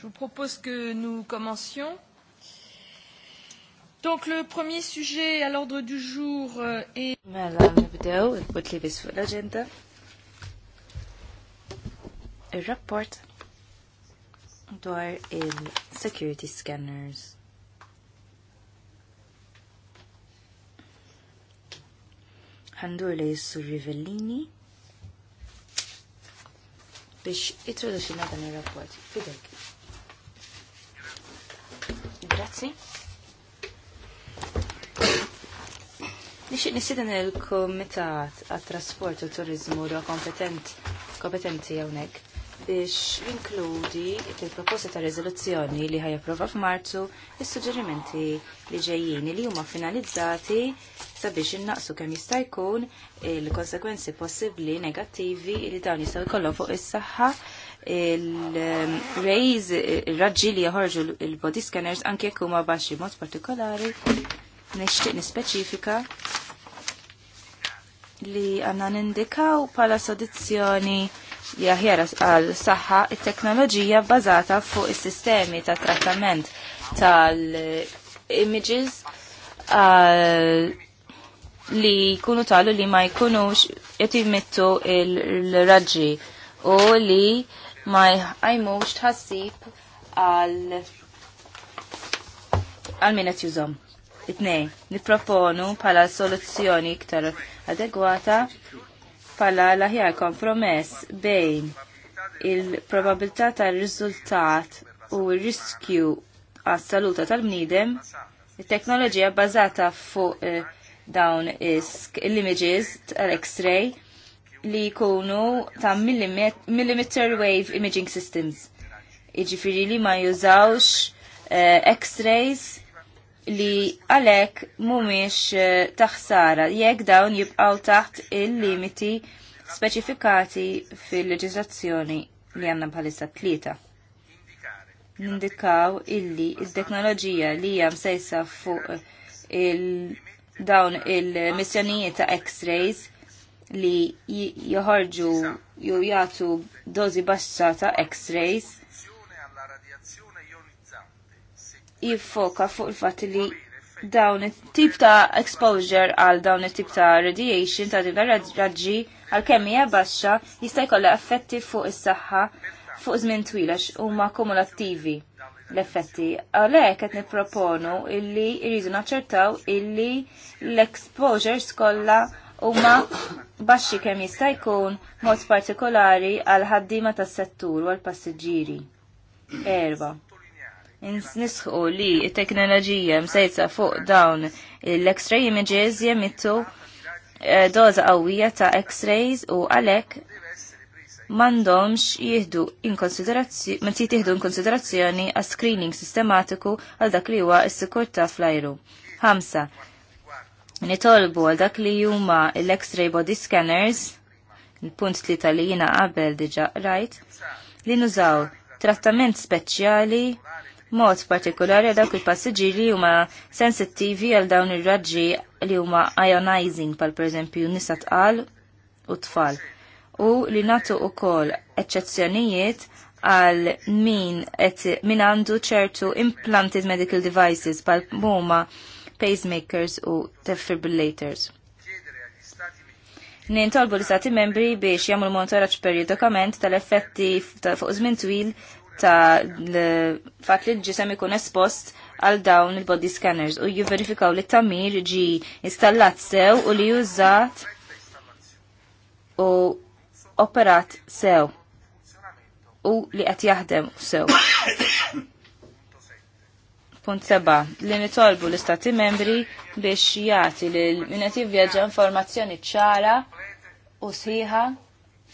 Je vous propose que nous commencions. Donc le premier sujet à l'ordre du jour euh, est... Mela, nibdew, il-put li bis fuq l-agenda. Il-rapport dwar il-security scanners. Għandur li jissur Rivellini biex jitroduċina dan il-rapport. Fidek. Grazzi. Nixiq il-Komitat għat-Trasport u Turizmu da kompetent, kompetenti għonek biex inkludi il-proposta ta' rezoluzzjoni li ħaj approva f'Marzu is-suġġerimenti li ġejjin li huma finalizzati sabiex innaqsu kemm jista' jkun il-konsekwenzi possibbli negattivi li dawn jistgħu jkollhom fuq is-saħħa il-rejz, il-raġġi li joħorġu il-body scanners anke jekk huma baxxi mod partikolari, nixtieq nispeċifika li għanna nindikaw pala sodizzjoni jaħjera għal saħħa it-teknoloġija bbażata fuq is-sistemi ta' trattament tal-images li jkunu talu li ma jkunux jtimittu il-raġġi u li ma jajmux tħassib għal għal minnet jużom. Itnej, niproponu pala soluzzjoni iktar adegwata pala laħjar kompromess bejn il-probabilità tal-riżultat u riskju għas saluta tal-bnidem, il-teknoloġija bazata fuq eh, dawn is-images tal-X-ray, li jkunu ta' millimeter wave imaging systems. Iġifiri li ma jużawx uh, x-rays li għalek mumiex uh, eh, taħsara jekk dawn jibqaw taħt il-limiti speċifikati fil-leġislazzjoni li għanna bħalissa tlieta. Nindikaw illi il-teknoloġija li hija sejsa fuq il dawn il-missjonijiet ta' x-rays li joħorġu jew jagħtu dożi baxxa ta' X-rays jiffoka fuq il-fatt li dawn it-tip ta' exposure għal dawn it-tip ta' radiation ta' din raġġi għal kemm hija baxxa jista' jkollha effetti fuq is-saħħa fuq żmien twilax huma kumulattivi l-effetti. Għalhekk qed nipproponu illi jridu naċċertaw illi l-exposures kollha huma baxxi kemm jista' jkun mod partikolari għal ħaddiema tas-settur u għal passiġġieri. Erba. Nisħu li t-teknoloġija msejsa fuq dawn l-X-ray images jemittu eh, doza qawwija ta' X-rays u għalhekk mandomx jihdu in konsiderazzjoni, ma jihdu in konsiderazzjoni għas screening sistematiku għal dak li huwa s-sikurta fl-ajru. 5 nitolbu għal dak li juma l-X-ray body scanners, il-punt li talijina qabel diġa rajt, li nużaw trattament speċjali mod partikolari dawk il-passiġiri li huma sensittivi għal dawn ir-raġġi li huma ionizing pal pereżempju nisa tqal u tfal. U li natu ukoll eċċezzjonijiet għal min min għandu ċertu implanted medical devices pal huma pacemakers u defibrillators. Nintolbu li stati membri biex jagħmlu monitoraċ periodikament tal-effetti fuq żmien twil ta' fatt li l-ġisem ikun espost għal dawn il-body scanners u jiverifikaw li tamir ġi installat sew u li jużat u operat sew u li qed jaħdem sew. Punt seba, li nitolbu l-istati membri biex jagħti lil min qed jivvjaġġa informazzjoni ċara u sħiħa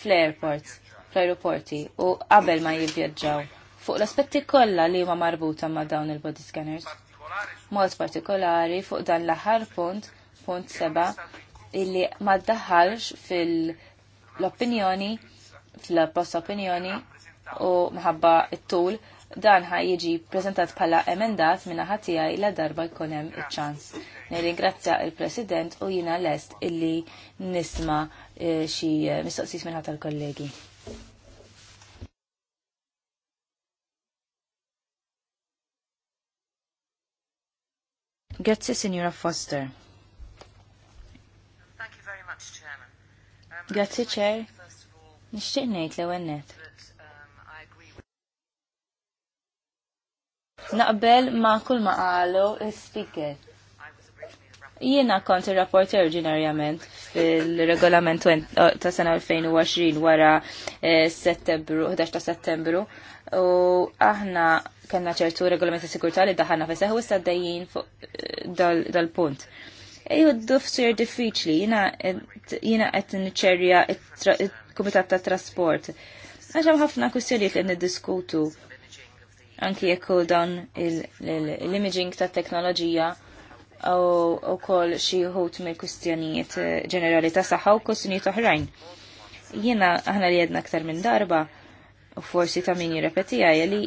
fl airports fl-aeroporti u qabel ma jivvjaġġaw fuq l-aspetti kollha li huma marbuta ma' dawn il-body scanners. Mod partikolari fuq dan l-aħħar punt, punt seba, illi ma ddaħħalx fil-opinjoni, fil-post opinjoni u maħabba it-tul dan ħaj jiġi prezentat pala emendat minna ħatijaj la darba jkunem il-ċans. Nirringrazzja il-President u jina lest illi nisma eh, xi eh, mistoqsis minna tal kollegi Grazie, Signora Foster. Um, Grazie, Chair. Nishtiq ngħid l-ewwel Naqbel ma' kull ma' qalu il-speaker. Jiena kont rapporti rapporter fil-regolament ta' sena 2020 wara eh, settembru, 11 ta' settembru u aħna kena ċertu ta' sigurta li daħanna fis u s-saddajin fuq eh, dal-punt. Eju d-dufsir diffiċli, jiena għet nċerja il-Komitat ta' Trasport. Għaxam ħafna kustjoniet li niddiskutu anki jekk dan l-imaging ta' teknoloġija u kol xieħut mill kustjonijiet eh, ġenerali ta' saħħa u kustjonijiet oħrajn. Jiena aħna li jedna aktar minn darba, u forsi ta' min jirrepetija, li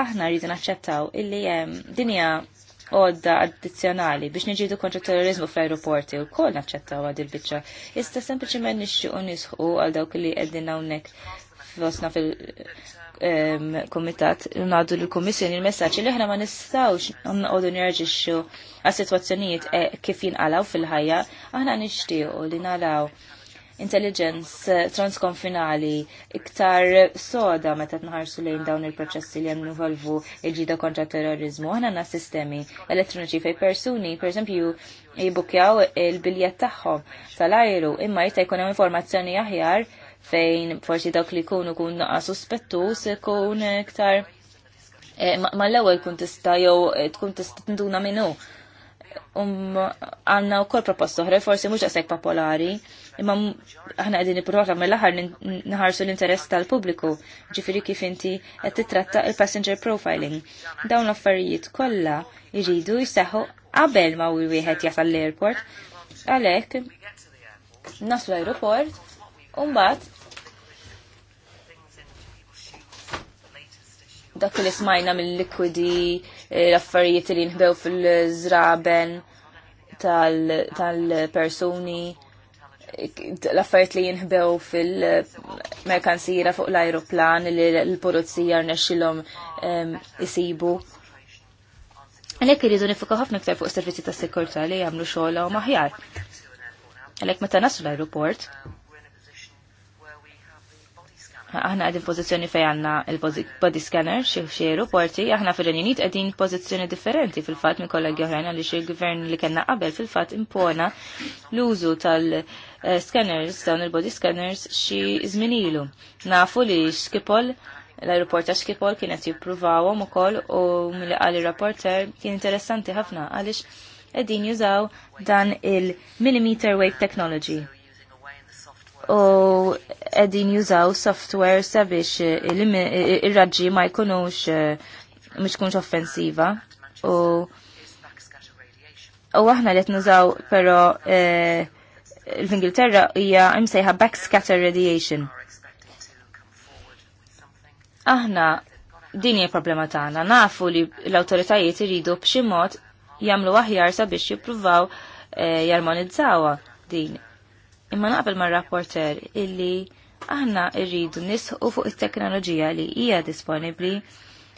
aħna rridu naċċettaw illi eh, dinja għodda addizjonali biex nġidu kontra terrorizmu fl-aeroporti u kol naċċettaw għad il-bicċa. Ista sempliciment nixxu u għal dawk li għeddin għawnek fil komitat ngħaddu lill-Kummissjoni il messaċ li aħna ma nistgħux nqogħdu nirġiċu għas-sitwazzjonijiet e, kif jinqalaw fil-ħajja, aħna nixtiequ li nalaw intelligence eh, transkonfinali iktar soda meta tnħarsu lejn dawn il-proċessi li hemm involvu il-ġida kontra terrorizmu. Aħna għandna sistemi elettroniċi fej persuni, esempio, jibbukjaw il-biljett tagħhom tal-ajru imma jista' jkun hemm informazzjoni aħjar fejn forsi dawk li jkunu kun naqa suspettus kun iktar eh, ma l-ewwel kun tista' jew eh, tkun tista' tinduna minnu. Um għanna kol proposta oħra forsi mhux daqshekk popolari, imma aħna qegħdin nippruvaw tagħmel aħar naħarsu l-interess tal-pubbliku, ġifiri kif inti qed titratta il-passenger profiling. Dawn l-affarijiet kollha jridu jseħħu qabel ma wieħed jasal l-airport. Għalhekk naslu l-aeroport Umbat, dak li smajna mill-likwidi eh, l-affarijiet li nħbew fil-zraben tal-personi l-affarijiet li nħbew fil merkansira fuq l-aeroplan li l-polizija rnexxilhom ehm, isibu. Għalek iridu nifikaw ħafna ktar fuq servizzi ta' sekurta li jagħmlu xogħol u maħjar. Għalek meta naslu l-aeroport, aħna għadin pozizjoni fej għanna il-body scanner, xie aeroporti, aħna fil-Renjunit għadin pozizjoni differenti fil-fat minn kollegi oħrajna li xie gvern li kena qabel fil-fat impona l-użu tal-scanners, dawn il-body scanners, xie zminilu. Nafu li xkipol l-aeroport xkipol kienet jippruvawom u koll u mill għal rapporter kien interessanti ħafna għalix għedin jużaw dan il-millimeter wave technology u edin jużaw software sabiex ir-raġġi ma jkunux eh, mux kunx offensiva u u aħna li nużaw però eh, l-Ingilterra hija imsejħa backscatter radiation. Aħna din hija problema tagħna. Nafu li l-awtoritajiet iridu b'xi mod jagħmlu aħjar sabiex jippruvaw eh, jarmonizzawa din Imma naqbel mar-rapporter illi aħna rridu u fuq it-teknoloġija li hija disponibbli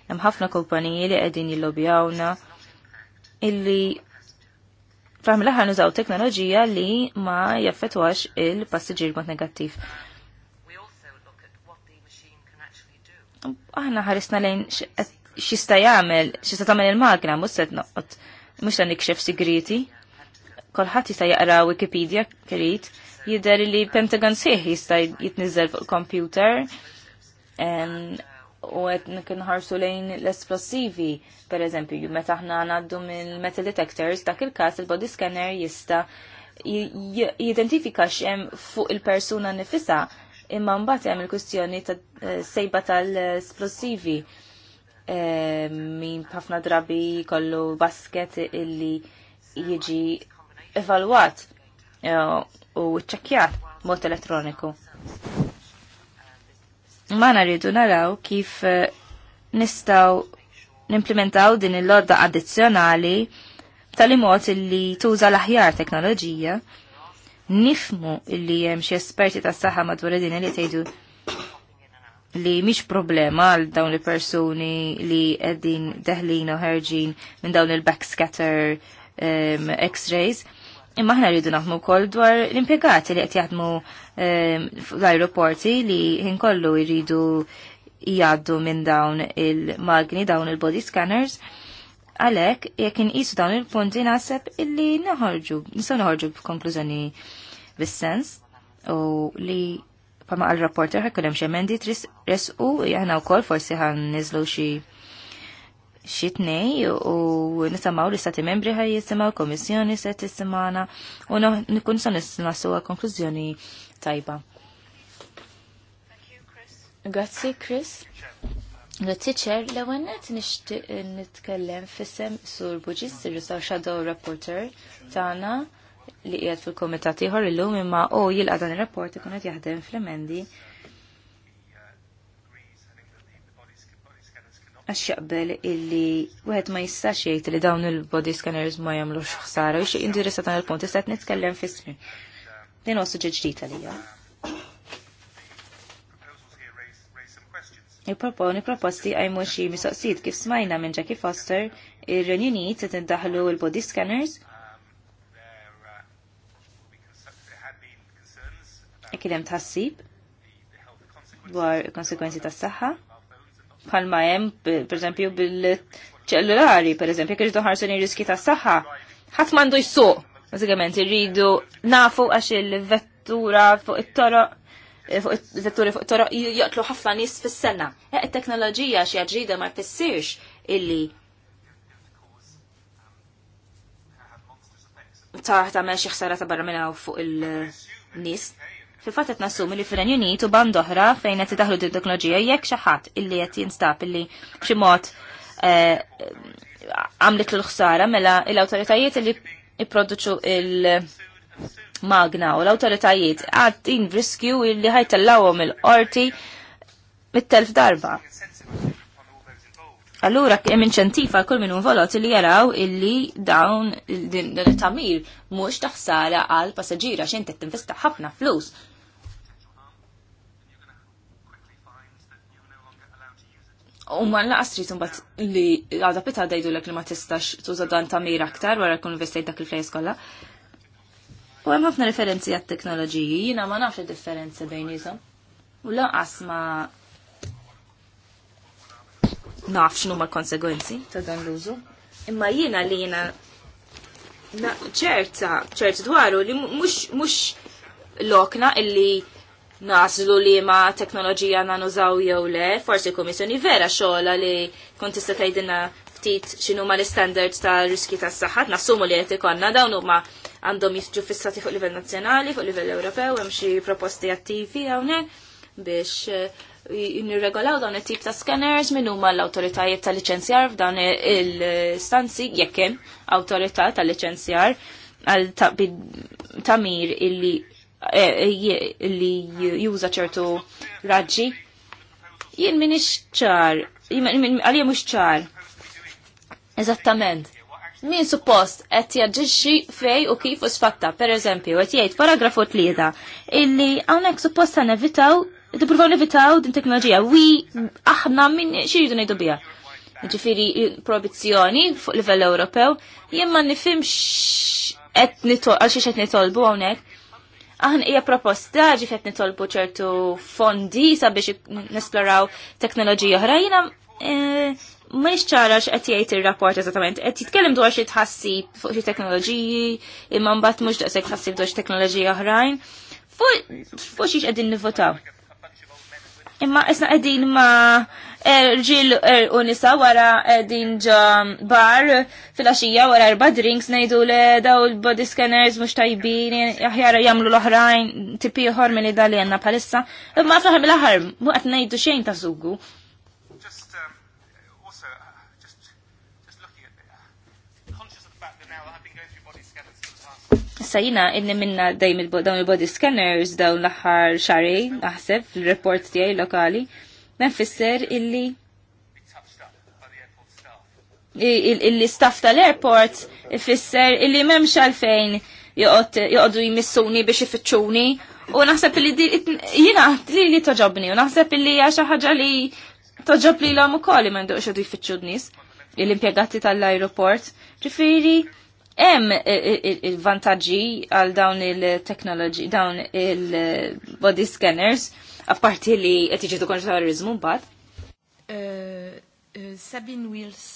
hemm ħafna kumpaniji li qegħdin jillobjawna illi fahm l-aħħar nużaw teknoloġija li ma jaffetwax il passiġir mod negattiv. Aħna ħarisna lejn xista jagħmel, xista tagħmel il-magna mhux se tnoqqod mhux se nikxef sigriti. Kolħadd jista' jaqra Wikipedia kirit jider li Pentagon sieħ jista' jitnizzel fuq il-computer u qed nħarsu lejn l-esplosivi, per eżempju, meta ħna għandu minn metal detectors, dak il-kas il-body scanner jista jidentifika xem fuq il-persuna nifisa imma mbagħad hemm il-kwistjoni ta' eh, sejba tal-esplosivi min ħafna drabi kollu basket illi jiġi evalwat eh, u ċċekkjat mod elettroniku. Ma naridu naraw kif eh, nistaw nimplementaw din il-lodda addizzjonali tal-imot li tuża l-aħjar teknoloġija nifmu li hemm xi esperti tas-saħħa madwar din li tgħidu li mhix problema għal dawn il-persuni li qegħdin deħlin u ħerġin minn dawn il-backscatter um, x-rays Imma ħna rridu naħmu wkoll dwar l-impjegati li qed jaħdmu aeroporti ehm, ajruporti li kollu jridu jgħaddu minn dawn il-magni, dawn il-body scanners. Għalek, jekk inqisu dawn il-punti naħseb illi naħorġu, nistgħu naħorġu b'konklużjoni bis-sens u li pama għal-rapporter ħakkunem xemendi tris resqu jgħana u kol forsi ħan nizlu xie xitnej u nisamaw li stati membri ħaj jisimaw, komissjoni se tisimana u nikun sa nisnasu konklużjoni tajba. Grazzi, Chris. Grazzi, ċer, l għannet nitkellem fissem sur Buġis, il Shadow Reporter tana li qiegħed fil ħor ieħor illum imma u jilqa' dan ir-rapport ikun qed jaħdem fl-emendi għax jaqbel illi wieħed ma jistax jgħid li dawn il-body scanners ma jagħmlux ħsara u xi indirissa dan il-punt is qed nitkellem fismi. Din huwa suġġett ġdid għalija. Il-proponi proposti għajmu xi mistoqsijiet kif smajna minn Jackie Foster ir-Renju Unit qed indaħlu il body scanners kien hemm tħassib dwar konsekwenzi tas-saħħa bħalma jem, per pereżempju bil-ċellulari, per kħiġ kiex doħarsu riski ta' saħħa. ħat mandu jissu, għazigament, irridu nafu għax il-vettura fuq il-toro eh, fuq it-vetturi fuq it-toroq jaqtlu ħafna nis fis-sena. It-teknoloġija xi ġrida ma jfissirx illi taħta meċ xi ta' barra minna fuq il nis Fil-fatt qed nassumi li fir Unit u band oħra fejn qed idaħlu din teknoloġija jekk xi ħadd illi qed jinstab illi xi mod eh, għamlet l-ħsara mela l-awtoritajiet li jipproduċu il-magna u l-awtoritajiet għaddin riskju illi ħajtellawhom il-qorti mit-telf darba. Allura hemm inċentiv għal kull minn involut li jaraw illi dawn din it-tamir mhux taħsara għal pasaġġiera x'inti tinvesta ħafna flus U ma naqas trid imbagħad li għadha pita dejdu li ma tistax tuża dan ta' mira aktar wara kun investejt dak il-flejs kollha. U hemm ħafna referenzi għat-teknoloġiji, jiena ma nafx differenzi iżhom U laqas ma naf x'nu ma konsegwenzi ta' dan l-użu. Imma jiena li jiena ċerta, ċert dwaru li mhux mhux lokna illi naslu li ma teknoloġija nanużaw jew le, forsi komissjoni vera xogħla li kont tista' tgħidilna ftit x'inhu ma l-standards ta' riski tas-saħħa, nassumu li qed ikollna dawn huma għandhom jiġu fissati fuq livell nazzjonali, fuq livell Ewropew, hemm xi proposti attivi hawnhekk biex eh, nirregolaw dawn it-tip ta' scanners minn huma l-awtoritajiet ta' liċenzjar f'dawn il-stanzi jekk hemm awtorità ta' liċenzjar għal tamir illi Eh, eh, li juża ċertu raġġi. Jien minix ċar, għalija mux ċar. Eżattament. Min suppost qed jadġiġi fej u kif u sfatta, per eżempju, qed jgħid paragrafu tlieta illi hawnhekk suppost nevitaw, tippruvaw nevitaw din teknoloġija, wi aħna min xiridu ngħidu biha ġifiri proibizzjoni fuq livell Ewropew, jien ma nifimx qed għonek. qed nitolbu hawnhekk. Aħna hija proposta ġifet nitolbu ċertu fondi sabiex nesploraw teknoloġija oħra. Jiena eh, Mhix ċara x'qed jgħid ir-rapport eżattament. Qed jitkellem dwar xi tħassib fuq xi teknoloġiji, imma mbagħad mhux daqshekk tħassib dwar xi teknoloġija oħrajn. Fuq xiex qegħdin nivvotaw. Imma isna qegħdin ma rġil er, u nisa wara eh, din ġa bar fil-axija wara erba drinks nejdu le daw il-body scanners mux tajbin jahjara jamlu l-oħrajn tipi uħor mill dali għanna palissa ma fl-ħar mill-ħar għat nejdu xejn ta' zugu um, uh, uh, Sajina, inni minna dajm il-body scanners dawn l-ħar xarri, naħseb, l report tijaj lokali nefisser illi illi staff tal-airport ifisser illi memx għalfejn joqodu jmissuni biex ifittxuni u naħseb illi jina li li toġobni u naħseb illi għaxa ħagġa li toġob li l-om u li mendu xodu jfittxu d-nis l-impiegati tal airport ġifiri hemm il-vantaġġi għal dawn il teknologi dawn il-body scanners, apparti li qed jiġi kontraterrorizmu mbagħad. Uh, uh, Sabine Wills.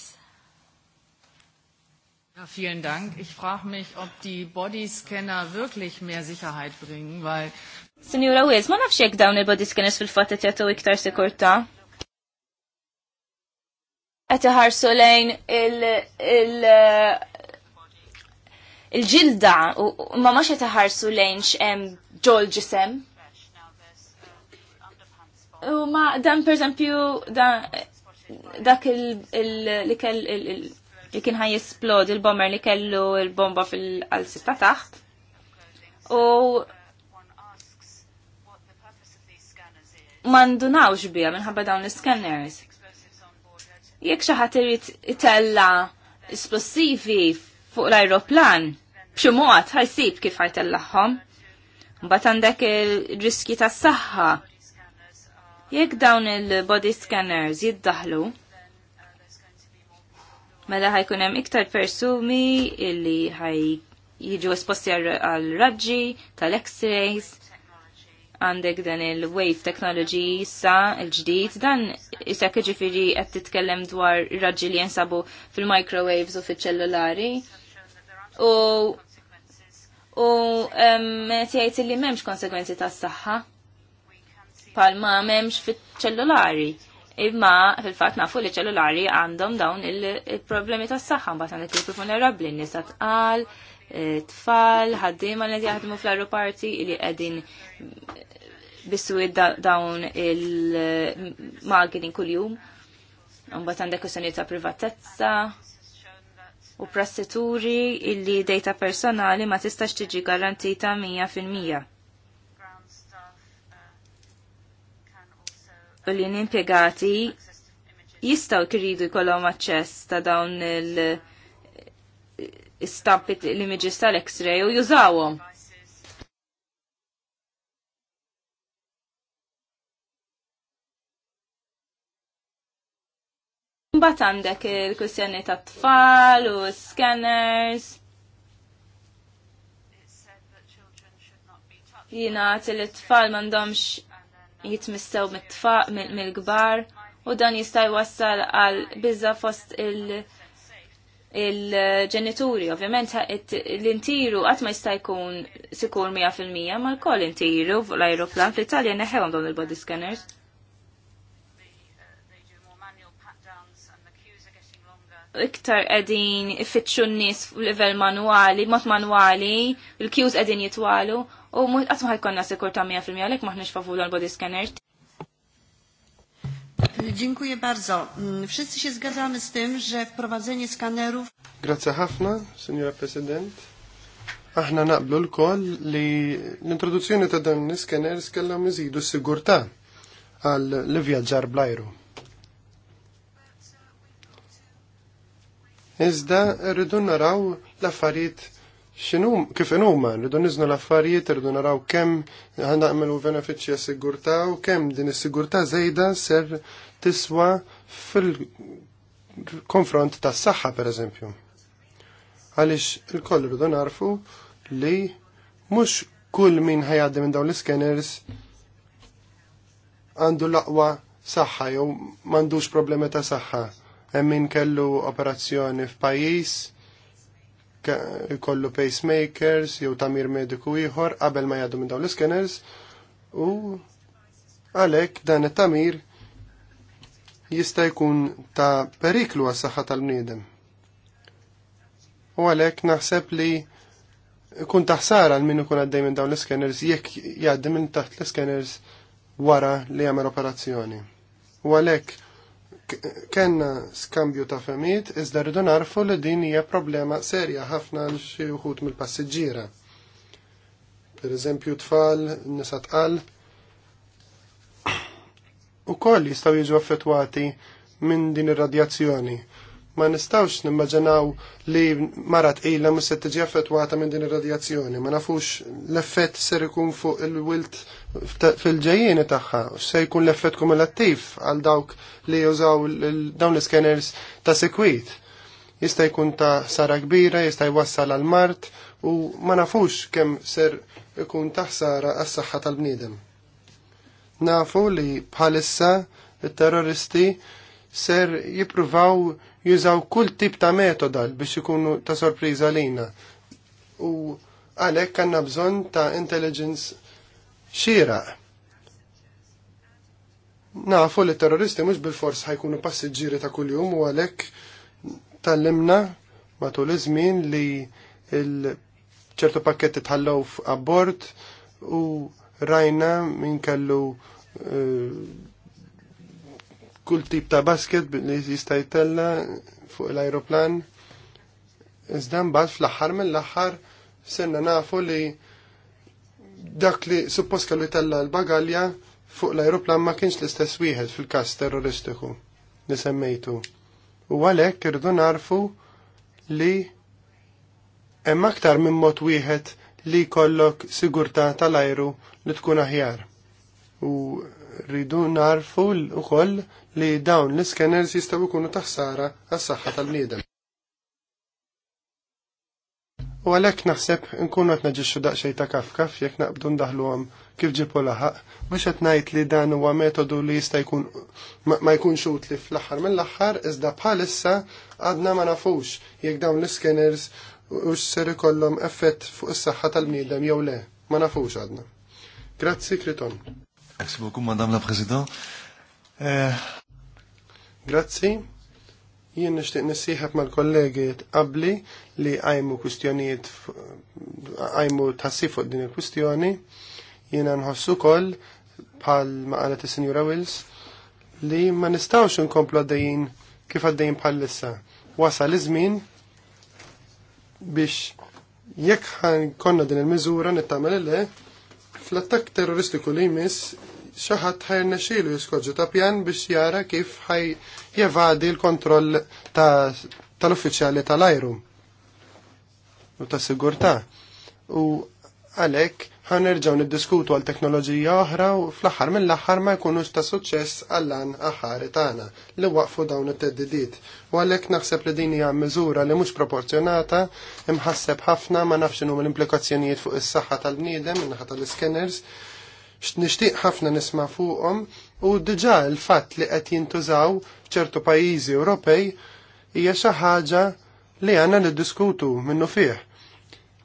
Ja, vielen Dank. Ich frage mich, ob die Bodyscanner wirklich mehr Sicherheit bringen, weil... Signora Wills, ma nafx jekk dawn il-bodyscanners fil-fatt qed jagħtu iktar sikurtà. Qed iħarsu lejn il- il-ġilda ma max qed iħarsu lejn x'hemm ġol ġisem. U ma dan per esempio dak li kell li kien ħaj jisplod il-bomber li kellu il-bomba fil-qalsi taħt. U mandunawx bija minħabba dawn l-scanners. Jek xaħat irrit itella esplosivi fuq l-aeroplan, bximot ħajsib kif ħajtellaħħom. Mbagħad għandek il-riski tas-saħħa Jekk dawn il-body scanners jiddaħlu, mela ħajkun hemm iktar persumi illi ħaj jiġu esposti għal raġġi tal-x-rays, għandek dan il-wave technology issa il-ġdid, dan issa kħiġifiri għed titkellem dwar raġġi li jensabu fil-microwaves u fil-ċellulari. U u um, li memx konsekwenzi ta' s-saxħa pal ma memx fit-ċellulari. Imma fil-fat nafu li ċellulari għandhom dawn il-problemi tas saħħa mbagħad għandek il-grupp vulnerabbli nisa tqal, eh, tfal, ħaddiema li jaħdmu fl-aeroparti li qegħdin biswid dawn il-magini kuljum. Mbagħad għandek kwistjonijiet ta' privatezza, u prasseturi li data personali ma tistax tiġi garantita 100%. u li n-impiegati jistaw kiridu jkollhom aċċess ta' dawn il- stampi l-images tal-X-ray u jużawhom. Mbagħad għandek il-kwistjoni tat-tfal u scanners. Jina li t-tfal mandomx Jitmistew mit-tfaq mill-gbar u dan jistaj wassal għal biża fost il- ġenituri ovvjament, l-intiru għat ma jista' jkun sikur 100% ma l-koll intiru l-ajruplan fl-Italja neħewhom dawn il-body scanners. iktar edin ifittxu n-nis f'livell manuali, mod manuali, il-kjuż edin jitwalu, u għatma ħajkonna ta' 100% għalek maħnix favur l-body scanner. Dziękuję bardzo. Wszyscy się zgadzamy z tym, że wprowadzenie skanerów... Grazie ħafna, signora President. Aħna naqblu l-koll li l-introduzzjoni ta' dan l-scanner skellhom iżidu s-sigurtà għal l-vjaġġar blajru. Iżda rridu naraw l-affarijiet x'inhum kif inhuma, rridu niżnu l-affarijiet, rridu naraw kemm ħanaqmlu benefiċċji s sigurtà u kemm din is-sigurtà żejda ser tiswa fil-konfront tas-saħħa pereżempju. Għaliex il-koll rridu narfu li mhux kull min ħajaddi minn dawn l-scanners għandu l-aqwa saħħa jew m'għandux problemi ta' saħħa min kellu operazzjoni f'pajjiż, kollu pacemakers jew tamir mediku ieħor qabel ma jgħaddu minn dawn l-scanners u għalhekk dan it-tamir jista' jkun ta' periklu għas-saħħa tal-bniedem. U għalhekk naħseb li kun taħsara l min ikun għaddej minn dawn l-scanners jekk jgħaddi minn taħt l-scanners wara li jagħmel operazzjoni. U għalhekk kenna skambju ta' femiet, iżda rridu narfu li din hija problema serja ħafna għal xi wħud mill-passiġġiera. Per eżempju tfal, nisa tqal. U koll jistgħu jiġu affettwati minn din ir-radjazzjoni. Ma nistawx nimmaġinaw li marat ila mhux se tiġi affettwata minn din ir-radjazzjoni, ma nafux l-effett ser ikun fuq il-wilt fil-ġejjeni tagħha se jkun l-effett kumulattiv għal dawk li jużaw dawn l skeners ta' sekwit. Jista' jkun ta' sara kbira, jista' jwassal għal mart u ma nafux kemm ser ikun taħsara għas-saħħa tal-bniedem. Nafu li bħalissa il terroristi ser jippruvaw jużaw kull tip ta' metoda biex ikunu ta' sorpriża lina. U għalhekk għandna bżonn ta' intelligence xieraq. Nafu li terroristi mhux bil-fors ħajkunu passiġġieri ta' kuljum u għalhekk tallimna matul iż-żmien li ċertu pakketti tħallew f'abbord u rajna min kellu eh, kull tip ta' basket li jista' jtella fuq l-ajroplan. Iżda mbagħad fl-aħħar mill-aħħar senna nafu li dak li suppost kellu jtella l-bagalja fuq l-ajruplan ma kienx l-istess wieħed fil-kas terroristiku li semmejtu. U għalhekk irdu narfu li hemm aktar minn mod wieħed li jkollok sigurtà tal-ajru li tkun aħjar. U rridu narfu wkoll li dawn l-iskeners jistgħu jkunu taħsara għas-saħħa tal-bniedem. U għalhekk naħseb nkunu qed naġixxu daqsxejn ta' kafkaf jekk naqbdu ndaħluhom kif ġipu laħaq, Biex qed ngħid li dan huwa metodu li jista' jkun ma jkunx utli fl-aħħar mill-aħħar iżda bħalissa għadna ma nafux jekk dawn l skeners u ser ikollhom effett fuq is-saħħa tal-bniedem jew le. Ma nafux għadna. Grazzi, Kriton. Grazzi beaucoup, Madame la Présidente. Euh, Grazzi jien nixtieq nissieħab mal-kollegi qabli li għajmu kwistjonijiet għajmu tħassib fuq din il-kwistjoni. Jiena nħossu kol bħal ma qalet is-Sinjura Wills li ma nistawx nkomplu għaddejjin kif għaddejjin bħal-issa. Wasal iż-żmien biex jekk konna din il-miżura nittamel le fl-attak terroristiku li jmiss xaħat ħajrna xilu jiskoġu ta' pjan biex jara kif ħaj jevadi l-kontroll tal-uffiċjali tal-ajru u ta' sigurta. U għalek ħanerġaw niddiskutu għal teknoloġija oħra u fl-axar mill-axar ma jkunux ta' suċċess għall-an aħari tagħna li waqfu dawn it-teddidiet. U għalhekk naħseb li din hija miżura li mhux proporzjonata, imħasseb ħafna ma nafx inhom l-implikazzjonijiet fuq is-saħħa tal-bniedem minnaħa tal-scanners nixtieq ħafna nisma' fuqhom u diġà l-fatt li qed jintużaw f'ċertu pajjiżi Ewropej hija xi ħaġa li għandna niddiskutu minnu fih.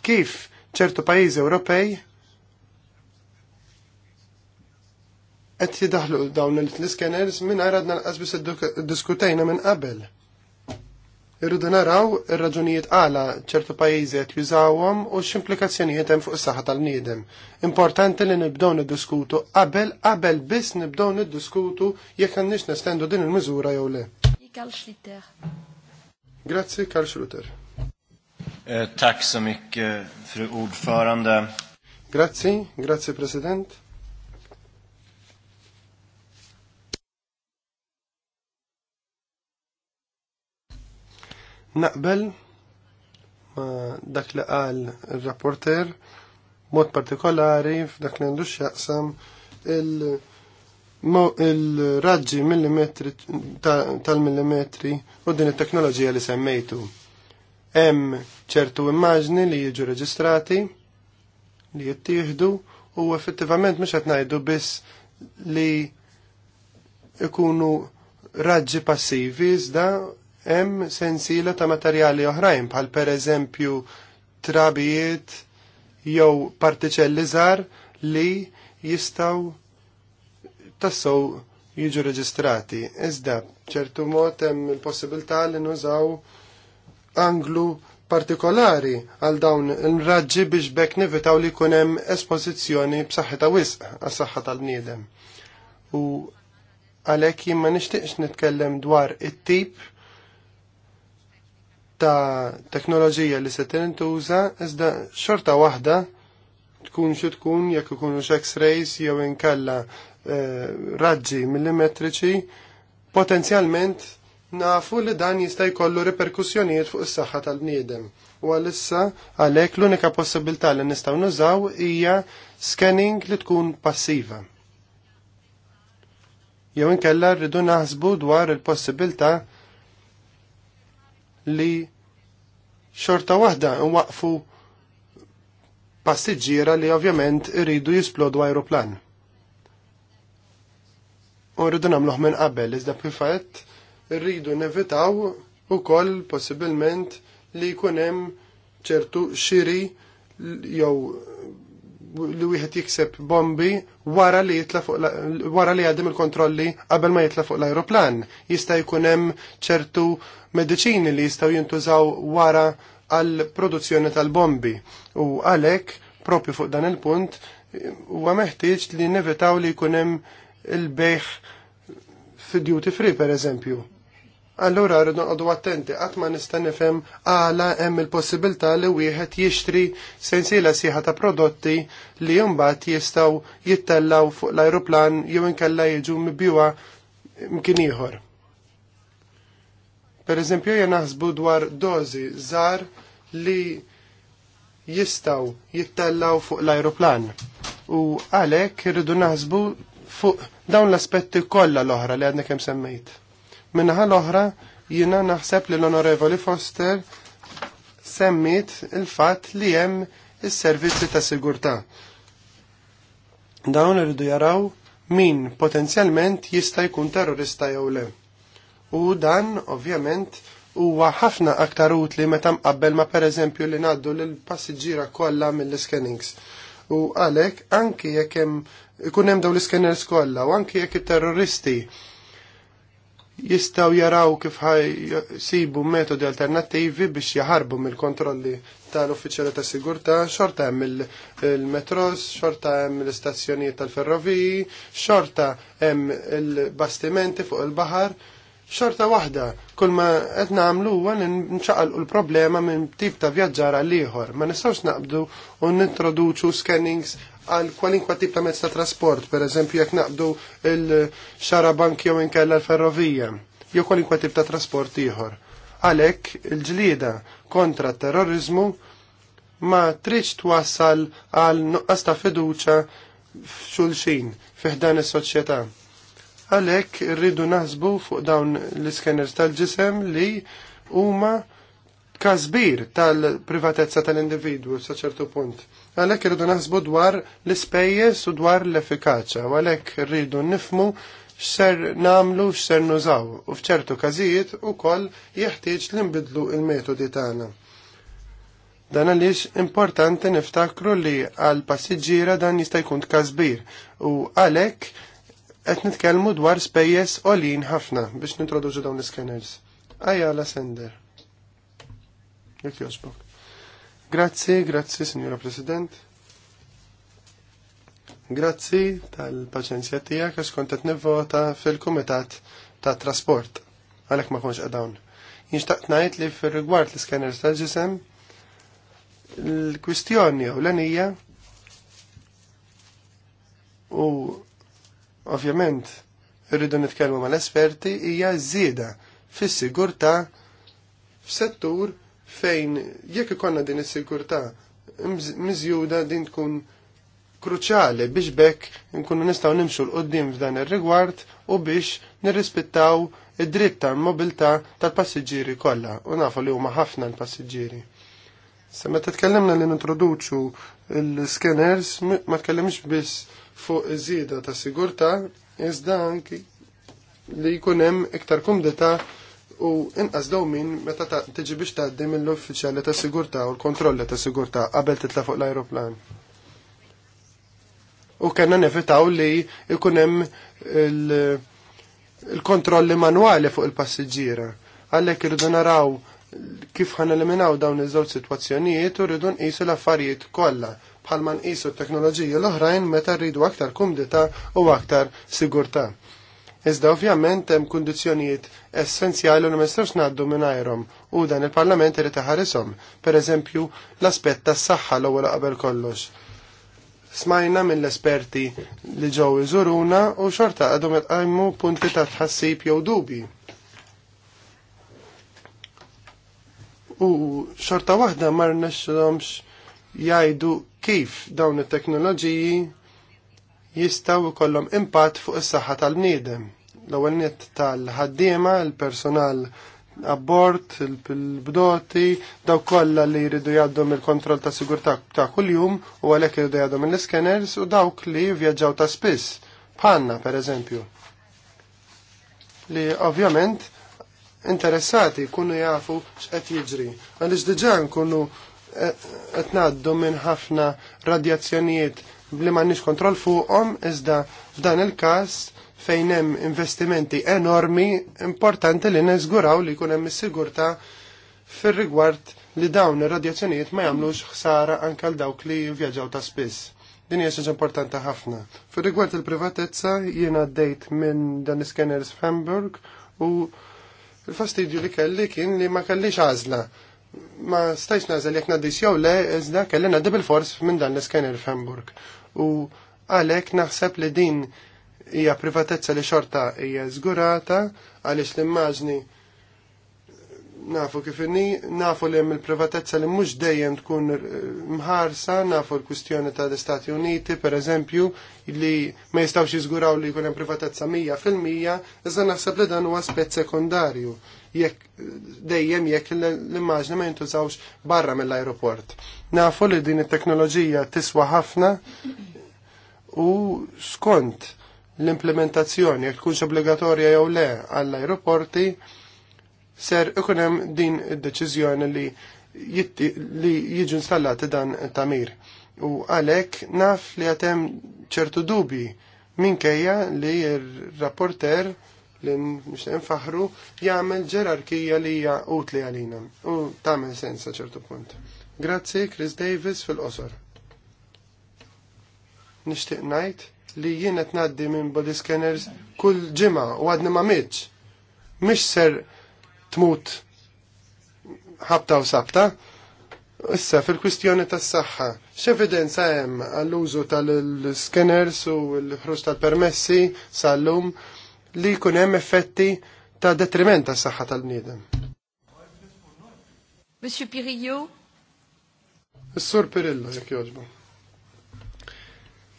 Kif ċertu pajjiżi Ewropej qed jidaħlu dawn l-iskenners minn għaradna l-qasbis diskutejna minn qabel. Irridu naraw ir-raġunijiet għala ċertu pajjiżi qed jużawhom u x'implikazzjonijiet hemm fuq is-saħħa tal niedem Importanti li nibdew niddiskutu qabel qabel biss nibdew niddiskutu jekk għandniex nestendu din il-miżura jew le. Grazzi Karl Schluter. Eh, tak så mik fru ordförande. Grazzi, grazzi President. Naqbel ma dak li qal il rapporter mod partikolari f'dak li għandu x'jaqsam il- il-raġġi millimetri tal-millimetri u din it-teknoloġija li semmejtu. Hemm ċertu immaġni li jiġu reġistrati li jittieħdu u effettivament mhux qed ngħidu biss li ikunu raġġi passivi iżda hemm sensiela ta' materjali oħrajn bħal pereżempju trabijiet jew partiċelli żgħar li jistgħu tassew jiġu reġistrati. Iżda b'ċertu mod hemm il-possibilità li nużaw anglu partikolari għal dawn il-raġġi biex bekk nivitaw li kunem espożizzjoni b'saħħita wisq għas saħħa tal-bniedem. U għalhekk jien ma nixtieqx nitkellem dwar it-tip ta' teknoloġija li se tintuża iżda xorta waħda tkun xi tkun jekk ikunu x-rays jew inkella eh, raġġi millimetriċi potenzjalment nafu li dan jista' jkollu reperkussjonijiet fuq is-saħħa tal-bniedem. U għalissa għalhekk l-unika possibilità li nistgħu nużaw hija scanning li tkun passiva. Jew inkella rridu naħsbu dwar il-possibilità li xorta waħda nwaqfu passiġġiera li ovvjament iridu jisplodu aeroplan. U rridu namluħ minn qabel, iżda kifet rridu nevitaw ukoll possibilment li jkun hemm ċertu xiri jew li wieħed jikseb bombi wara li jitla fuq wara li għadem il-kontrolli qabel ma jitla fuq l ajroplan Jista' jkun hemm ċertu mediċini li jistgħu jintużaw wara għal produzzjoni tal-bombi. U għalhekk propju fuq dan il-punt huwa meħtieġ li nevitaw li jkun hemm il-bejħ fi duty free per eżempju allura rridu noqogħdu attenti qatt ma nista' nifhem għala hemm il-possibilità li wieħed jixtri sensiela sieħa ta' prodotti li mbagħad jistgħu jittellaw fuq l-ajruplan jew inkella jiġu mibjuwa mkien ieħor. Per eżempju, naħsbu dwar dozi żar li jistaw jittellaw fuq l-aeroplan. U għalek irridu naħsbu fuq dawn l-aspetti kollha l-oħra li għadna kemm semmejt. Minnaħa l-oħra jina naħseb li l-Onorevoli Foster semmit il-fat li hemm is-servizzi ta' sigurtà. Dawn irridu jaraw min potenzjalment jista' jkun terrorista jew le. U dan ovvjament huwa ħafna aktar utli meta mqabbel ma pereżempju li ngħaddu lil passiġġiera kollha mill-scannings. U għalhekk anki jekk hemm ikun hemm dawn l-scanners kollha u anki jekk it-terroristi jistaw jaraw kif ħaj sibu metodi alternativi biex jaħarbu mill-kontrolli tal-uffiċjali ta' sigurta, xorta hemm il-metros, xorta hemm l-istazzjonijiet tal-ferroviji, xorta hemm il-bastimenti fuq il-baħar, xorta waħda, kull ma qed nagħmlu huwa nċaqalqu l-problema minn tip ta' vjaġġar għal ieħor. Ma nistgħux naqbdu u nintroduċu scannings għal kwalinkwa tip ta' mezz ta' trasport, per eżempju jekk naqdu il-xarabank jew inkella l-ferrovija, jew kwalinkwa tip ta' trasport ieħor. Għalhekk il-ġlieda kontra t terrorizmu ma tridx twassal għal nuqqas ta' fiduċa f'xulxin fiħdan is-soċjetà. Għalhekk irridu naħsbu fuq dawn l-iskeners tal-ġisem li huma kazbir tal-privatezza tal-individwu sa ċertu punt għalhekk irridu naħsbu dwar l-ispejjeż u dwar l-effikaċja, u għalhekk rridu nifmu x'ser namlu x'ser nużaw u f'ċertu każijiet ukoll jeħtieġ li nbidlu il-metodi tagħna. Dan għaliex importanti niftakru li għal passiġġiera dan jista' jkun kbir u għalhekk qed nitkellmu dwar spejjeż għolin ħafna biex nintroduċu dawn l-scanners. Ajja la sender. Jekk josbok. Grazzi, grazzi, Signora President. Grazzi tal-paċenzja tijak għax qed nivvota fil-Kumitat ta' Trasport. Għalek ma konx għadawn. Jinxtaqt najt li fil-rigward l-skanners tal-ġisem l-kwistjoni u l-anija u ovvjament irridu nitkellmu mal-esperti hija żieda fis-sigurtà f'settur fejn jekk ikonna din is-sigurtà miżjuda din tkun kruċjali biex bekk nkunu nistgħu nimxu l qoddim f'dan ir-rigward u biex nirrispettaw id-dritt tal-mobilità tal-passiġġieri kollha u nafu li huma ħafna l-passiġġieri. Se meta tkellimna li nintroduċu l-scanners ma tkellimx biss fuq iż-żieda ta' sigurtà iżda anki li jkun hemm iktar kumdità u inqas min meta tiġi biex tgħaddi mill-uffiċjali ta' sigurtà u l-kontrolli ta' sigurtà qabel titla' fuq l-ajruplan. U kellna nevitaw li jkun hemm il-kontrolli manwali fuq il-passiġġiera. Għalhekk irridu naraw kif ħan eliminaw dawn iż-żewġ sitwazzjonijiet u rridu nqisu l-affarijiet kollha bħalma nqisu t-teknoloġija l-oħrajn meta rridu aktar kumdita u aktar sigurtà. Iżda ovvjament hemm kundizzjonijiet essenzjali li ma nistgħux ngħaddu mingħajrhom u dan il-Parlament irid iħarisom, pereżempju l-aspett tas-saħħa l-ewwel qabel kollox. Smajna mill-esperti li ġew iżuruna u xorta għadhom qajmu punti ta' tħassib jew dubi. U xorta waħda ma rnexxhomx jgħidu kif dawn it-teknoloġiji jistgħu jkollhom impatt fuq is-saħħa tal-bniedem. L-ewwel nett tal-ħaddiema, il-personal abbord, il-bdoti, daw kollha li jridu jgħaddhom il-kontroll ta' sigurtà ta' kuljum u għalhekk jridu jgħaddhom il-scanners u dawk li vjaġġaw ta' spiss. Bħalna, per eżempju, li ovvjament interessati kunu jafu x'qed jiġri. Għaliex diġà nkunu eh, qed ngħaddu minn ħafna radjazzjonijiet ma m'għandniex kontroll fuqhom iżda f'dan il-każ fejn hemm investimenti enormi importanti li neżguraw li jkun hemm is-sigurtà fir-rigward li dawn ir-radjazzjonijiet ma jagħmlux ħsara anke għal dawk li vjaġġaw ta' spiss. Din hija xaġa importanti ħafna. Fir-rigward il-privatezza jiena għaddejt minn dan is-scanners f'Hamburg u il-fastidju li kelli kien li ma kellix għażla ma stajx nażel jek nadis jew le, iżda kellina dibil fors minn dan l-scanner f'Hamburg u għalhekk naħseb li din hija privatezza li xorta hija żgurata għaliex l-immaġni nafu kif inni, nafu li hemm il-privatezza li mhux dejjem tkun eh, mħarsa, nafu l-kwistjoni ta' l-Istati Uniti, per eżempju, li ma jistawx jiżguraw li jkun hemm privatezza mija fil-mija, iżda naħseb li dan huwa aspett sekundarju Jekk dejjem jekk l-immaġni ma jintużawx barra mill-ajruport. Nafu li din it-teknoloġija tiswa ħafna u skont l-implementazzjoni, jekk tkunx obbligatorja jew le għall-ajruporti, ser ikun hemm din id-deċiżjoni li li jiġu installati dan tamir. U għalhekk naf li għatem ċertu dubi minkejja li r-rapporter li mux faħru jagħmel ġerarkija li hija utli għalina u tagħmel sens sa ċertu punt. Grazzi Chris Davis fil-qosor. Nixtieq ngħid li jien qed ngħaddi minn body scanners kull ġimgħa u għadni ma mitx. ser tmut ħabta u sabta. Issa fil-kwistjoni tas-saħħa, x'evidenza hemm għall-użu tal skinners u l-ħruġ tal-permessi sal-lum li jkun hemm effetti ta' detriment tas-saħħa tal-bniedem. Monsieur Pirillo? Is-Sur Pirillo, jekk jogħġbu.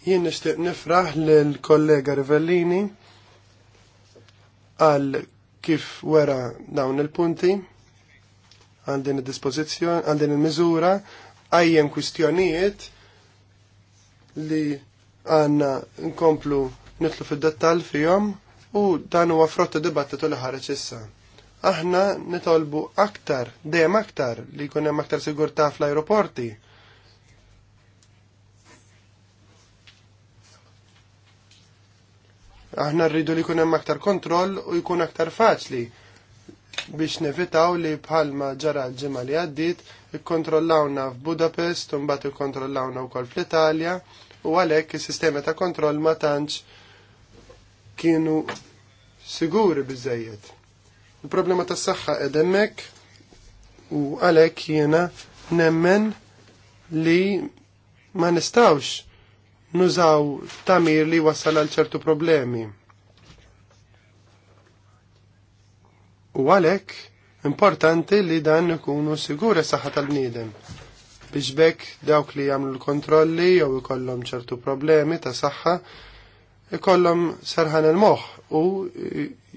Jien nixtieq nifraħ lill-kollega Rivellini għal kif wera dawn il-punti għandin il dispozizjon għandin il-miżura, għajjem kwistjonijiet li għanna nkomplu nitlu fil-dettal fihom u dan huwa frotta dibattitu li ħareġ issa. Aħna nitolbu aktar, dejjem aktar li jkun hemm aktar sigurtà fl-ajruporti Aħna rridu li jkun hemm aktar kontroll u jkun aktar faċli biex nevitaw li bħalma ġara ġemma ġimgħa li għaddiet ikkontrollawna f'Budapest u mbagħad ikkontrollawna wkoll fl-Italja u għalhekk is-sistema ta' kontroll ma tantx kienu siguri biżejjed. Il-problema tas-saħħa qed hemmhekk u għalhekk jiena nemmen li ma nistawx nużaw tamir li wassal għal ċertu problemi. U għalek, importanti li dan ikunu sigura saħħa tal-bniedem biex bekk dawk li jagħmlu l-kontrolli jew ikollhom ċertu problemi ta' saħħa ikollhom serħan il-moħħ u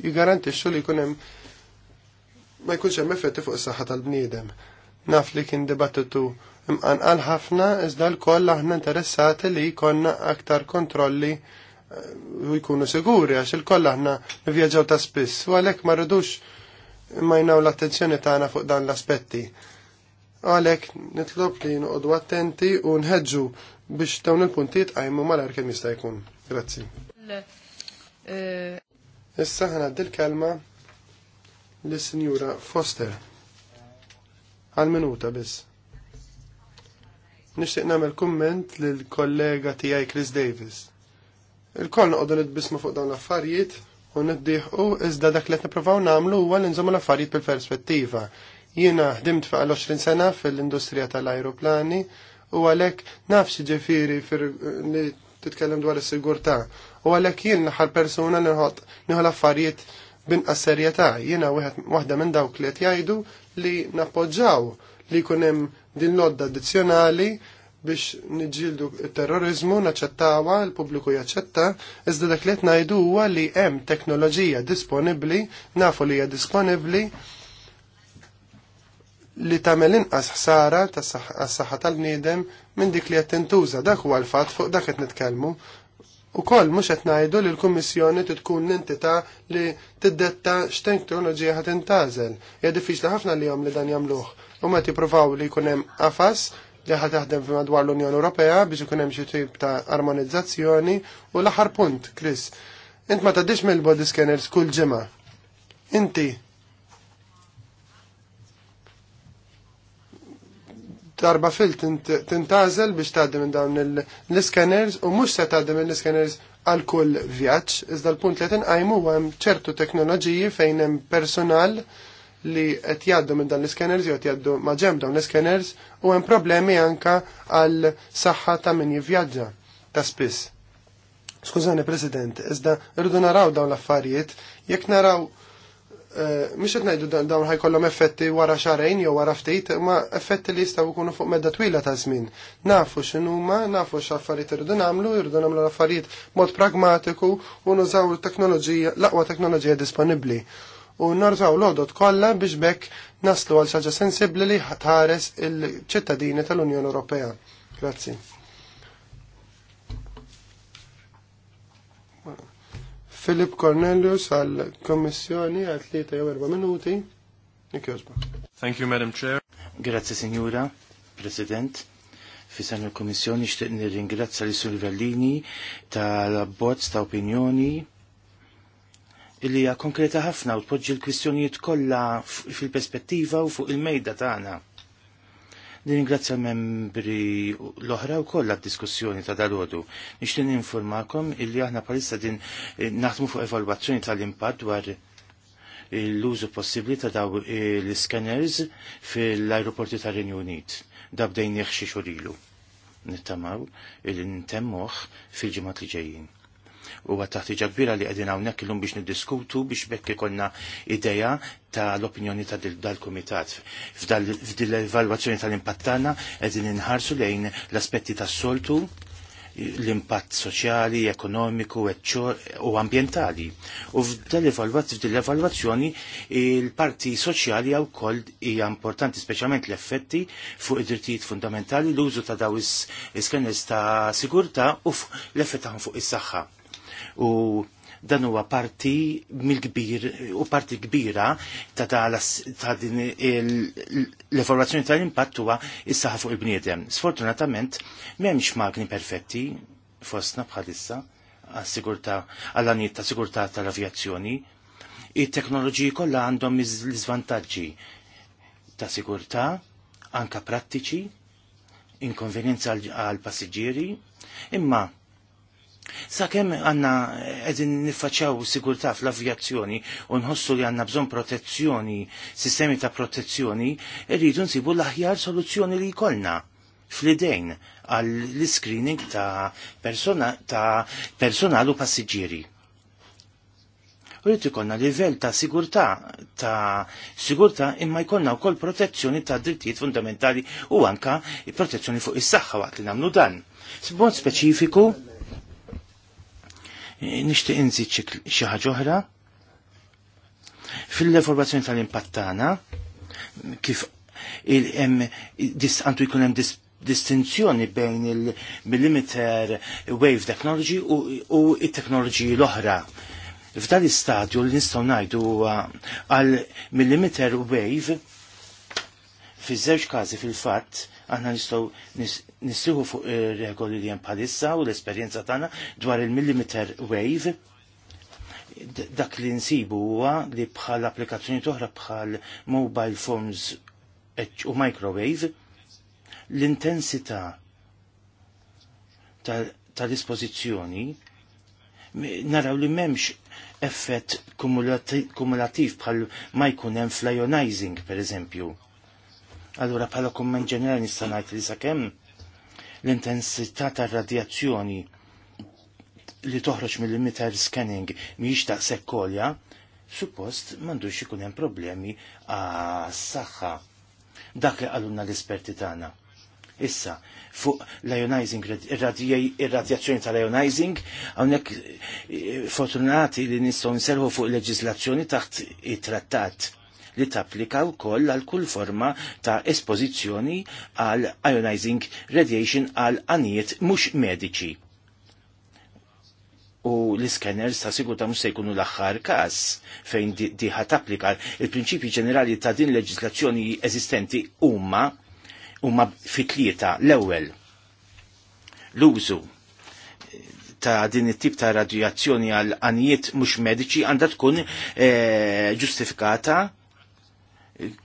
jgarantixxu li jkun hemm ma jkunx hemm effetti fuq is-saħħa tal-bniedem. Naf li kien dibattitu Mqanqal ħafna iżda l-koll aħna interessati li jkollna aktar kontrolli eh, u jkunu siguri għax il-koll aħna nivvjaġġaw ta' spiss u għalhekk ma rridux majnaw l-attenzjoni tagħna fuq dan l-aspetti. Għalhekk nitlob li noqogħdu attenti u nħeġġu biex dawn il-puntijiet qajmu malar kemm jista' jkun. Grazzi. Eh, Issa ħana l-kelma lis-Sinjura Foster. Għal minuta biss. Nixtieq nagħmel komment lill kollega tiegħi Chris Davis. Il-koll noqogħdu nitbismu fuq dawn l-affarijiet u niddieħqu iżda dak li qed nippruvaw nagħmlu huwa li nżommu l-affarijiet bil-perspettiva. Jiena ħdimt fuq 20 sena fil-industrija tal-ajruplani u għalhekk naf xi ġifieri li titkellem dwar is-sigurtà u għalhekk jien l-aħħar persuna li nħodd nieħu l-affarijiet binqas serjetà. Jiena waħda minn dawk li qed jgħidu li nappoġġaw li jkun hemm din lodda addizzjonali biex niġġieldu terrorizmu naċċettawa l-pubbliku jaċċetta, iżda dak li qed ngħidu huwa li hemm teknoloġija disponibbli, nafu li hija disponibbli li tagħmel inqas ħsara tas-saħħa tal-bniedem minn dik li qed tintuża dak huwa l-fatt fuq dak qed nitkellmu. Ukoll mhux qed ngħidu li l-Kummissjoni tkun l-entità li tiddetta x'teknoloġija ħad intażel. Hija diffiċli ħafna li li dan jagħmluh u ma tippruvaw li jkun hemm li ħad taħdem fi madwar l-Unjoni Ewropea biex ikun hemm xi tip ta' armonizzazzjoni u l-aħħar punt, Chris. Int ma tgħaddix mill-body scanners kull ġimgħa. Inti darba fil tintażel biex tgħaddi minn dawn l-scanners u mhux se tgħaddi minn l-scanners għal kull vjaġġ, iżda l-punt li tinqajmu hemm ċertu teknoloġiji fejn hemm personal li qed jgħaddu minn dan l iskeners jew qed jgħaddu ma' ġemm dawn l iskeners u hemm problemi anka għal saħħa ta' min jivvjaġġa ta' spiss. Skużani President, iżda rridu naraw dawn l-affarijiet jekk naraw eh, mhux qed ngħidu dawn ħajkollhom effetti wara xarejn jew wara ftit, ma effetti li jistgħu jkunu fuq medda twila ta' żmien. Nafu x'inhuma, nafu x'affarijiet irridu nagħmlu, irridu nagħmlu l-affarijiet mod pragmatiku u nużaw il-teknoloġija, l-aqwa teknoloġija disponibbli u narraw l ħodot kollha biex bekk naslu għal xaġa sensibbli li ħatħares il-ċittadini tal-Unjoni Ewropea. Grazzi. Filip Cornelius għal kommissjoni għal 3 4 minuti. Nikjosba. Thank you, Madam Chair. Grazzi, Signora President fisan il-Komissjoni xtiqni nirringrazzja li Sur Vellini tal-abbozz ta' opinjoni li hija konkreta ħafna u tpoġġi l-kwistjonijiet kollha fil-perspettiva u fuq il-mejda tagħna. Nirringrazzja membri l-oħra u kollha diskussjoni ta' dalodu. Nixtieq ninformakom illi aħna palissa din eh, naħdmu fuq evalwazzjoni tal impad dwar l-użu possibbli ta' daw l-scanners fil-aeroporti ta' Renju Unit. Dabdejn jieħxie xurilu. Nittamaw il-intemmuħ fil-ġimat li ġejjin u għattaħtiġa kbira li għedin għawnek l-lum biex niddiskutu biex bekk konna ideja ta' l-opinjoni ta' dal-komitat. F'dil-evalwazzjoni tal-impattana għedin inħarsu lejn l-aspetti ta' soltu l-impatt soċjali, ekonomiku u ambientali. U f'dil-evalwazzjoni il-parti soċjali għaw koll hija importanti, speċjalment l-effetti fuq id-drittijiet fundamentali, l-użu ta' daw is skenes ta' sigurta u l-effett fuq is-saħħa u dan huwa parti mill-kbir u parti kbira ta' din l ta' tal-impatt huwa is-saħħa fuq il-bniedem. Sfortunatament m'hemmx magni perfetti fostna bħalissa għas-sigurtà għall-għanijiet ta' sigurtà tal-avjazzjoni. it teknoloġiji kollha għandhom l-iżvantaġġi ta' sigurtà anka prattiċi, inkonvenjenza għal passiġġieri, imma Sa' kem għanna edin nifacċaw sigurta fl-avjazzjoni u nħossu li għanna bżon protezzjoni, sistemi ta' protezzjoni, rridu nsibu l-aħjar soluzzjoni li jkollna fl-idejn għall-screening ta' persona, ta' personal u passiġġieri. Rrid ikollna livell ta' sigurtà ta' sigurtà imma jkollna wkoll protezzjoni ta' drittijiet fundamentali u anka protezzjoni fuq is-saħħa waqt li nagħmlu dan. B'mod speċifiku, nixtieq inżid xi ħaġa oħra. Fil-informazzjoni tal-impattana, kif il-em għandu jkun hemm distinzjoni bejn il-millimeter wave technology u il-teknoloġi l-oħra. F'dan l-istadju li nistgħu ngħidu għal millimeter wave fi żewġ każi fil-fatt aħna nistgħu nissieħu fuq eh, regoli li hemm bħalissa u l-esperjenza tagħna dwar il-millimeter wave dak li nsibu huwa li bħal applikazzjoni oħra bħal mobile phones u microwave l-intensità tal dispozizjoni naraw li memx effett kumulativ bħal ma jkun hemm flajonizing per eżempju. Allura bħala kumman ġenerali nista' ngħid li sakemm l-intensità tar-radjazzjoni li toħroġ mill-emitter scanning mhijiex ta' sekkolja, suppost m'għandux ikun hemm problemi għas-saħħa. Dak li qalulna l-esperti tagħna. Issa, fuq l-ionizing, ir-radjazzjoni tal-ionizing, hawnhekk eh, fortunati li nistgħu nserħu fuq leġislazzjoni taħt it-trattat li tapplika wkoll għal kull forma ta' espożizzjoni għal ionizing radiation għal anijiet mhux mediċi. U l-scanners ta' sigurta ta' se jkunu l-aħħar każ fejn diħa tapplika il prinċipi ġenerali ta' din leġislazzjoni eżistenti huma huma fit l-ewwel l-użu ta' din it-tip ta' radjazzjoni għal anijiet mhux mediċi għandha tkun eh, ġustifikata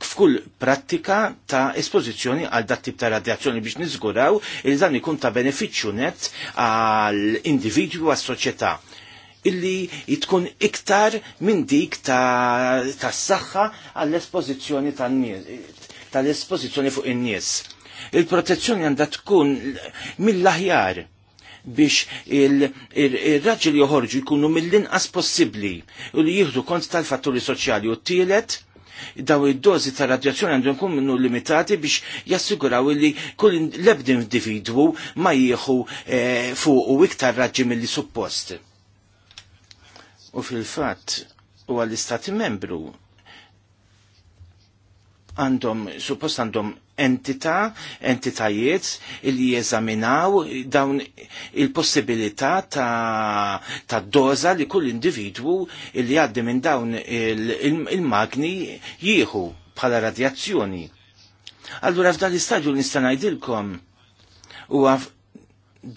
f'kull prattika ta' espożizzjoni għal dat tip ta' radjazzjoni biex niżguraw il dan ikun ta' benefiċċju net għall individwu għas soċjetà illi tkun iktar minn dik ta' s-saxħa għall-espożizzjoni tal-espożizzjoni fuq in-nies. Il-protezzjoni għandha tkun mill-aħjar biex il-raġel joħorġu jkunu mill-inqas possibbli u li jieħdu kont tal-fatturi soċjali u t-tielet daw id-dozi ta' radjazzjoni għandhom minnu limitati biex jassiguraw li kull l-ebd individwu ma jieħu eh, fuq u iktar raġġi mill-li suppost. U fil-fatt, u għall-istati membru għandhom, suppost għandhom Entita entitajiet li jeżaminaw dawn il-possibilità ta', ta doza li kull individwu li għaddi minn dawn il-magni jieħu bħala radjazzjoni. Allura f'dan l-istadju nista' ngħidilkom huwa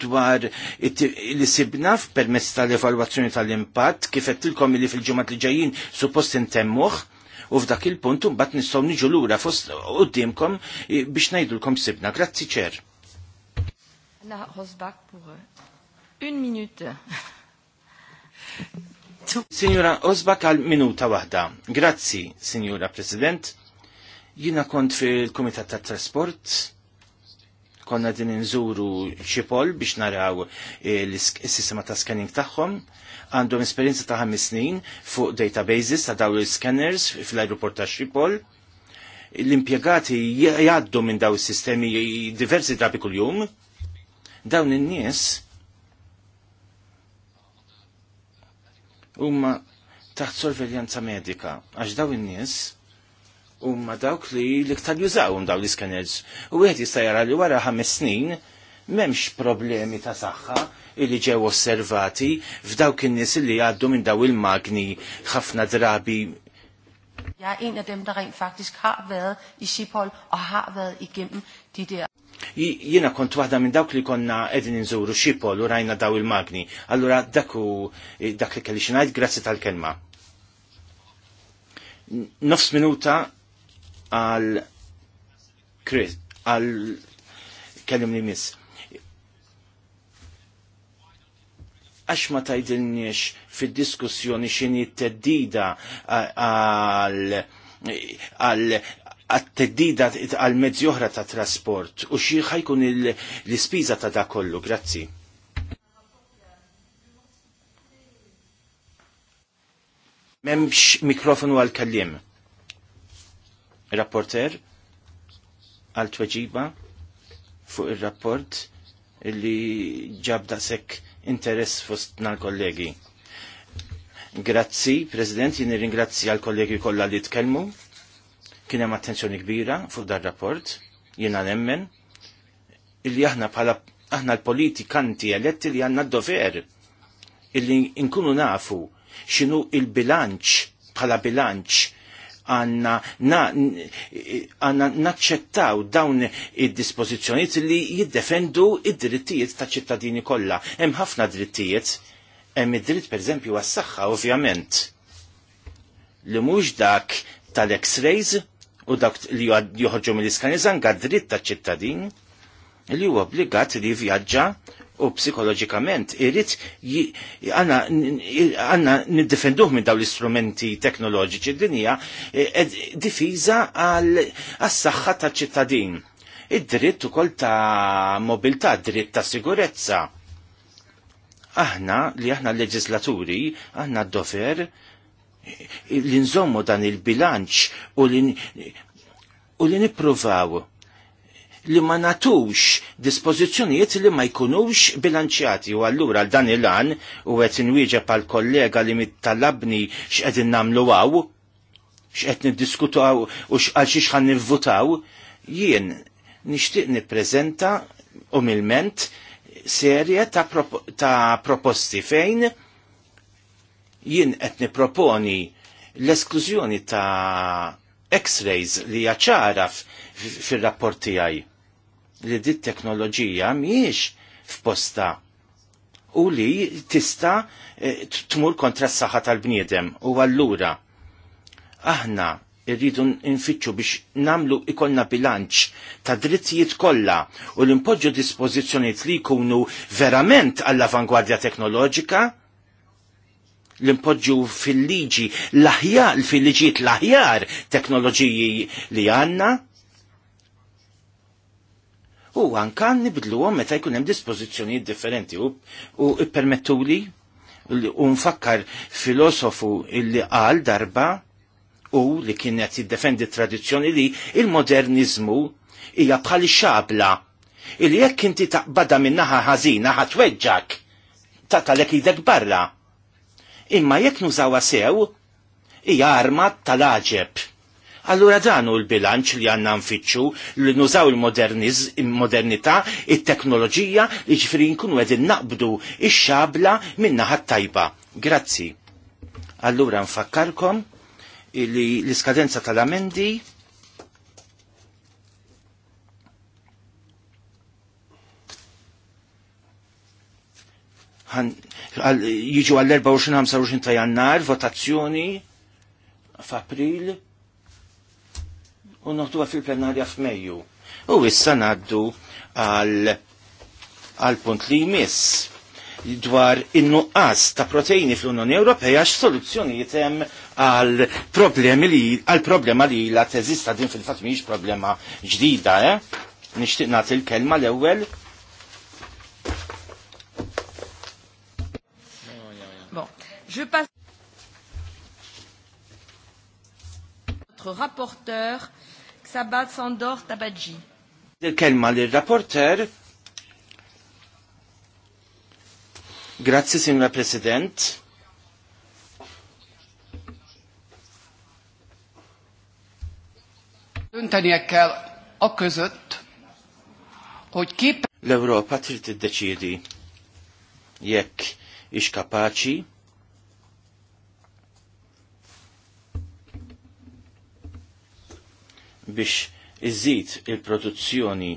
dwar li sibna permezz tal-evalwazzjoni tal-impatt kif qedtilkom li fil-ġimgħat li ġejjin suppost intemmuh u f'dak il-punt mbagħad nistgħu niġu lura fost qudiemkom biex ngħidulkom sibna. Grazzi ċer. Anna Rosbach pour euh, une minute. Signora Osbak għal minuta waħda. Grazzi, Signora President. Jina kont fil-Komitat ta' Trasport, konna din nżuru ċipol biex naraw il-sistema ta' scanning tagħhom għandhom esperjenza ta' ħames snin fuq databases ta' dawn scanners fl-aeroport ta' Xipol. L-impjegati jgħaddu minn daw is-sistemi diversi drabi kuljum. Dawn in-nies huma taħt sorveljanza medika għax daw in-nies huma dawk li l-iktar jużawhom dawn l-scanners. U wieħed jista' jara li wara ħames snin memx problemi ta' saħħa illi ġew osservati f'dawk in-nies li għaddu minn daw il-magni ħafna drabi. Ja, en af dem, der rent faktisk har været i Schiphol og har været igennem de der. Jina kont waħda minn dawk li konna edin nżuru Xipol u rajna daw il-magni. Allura daku dak li kelli xinajt, grazzi tal-kelma. Nofs minuta għal Chris, għal kellim li miss għax ma tajdilniex fid-diskussjoni xini t-teddida għal għal għat-teddida għal mezzi oħra ta' trasport u xie ħajkun l-ispiża ta' da kollu. Grazzi. Memx mikrofonu għal-kallim. Rapporter għal-tweġiba fuq il-rapport li ġabda sekk interess fostna l-kollegi. Grazzi, President, jini ringrazzi għal-kollegi kollha li tkellmu. Kien hemm attenzjoni kbira fuq dar rapport, jiena nemmen, illi aħna bħala aħna l-politikanti eletti li għandna d-dover illi nkunu nafu x'inhu il-bilanċ bħala bilanċ għanna għanna naċċettaw dawn id-dispozizjoniet li jiddefendu id-drittijiet ta' ċittadini kollha. Hemm ħafna drittijiet, hemm id-dritt pereżempju għas-saħħa ovvjament li mhux dak tal-X-rays u dak li joħorġu mill iskanizan għad dritt ta' ċittadin li huwa obbligat li vjaġġa u psikoloġikament irrit għanna niddefenduh minn daw l-istrumenti teknoloġiċi d-dinja e, e, difiża għal-saxħa ta' ċittadin. Id-dritt ukoll ta' mobilità, dritt ta' sigurezza. Aħna li aħna leġislaturi, aħna d-dofer li nżommu dan il-bilanċ u li nippruvaw li ma natux dispożizzjonijiet li ma jkunux bilanċjati u allura dan il-an u għet nwieġa pal kollega li mit-talabni x'qegħdin namlu għaw, x'qed niddiskutaw u x'għal xi xħan nivvutaw, jien nixtieq nippreżenta umilment serje ta', prop ta proposti fejn jien qed niproponi l-esklużjoni ta' x-rays li jaċaraf fil-rapport għaj li dit teknoloġija miex f'posta u li tista eh, tmur kontra s-saħħa tal-bniedem u allura aħna irridu nfittxu biex namlu ikollna bilanċ ta' drittijiet kollha u l-impoġġu dispożizzjonijiet li jkunu verament għall-avangwardja teknoloġika l-impoġġu fil-liġi l-aħjar, fil liġiet l-aħjar teknoloġiji li għanna, u anka għom meta jkun hemm dispożizzjonijiet differenti u, u permettuli u nfakkar filosofu illi qal darba u li kien qed jiddefendi tradizzjoni li il-modernizmu hija bħal xabla illi jekk inti taqbada minnaħa ħażina ħatweġġak ta' talek idek barra. Imma jekk nużawa sew hija arma tal-aġeb Allura dan hu l-bilanċ li għandna nfittxu li nużaw il-modernità, il teknoloġija li ġifri nkunu qegħdin naqbdu ix-xabla minna tajba. Grazzi. Allura nfakkarkom li l-iskadenza tal-amendi jiġu għall-24-25 ta' jannar, votazzjoni f'april, u noħduha fil-plenarja f'Mejju. U issa ngħaddu għal għal punt li jmiss dwar in-nuqqas ta' proteini fl-Unjoni Ewropea x'soluzzjonijiet hemm għal problemi li għal problema li la teżista din fil-fatt mhix problema ġdida, eh? Nixtieq nagħti kelma l-ewwel Je passe notre rapporteur Sabat Sondor Tabadji. Il-kelma li rapporter Grazie, signora President. Döntenie a között, hogy kép... L'Europa europa trid tiddeċiedi jekk is kapaċi biex iżid il-produzzjoni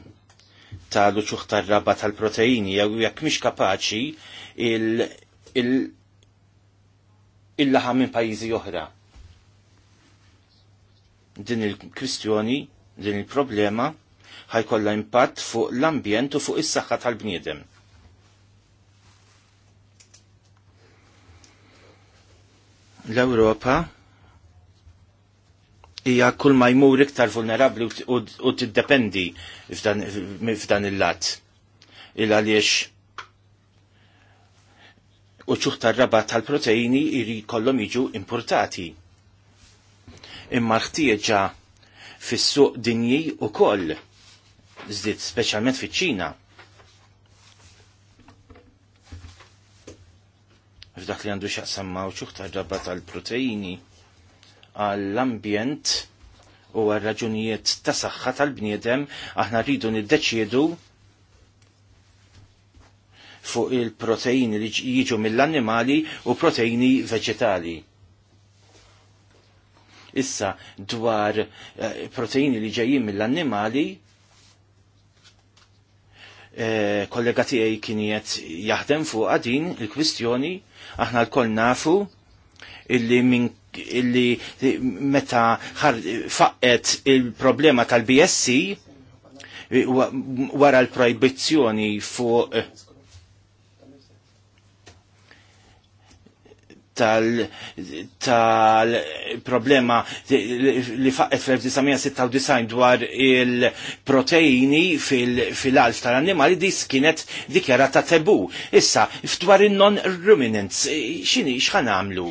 ta' luċuħ tar-raba tal-proteini jew jekk mhix kapaċi il-laħam il, il, minn pajjiżi oħra. Din il-kwistjoni, din il-problema ħajkollha impatt fuq l-ambjent u fuq is-saħħa tal-bniedem. L-Ewropa hija kull ma jmur iktar vulnerabli u tiddependi f'dan il-lat. Il għaliex u ċuħ tar-raba tal-proteini iri kollom jiġu importati. Imma ħtieġa fis-suq dinji u koll, zdit speċjalment fiċ-Ċina. F'dak li għandu xaqsamma u ċuħ tar-raba tal-proteini għall-ambjent u għal-raġunijiet ta' saħħa tal-bniedem, aħna rridu niddeċiedu fuq il-proteini li jiġu mill-annimali u proteini veġetali. Issa dwar eh, proteini li ġejjin mill-annimali, kollegati eh, kollega tiegħi kienet jaħdem fuq din il-kwistjoni, aħna l-koll nafu illi minn illi meta faqqet il-problema tal-BSC wara l-proibizzjoni fuq tal-problema li faqqet fl-1996 dwar il-proteini fil-alf tal-annimali dis kienet dikjarata tebu. Issa, dwar il-non-ruminants, xini xħan għamlu?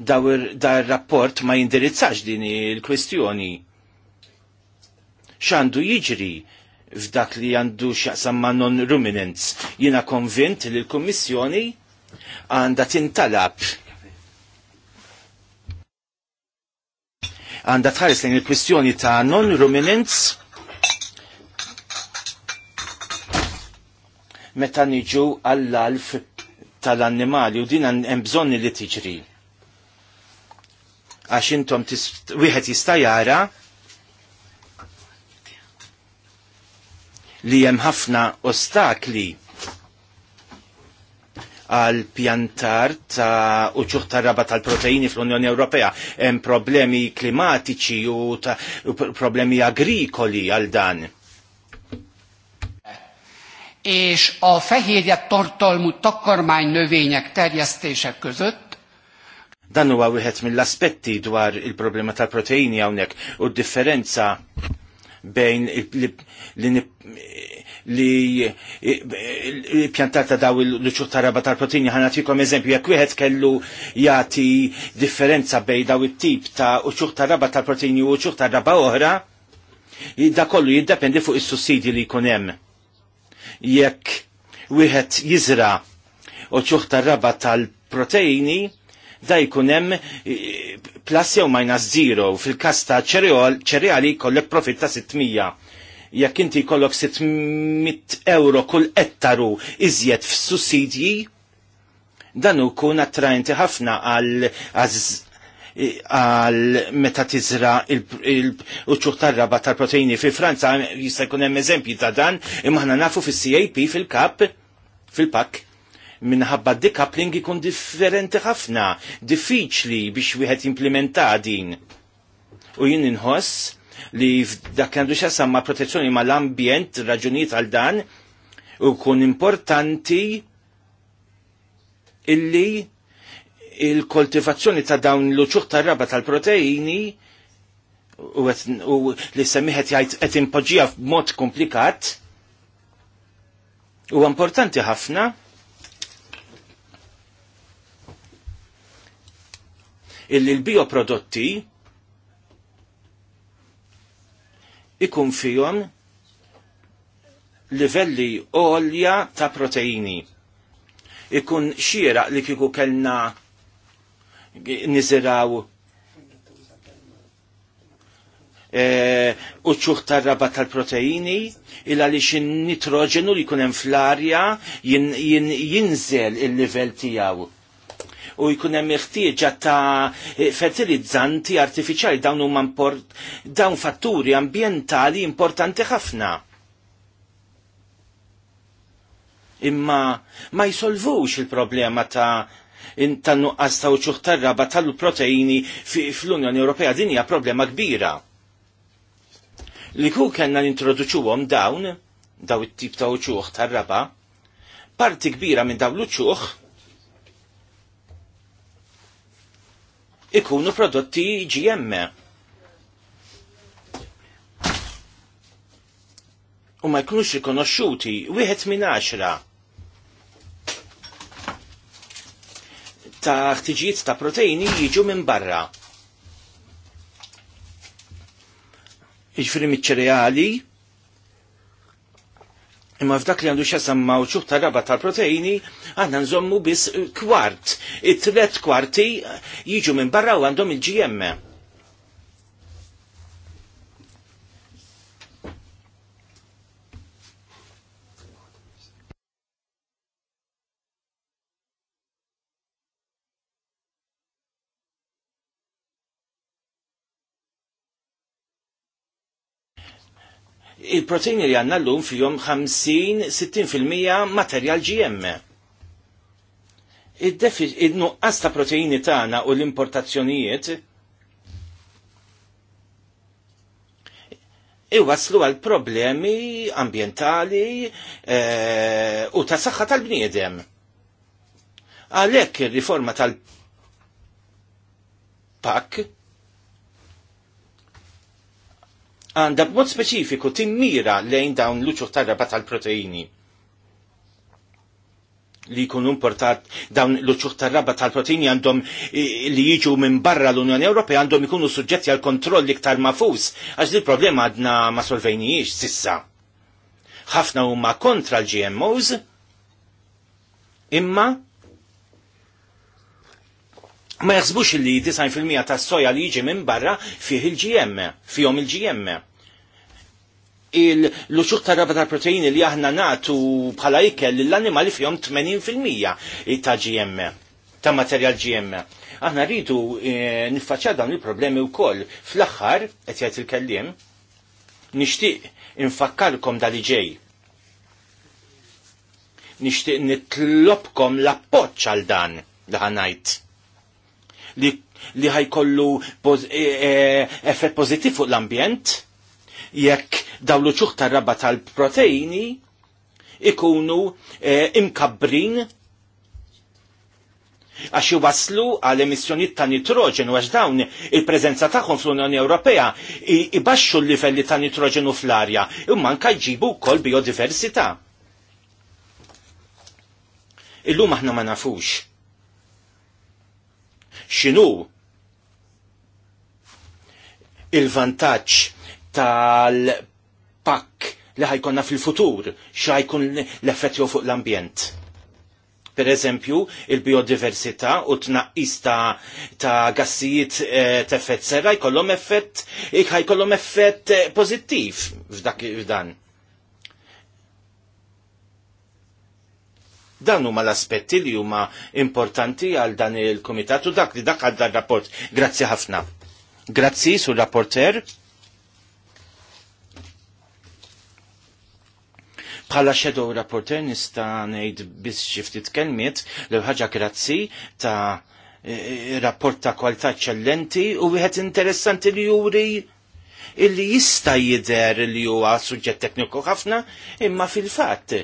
dar rapport ma jindirizzax din il-kwestjoni. Xandu jiġri f'dak li għandu xaqsam ma non-ruminants. Jina konvint li l-Kommissjoni għanda tintalab għanda tħares lejn il kwestjoni ta' non-ruminants meta niġu għall-alf tal-annimali u din hemm bżonn li tiġri għax intom wieħed jista' jara li hemm ħafna ostakli għal pjantar ta' uċuħ ta' raba tal-proteini fl-Unjoni Ewropea. Hemm problemi klimatiċi u problemi agrikoli għal dan. És a fehérje tartalmú takarmány növények terjesztése között Dan huwa wieħed mill-aspetti dwar il-problema tal-proteini hawnhekk u d-differenza bejn li pjantata daw il-luċu taraba tal-proteini ħana tikom eżempju jekk wieħed kellu jagħti differenza bejn daw it-tip ta' ta' taraba tal-proteini u uċuħ taraba oħra, da kollu jiddependi fuq is-sussidji li jkun hemm. Jekk wieħed jiżra uċuħ taraba tal-proteini, da jkun hemm eh, plus jew minus zero fil-każ ta' ċereali jkollok profit ta' 600. Jekk inti jkollok 600 euro kull ettaru iżjed f'sussidji, dan ukun attrajnti ħafna għal għal meta tiżra il-ċuq tar-raba tal-proteini fi Franza jista' jkun hemm eżempji ta' dan imma aħna nafu fis-CAP fil-kap fil-pak minħabba decoupling ikun differenti ħafna, diffiċli biex wieħed implementa din. U jien inħoss li f'dak għandu xasam ma' protezzjoni ma' l-ambjent, raġunijiet għal dan, u kun importanti illi il-koltivazzjoni ta' dawn l-uċuħ ta' raba tal-proteini u li semmiħet jgħajt qed impoġija f'mod komplikat u importanti ħafna illi l-bioprodotti ikun fihom livelli olja ta' proteini. Ikun xiera li kiku kellna niziraw e, uċċuħ tar-raba tal-proteini illa li xin nitrogenu li kunem fl-arja jinżel il-livell tijaw u jkun hemm iħtieġa ta' fertilizzanti artifiċjali dawn huma dawn fatturi ambjentali importanti ħafna. Imma ma jsolvux il-problema ta' intannu nuqqas ta' uċuħ tarraba tal-proteini fl-Unjoni Ewropea din hija problema kbira. Li ku kellna nintroduċuhom dawn, daw it-tip ta' uċuħ raba parti kbira minn dawn l-uċuħ ikunu prodotti GM. U ma jkunux rikonoxxuti wieħed minn għaxra ta' ħtiġijiet ta' proteini jiġu minn barra. Jiġifieri miċ-ċereali, Imma f'dak li għandu xasam mawċuħ ta' raba tal-proteini, għanna nżommu bis kwart. it tret kwarti jiġu minn barra u għandhom il-GM. il-proteini li għanna l-lum fjom 50-60% materjal GM. Id-nuqqas ta' proteini tagħna u l-importazzjonijiet iwaslu għal problemi ambientali eh, u ta' saħħa tal-bniedem. Għalhekk ir-riforma tal-pak għandha b'mod speċifiku timmira lejn dawn l tar raba tal-proteini li jkunu importat dawn l-uċuħ tar-raba tal-proteini għandhom li jiġu minn barra l-Unjoni Ewropea għandhom ikunu suġġetti għal kontroll iktar mafus għax li problema għadna ma solvejnijiex sissa. Ħafna huma kontra l-GMOs imma ma jaħsbux li 90% tas soja li jiġi minn barra fih il-GM, fihom il-GM il uċuq ta' raba tal-proteini li aħna natu bħala ikel l-animali fjom 80% ta' GM, ta' materjal GM. Aħna rridu eh, niffaċċa dawn il-problemi u koll. Fl-axħar, qed jgħid il-kellim, nixtieq infakkarkom dal ġej. Nixtieq nitlobkom l-appoġġ għal dan l ħanajt. Li ħajkollu eh, eh, effett pożittiv fuq l-ambjent, jekk dawlu ċuħ tar-raba tal-proteini ikunu eh, imkabbrin għax waslu għal emissjonijiet ta' nitroġenu għax dawn il-prezenza tagħhom fl-Unjoni Ewropea ibaxxu l-livelli ta' nitroġenu fl-arja imma manka jġibu wkoll biodiversità. Illum aħna ma nafux. X'inhu il-vantaġġ tal pak li ħajkonna fil-futur, xajkun l-effett fuq l-ambjent per eżempju, il-biodiversità u tnaqqis ta', ta gassijiet eh, ta' effett serra jkollhom effett eh, jkollhom effett eh, pożittiv f'dak f'dan. Dan huma l-aspetti li huma importanti għal dan il-Kumitat u dak li dak għadda rapport. Grazzi ħafna. Grazzi sur rapporter. Bħala shadow rapporter nista ngħid biss xi ftit kelmiet l ħaġa grazzi ta' e, e, rapport ta' kwalità eċċellenti u wieħed interessanti li juri illi jista jider li huwa suġġett tekniku ħafna imma fil-fatt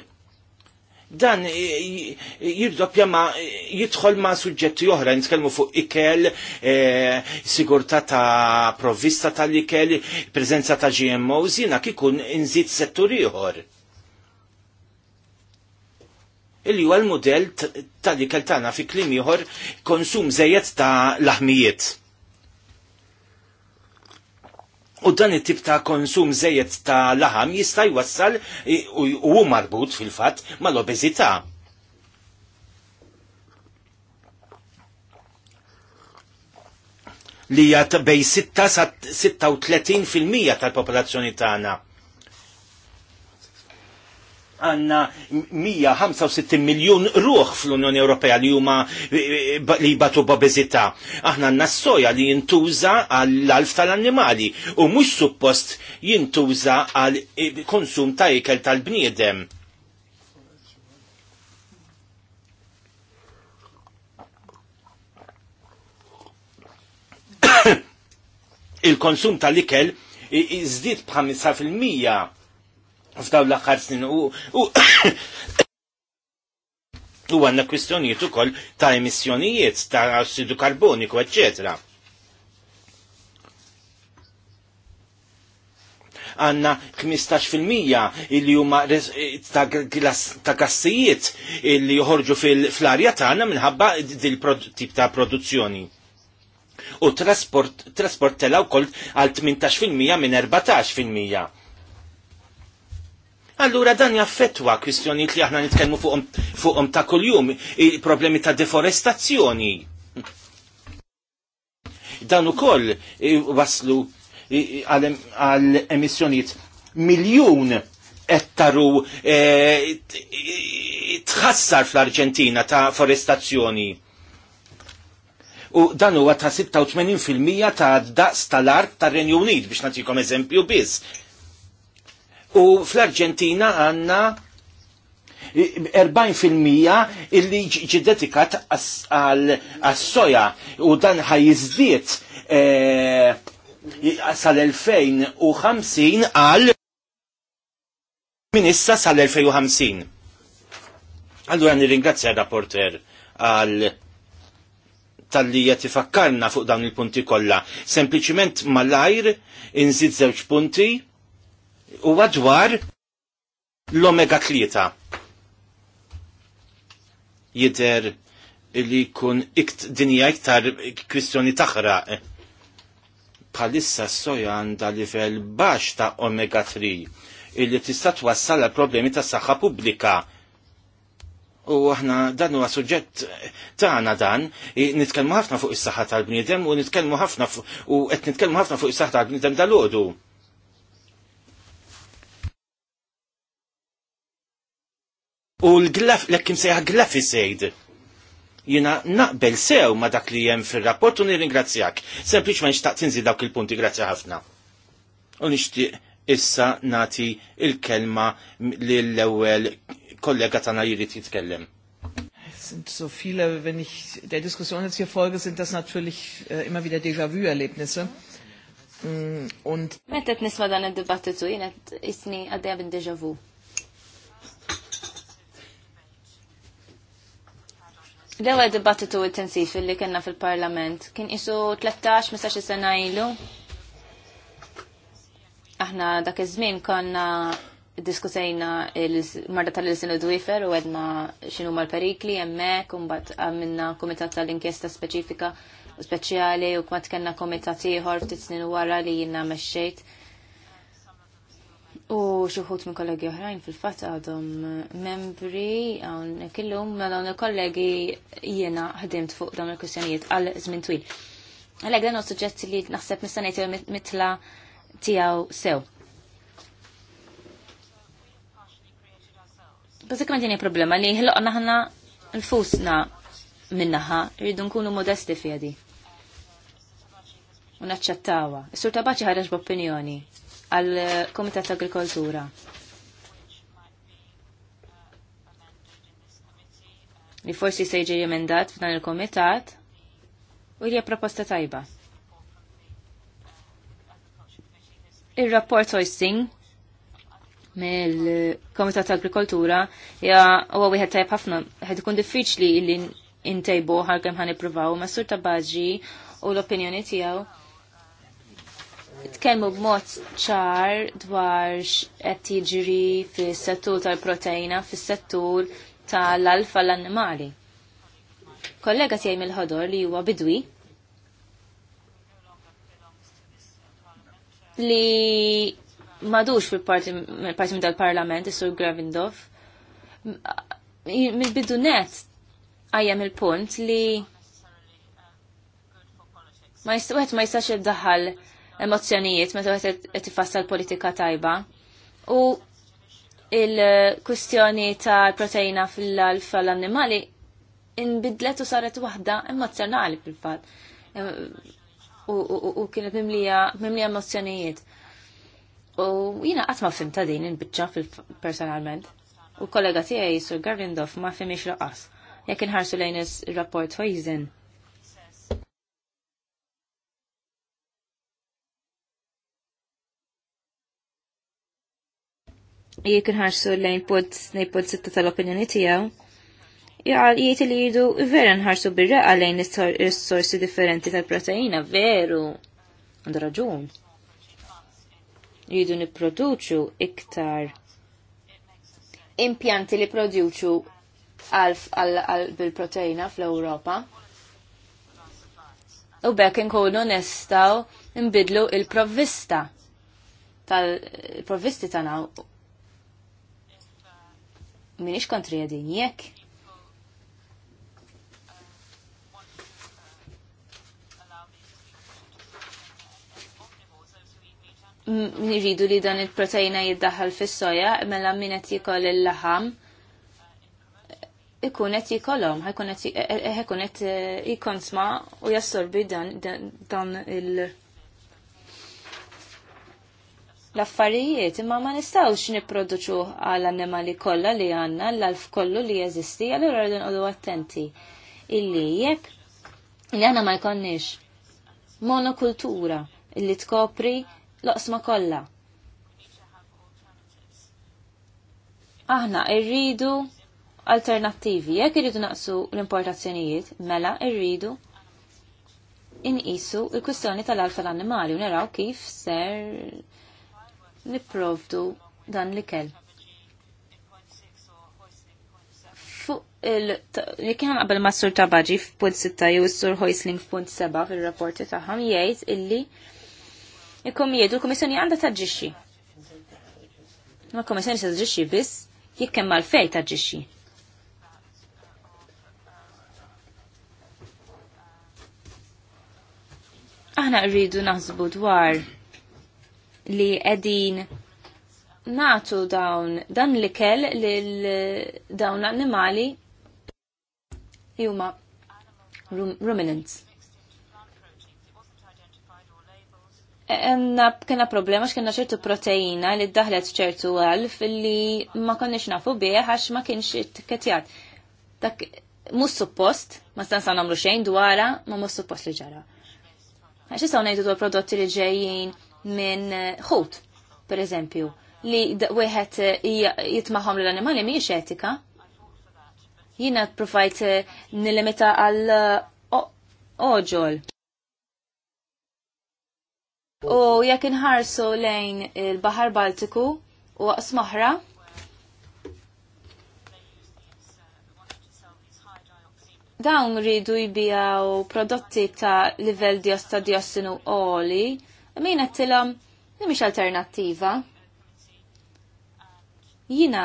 dan e, jiddoppja ma jidħol ma suġġetti oħra, nitkellmu fuq ikel, e, sigurtà ta' provvista tal-ikel, preżenza ta' GMOs, jiena kikun inżid settur ieħor illi huwa l-modell ta' li kaltana fi klim ieħor konsum żejjed ta' laħmijiet. U dan it-tip ta' konsum żejjed ta' laħam jista' jwassal u hu marbut fil-fatt mal-obeżità. li hija bej 6 sa 36 fil-mija tal-popolazzjoni tagħna. Ta għanna 165 miljon ruħ fl-Unjoni Ewropea li huma eh, eh, li batu b'obeżità. Aħna għanna soja li jintuża għall-alf tal-annimali u mhux suppost jintuża għal eh, konsum ta' ikel tal-bniedem. il-konsum tal-ikel iżdied b'5 f'dawn l-aħħar snin u u għanna kwistjonijiet ukoll ta' emissjonijiet ta' ossidu karboniku, eccetera. għanna 15% li huma ta' gassijiet li joħorġu fil-arja tagħna minħabba dil tip ta' produzzjoni. U trasport, telaw tela għal 18% minn 14%. Allura dan jaffetwa kwistjoni li aħna nitkellmu fuqhom fuqhom ta' kuljum, il-problemi ta' deforestazzjoni. Dan ukoll eh, waslu eh, għal emissjonijiet miljun ettaru eh, tħassar fl-Arġentina ta' forestazzjoni. U dan huwa ta' 86% ta' daqs tal-art tar-Renju Unit biex nagħtikom eżempju biss u fl-Arġentina għanna 40% illi ġidetikat dedikat għas-soja u dan ħajizdiet e, sal-2050 għal minissa sal-2050. Allura nirringrazzja rapporter għal tal-li jatifakkarna fuq dawn il-punti kollha. Sempliciment mal-ajr inżid żewġ punti U għadwar l-omega tlieta. Jider li kun ikt dinja iktar kwistjoni taħra. Palissa soja għanda livell bax ta' omega 3 illi tista' twassal għal problemi ta' saħħa pubblika. U aħna dan huwa suġġett tagħna dan, nitkellmu ħafna fuq is-saħħa tal-bniedem u nitkellmu ħafna u qed nitkellmu ħafna fuq is-saħħa tal-bniedem dal-għodu. U l-glaf, l-ekkim sejħa glafi sejd. Jina naqbel sew ma dak li jem fil-rapport u nir-ingrazzjak. Sempliċ ma nishtaq tinzi dawk il-punti, grazzi ħafna. U nishtiq issa nati il-kelma li l-ewel kollega tana jirrit jitkellem. sind so viele, wenn ich der Diskussion jetzt hier folge, sind das natürlich äh, immer wieder Déjà-vu-Erlebnisse. Mm, Und... Metet nisma dan il-dibattitu, jenet isni għaddeja bin Déjà-vu. L-ewwel dibattitu intensiv li kellna fil-Parlament kien isu 13-15 sena ilu. Aħna dak iż-żmien konna diskutejna il-marda tal-lisin u dwifer u għedna xinu l perikli hemmhekk u bat għamilna komitat tal-inkjesta speċifika u speċjali u kmat kena komitat iħor ftit snin wara li jina meċċejt U xuħut minn kollegi oħrajn fil-fat għadhom membri għon kellum ma għon il-kollegi jiena ħdimt fuq dawn il kustjonijiet għal żmien twil. Għalhekk dan suġġett li naħseb nistanejt mitla tiegħu sew. Bażikament jien problema li ħloqna ħna nfusna minnaħa rridu nkunu modesti fiha di. U naċċettawha. Is-sur tabaċi ħarġ b'opinjoni għal-Komitat Agrikoltura. Li forsi se jġi jemendat f'dan il-Komitat u hija proposta tajba. Il-rapport hoisting mill-Komitat Agrikoltura ja huwa wieħed tajb ħafna, ħed ikun diffiċli li intejbu ħalkemm ħan ippruvaw ma' sur ta' baġi u l-opinjoni tiegħu tkellmu b'mod ċar dwar qed jiġri fis-settur tal-proteina fis-settur tal-alfa l-annimali. Kollega tiegħi mill-ħodor li huwa bidwi li madux fil-parti tal-parlament, is-sur Gravindov, mill-bidu net għajjem il-punt li ma jistax ma jistax id-daħal emozzjonijiet meta qed tifassal politika tajba. U il-kwistjoni ta' proteina fil-alf l-annimali inbidlet u saret waħda emozjonali fil-fat. U kienet mimlija emozjonijiet. U jina għatma fim ta' din il-bicċa fil-personalment. U kollega tijaj, Sir Garvindov, ma' fimiex raqas. Jekin ħarsu lejn il-rapport Hoizen jek nħarsu lejn pod sitta tal-opinjoni tijaw, jgħid li jidu vera nħarsu bir-reqa lejn is-sorsi differenti tal-proteina, veru. Għandu raġun. Jidu niproduċu iktar impjanti li produċu għalf bil-proteina fl-Europa. U bekk inkunu nistaw nbidlu il-provvista tal-provvisti tanaw minix kontri għadin jekk. Nirridu li dan il-proteina jiddaħħal fis-soja, mela min qed jikol il-laħam ikun qed jikolhom, ħajkun qed ikun e- e- eh, sma u jassorbi dan il- l-affarijiet imma ma nistawx niproduċu għal annimali kollha li għandna l-alf kollu li jeżisti allura rridu nqogħdu attenti illi jekk li għandna ma jkollniex. monokultura illi tkopri l-oqsma kollha. Aħna rridu alternattivi, jekk irridu naqsu l-importazzjonijiet, mela rridu inqisu il-kwistjoni tal-alfa l-annimali u naraw kif ser niprovdu dan l-ikel. Jek jħan qabel ma' sur tabaġi f'punt 6 jew sur Hoisling f'punt 7 fil-rapporti tagħhom jgħid illi jekkom jgħidu l komissjoni għandha taġġixxi. Ma l taġġixxi biss jekk hemm għalfejn taġġixxi. Aħna rridu naħsbu dwar li edin natu dawn dan l-ikel lil dawn l-animali huma ruminants. Enna kena problema x'kena ċertu proteina li ddaħlet ċertu għalf li ma konniex nafu bih għax ma kienx it-ketjat. Dak mhux suppost, ma stansa nagħmlu xejn dwara, ma mhux suppost li ġara. Għax jistgħu ngħidu dwar prodotti li ġejjin minn eh, ħut, per eżempju, li wieħed eh, jitmaħom l-animali miex etika. Jina eh, nil nilimita għal oġol. U jekk inħarsu lejn il-Bahar Baltiku u moħra, dawn rridu jibijaw prodotti ta' livell diosta diossinu oli min għattilom nimix alternattiva. Jina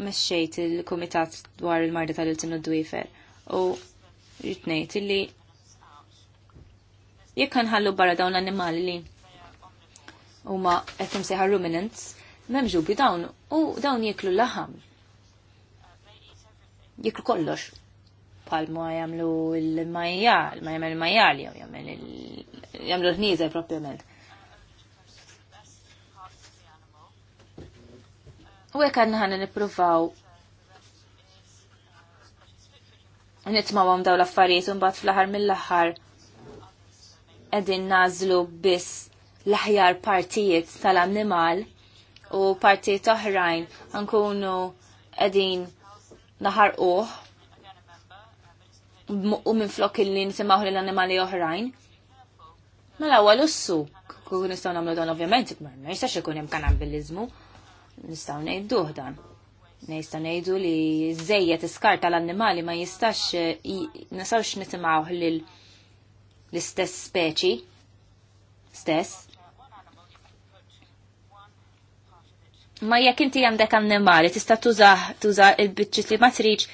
meċċejt il-komitat dwar il-marda tal-iltin u d-dwifer u rritnejt illi jekk nħallu barra dawn l-annimali li huma qed seħar ruminants, m'hemm ġubi dawn u dawn jiklu laħam. Jiklu kollox bħal ma jagħmlu l-majjal, ma jagħmel il-majjal jew jagħmel jagħmlu l-ħnieżer propjament. U hekk għandna ħana nippruvaw nitmawhom daw l-affarijiet u mbagħad fl-aħħar mill-aħħar qegħdin nażlu biss l-aħjar partijiet tal-annimal u partijiet oħrajn nkunu qegħdin naħarquh u minn flok illi nisimaw l-animali oħrajn. Mela għal ussu, kun nistaw namlu dan ovvjament, ma jistax ikun hemm kanabilizmu, nistaw ngħiduh dan. Nistaw ngħidu li t-skarta l annimali ma jistax nistgħux nisimgħu l-istess speċi stess. Ma jekk inti għandek annimali tista' tuża il-biċċiet li ma tridx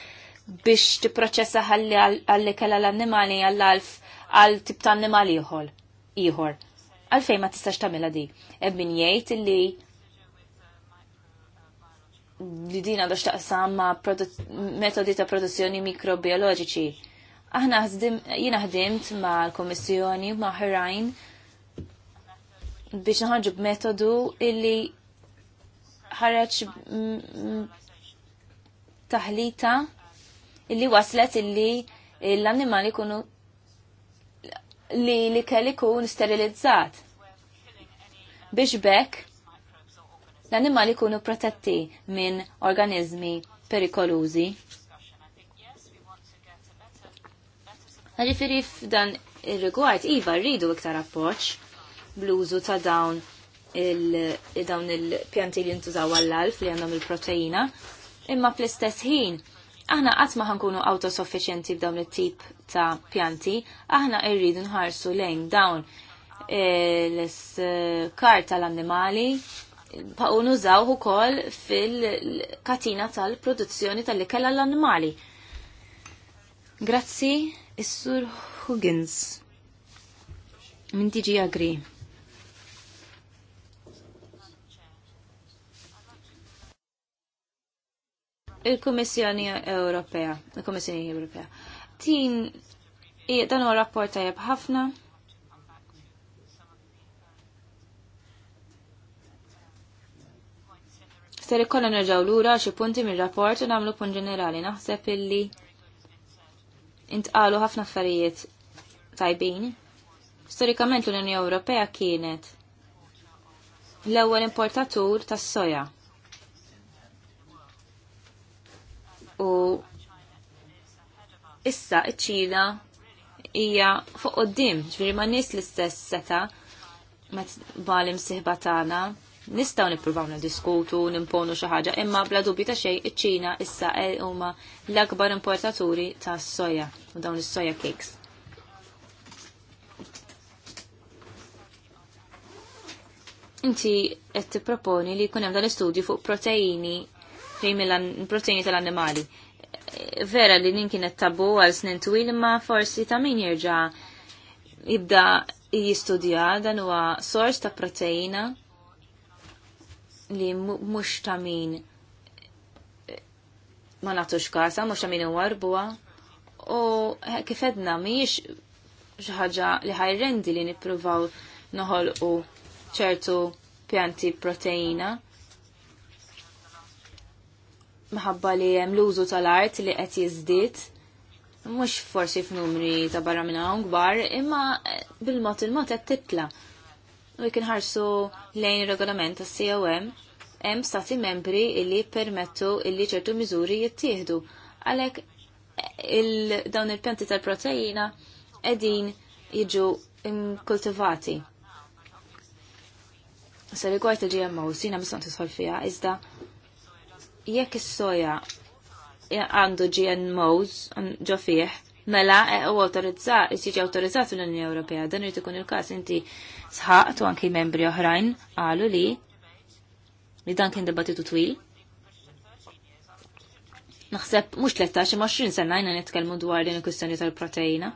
biex tipproċessa ħalli għalli kella l-annimali għall-alf għal tip ta' annimali ieħor. Ieħor. Għalfejn ma tistax tagħmilha di. Ebbin jgħid li li din għandu taqsam ma' metodi ta' produzzjoni mikrobioloġiċi. Aħna jina ħdimt ma' l-Komissjoni ma' ħrajn biex b b'metodu illi ħareġ taħlita illi waslet illi l-annimali kunu li li kelli kun sterilizzat. Biex bekk l-annimali kunu protetti minn organizmi perikolużi. Għalifiri f'dan il-rigward, Iva, rridu iktar appoċ bluzu ta' dawn il-dawn il-pjanti li jintużaw għall-alf li għandhom il-proteina, imma fl-istess ħin Aħna qatt ma ħankunu autosuffiċjenti f'dawn it-tip ta' pjanti, aħna rridu nħarsu lejn dawn l iskar tal-annimali pa' unużaw ukoll fil-katina tal-produzzjoni tal-ikel għall-annimali. Grazzi, is-Sur Huggins. Min tiġi agri. il-Kummissjoni Ewropea, il-Kummissjoni Ewropea. Tin dan huwa rapport tajjeb ħafna. Ser ikollna nerġgħu lura xi punti mir-rapport u nagħmlu punt ġenerali naħseb illi intqalu ħafna affarijiet tajbin. Storikament l-Unjoni Ewropea kienet l-ewwel importatur tas-soja u issa iċ-ċina hija fuq qoddim, ġifieri ma nies l-istess seta ma tbalim siħba tagħna. Nistgħu nippruvaw niddiskutu, nimponu xi ħaġa, imma bla dubju ta' xejn iċ-Ċina issa e huma l-akbar importaturi tas soja u dawn is-soja cakes. Inti qed tipproponi li jkun hemm dan l-istudju fuq proteini fejn il-proteini tal-annimali. Vera li ninkin kienet tabu għal snin twil imma forsi ta' min jirġa jibda jistudja dan huwa sors ta' proteina li mhux ta' min ma nagħtux kasa, mhux ta' min u rbuha. U kif edna mhijiex xi ħaġa li ħajrendi li nippruvaw noħolqu ċertu pjanti proteina minħabba li hemm l-użu tal-art li qed jiżdied. Mhux forsi f'numri ta' barra minn hawn kbar, imma eh, bil-mod il-mod qed titla. U jkun ħarsu lejn ir-regolament ta' com hemm stati membri illi permettu illi ċertu miżuri jittieħdu. Għalhekk eh, il dawn il-pjanti tal-proteina qegħdin jiġu kultivati. Sa rigward il-GMO, sina mis tisħol fija, iżda jekk is-soja għandu GMOs ġo fih, mela e, u autorizzat, jisiġi autorizzat l-Unjoni Ewropea, dan jrid ikun il-każ inti sħaq u anki membri oħrajn qalu li li dan kien dibattitu twil. Naħseb mhux 13 20 sena jna nitkellmu dwar din il-kwistjoni tal-proteina.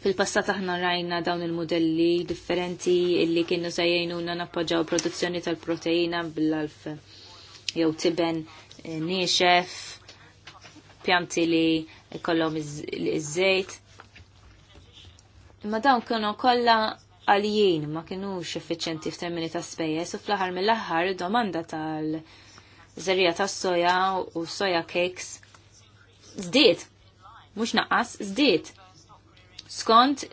Fil-passat aħna rajna dawn il-modelli differenti illi kienu sejjajnuna nappoġġaw produzzjoni tal-proteina bil-alf jew tiben eh, niexef, pjanti li kollom iż-żejt. Imma dawn kienu kollha għalijin ma kienux effiċenti f'termini ta' spejjeż u fl-aħħar mill-aħħar domanda tal-żerija tas-soja u soja cakes żdied, mhux naqas, żdied skont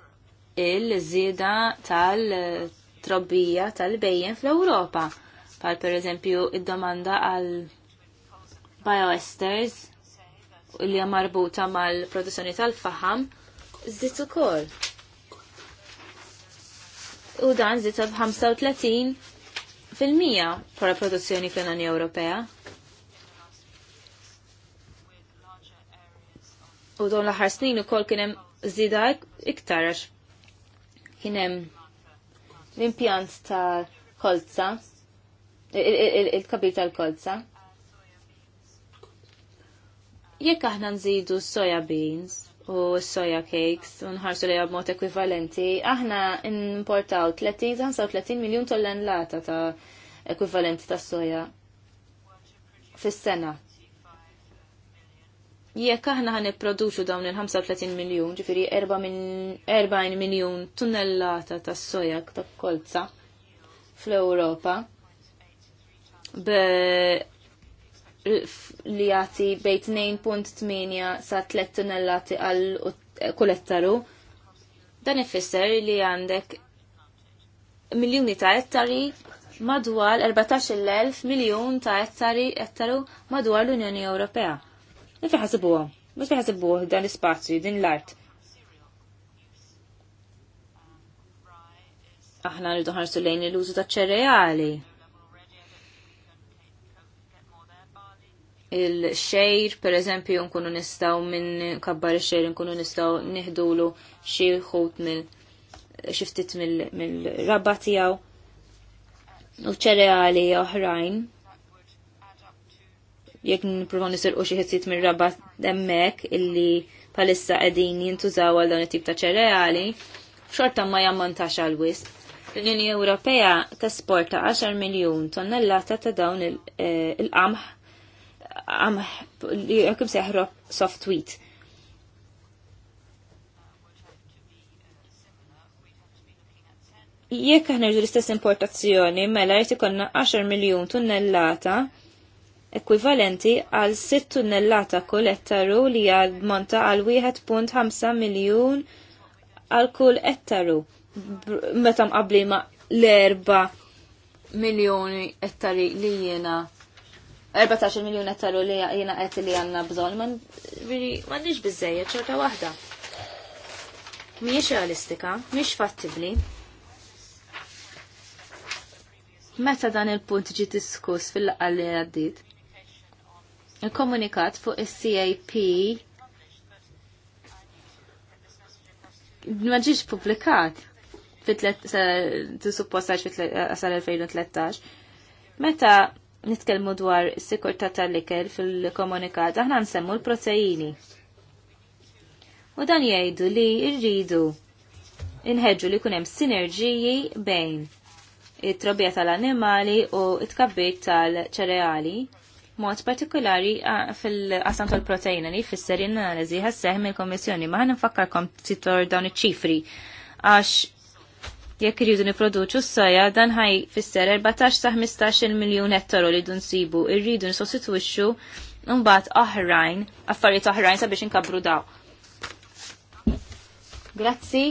il-żieda tal-trobbija tal-bejjen fl-Ewropa. Pal per eżempju id-domanda għal bioesters li marbuta mal-produzzjoni tal-faham zdiet ukoll. U dan zdiet b'35 fil-mija pora produzzjoni fl-Unjoni Ewropea. U don l-aħħar snin ukoll kien hemm zida iktar għax kienem l-impjant ta' kolza, il kabita tal-kolza. Jekk aħna nżidu soja beans u soja cakes u nħarsu li mod ekwivalenti, aħna importaw 30-35 miljon tonnellata ta' ekwivalenti ta' soja fis-sena Jekk aħna ħan nipproduċu dawn il-35 miljun, ġifiri 40 miljun tunnellata ta' sojak ta' kolza fl-Ewropa, li jagħti bejt 2.8 sa 3 tunnellati għal ettaru. dan ifisser li għandek miljuni ta' ettari madwar 14.000 miljon ta' ettari ettaru madwar l-Unjoni Ewropea. Ma fi ħasibuha? ma fi dan l-ispazju, din l-art. Aħna rridu ħarsu lejn l-użu ta' ċereali. il-xejr, per eżempju, nkunu nistaw minn kabbar il-xejr, nkunu nistaw nihdulu xie xut mill xiftit mill-rabba tijaw u ċereali oħrajn jekk nippruvaw nisilqu xi ħsiet mir-raba hemmhekk illi palissa qegħdin jintużaw għal dawn it-tip ta' ċereali, xorta ma jammontax għal wisq. L-Unjoni Ewropea tesporta 10 miljun tonnellata ta' dawn eh, il-qamħ qamħ li jekk soft wheat. jekk aħna rridu l-istess importazzjoni, mela jrid 10 miljun tonnellata ekwivalenti għal 6 tunnellata kull ettaru li għal monta għal 1.5 miljun għal kull ettaru meta mqabli ma l-4 miljoni ettari li jiena 14 miljoni ettaru li jiena għet li għandna bżonn ma nix bizzeja, ċerta waħda. Miex realistika, miex fattibbli. Meta dan il-punt ġi diskuss fil-laqqa li għaddit, il komunikat fuq is-CAP ma ġiġ publikat fit-suppostax fit-2013. Meta nitkellmu dwar is ta' tal likel fil-komunikat, aħna nsemmu l-proteini. U dan jgħidu li rridu inħedġu li kunem sinerġiji bejn it-trobija tal-annimali u it-kabbit tal-ċereali mod partikolari fil-qasam tal-proteina li fisser analizi ħasseħ mill-Kommissjoni ma ħan nfakkarkom titor dawn iċ-ċifri għax jekk irridu niproduċu s-soja dan ħaj fisser 14 sa 15 miljun ettaru li dun sibu irridu nisostitwixxu mbagħad oħrajn affarijiet oħrajn sabiex inkabru daw. Grazzi.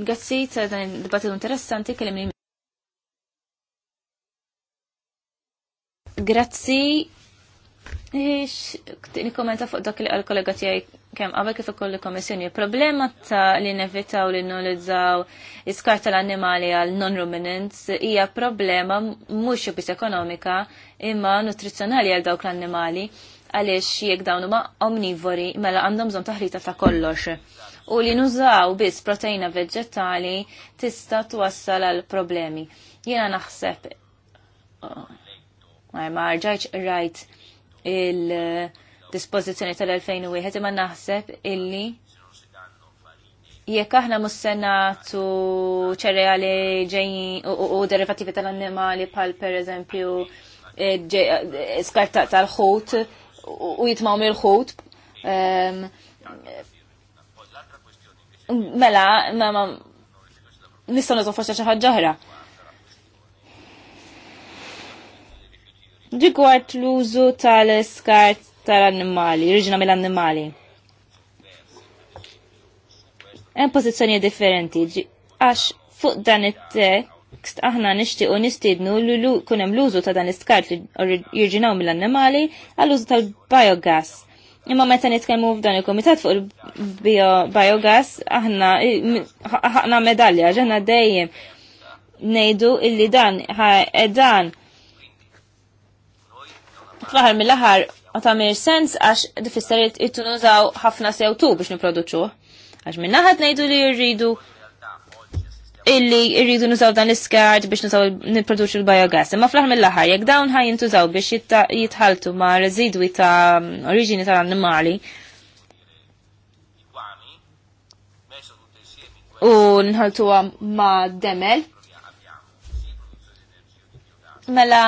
Grazzi ta' dan dibattitu interessanti kellimni Grazzi. Ix, kommenta fuq dak li għal kollega tijaj kem għabek kif ukoll il-Kommissjoni. Problema ta' li nevitaw li nullizzaw iskar tal-annimali għal non-ruminants hija problema mhux biss ekonomika imma nutrizzjonali għal dawk l-annimali għaliex jekk dawn huma omnivori mela għandhom bżonn taħrita ta' kollox. U li nużaw biss proteina veġġetali tista' twassal għal problemi. Jiena naħseb ma rġajċ rajt il-dispozizjoni tal-2001 imma naħseb illi jekk aħna mus-senatu ċereali ġejjin u derivativi tal-annimali pal per eżempju eh, eh, skarta tal-ħut u jitmaw mill-ħut. Ehm, mela, ma nistgħu nagħtu forsi xi ħaġa rigward l-użu tal-skart tal-annimali, riġina mill-annimali. Hemm pożizzjoni differenti, għax fuq dan it-tekst aħna nixtiequ nistiednu li kun hemm l-użu ta' dan l-iskart li jirġinaw mill-annimali għall-użu tal-biogas. Imma meta nitkellmu f'dan il-komitat fuq il-biogas aħna ħaqna medalja ġenna dejjem ngħidu illi dan dan fl ħar mill-aħħar għatamir sens għax difisserit it-tunużaw ħafna sewtu biex niproduċu. Għax minna ħad nejdu li jirridu illi rridu nużaw dan l skart biex nużaw niproduċu l-biogas. Ma fl-ħar mill-ħar, jek dawn ħaj jintużaw biex jitħaltu ma residwi ta' oriġini tal-annimali, u nħaltu ma demel. Mela,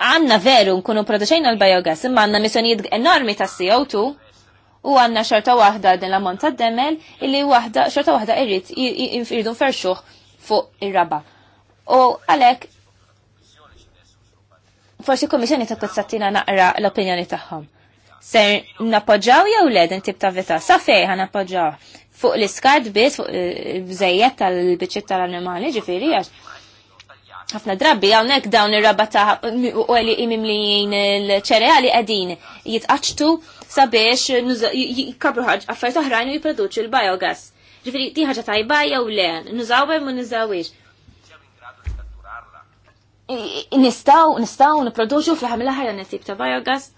għanna veru nkunu produċejna l-biogas, imma għanna missjonijiet enormi ta' CO2 u għanna xorta wahda din l-ammont ta' demel illi wahda, xorta wahda irrit irridu ferxuħ fuq ir-raba. U għalek, forsi kommissjoni ta' kutsatina naqra l-opinjoni tagħhom. Ser napoġġaw jew le din tip ta' vita, sa fej ħan napoġġaw fuq l iskard biss, fuq eh, bżejjed tal-biċċiet tal-annimali ġifieri għax ħafna drabi għawnek dawn ir-raba ta' u għali imimlijin l ċereali għadin jitqaċtu sabiex jikabru ħagġ għaffajt uħrajn u jiproduċu il-biogas. Ġifiri, ti ħagġa tajba jew len, nużawem u nużawiex. Nistaw, nistaw, niproduċu fl-ħamil ħajja nesib ta' biogas.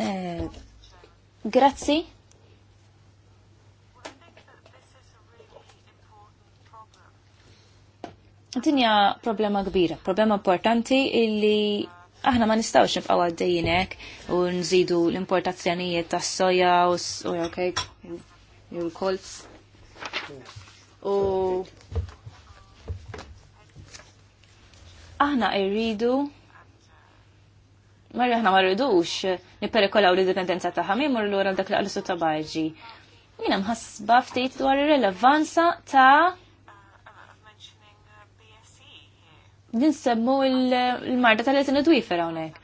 Eh, Grazie. Dinja problema kbira, problema importanti illi aħna ma nistawx għaddejjin hekk u nżidu l-importazzjonijiet tas soja u soja cake u kolz. U aħna irridu Marri aħna ma rridux nipperikolaw l-indipendenza ta' ħamim u l-għura dak li għal-su ta' barġi. Jina mħasba ftit dwar ir-relevanza ta' ninsemmu l-marda tal-etin id-dwifer għonek.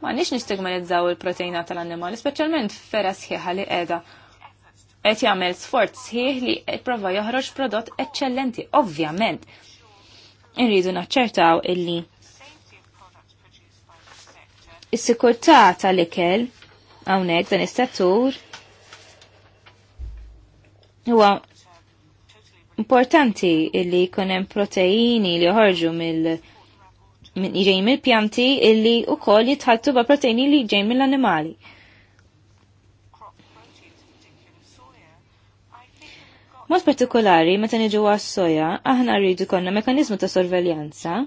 Ma nix nistigmalizzaw il-proteina tal-annimal, specialment fera sħiħa li edha. Et jagħmel sforz sħiħ li prova joħroġ prodott eccellenti, ovvjament. Irridu naċċertaw illi is-sikurtà tal-ikel hawnhekk dan is-settur huwa importanti illi kunem proteini li joħorġu mill minn ġej mill-pjanti illi u koll jitħattu ba' proteini li ġej mill-animali. Mod partikolari, meta niġu għas-soja, aħna rridu konna mekanizmu ta' sorveljanza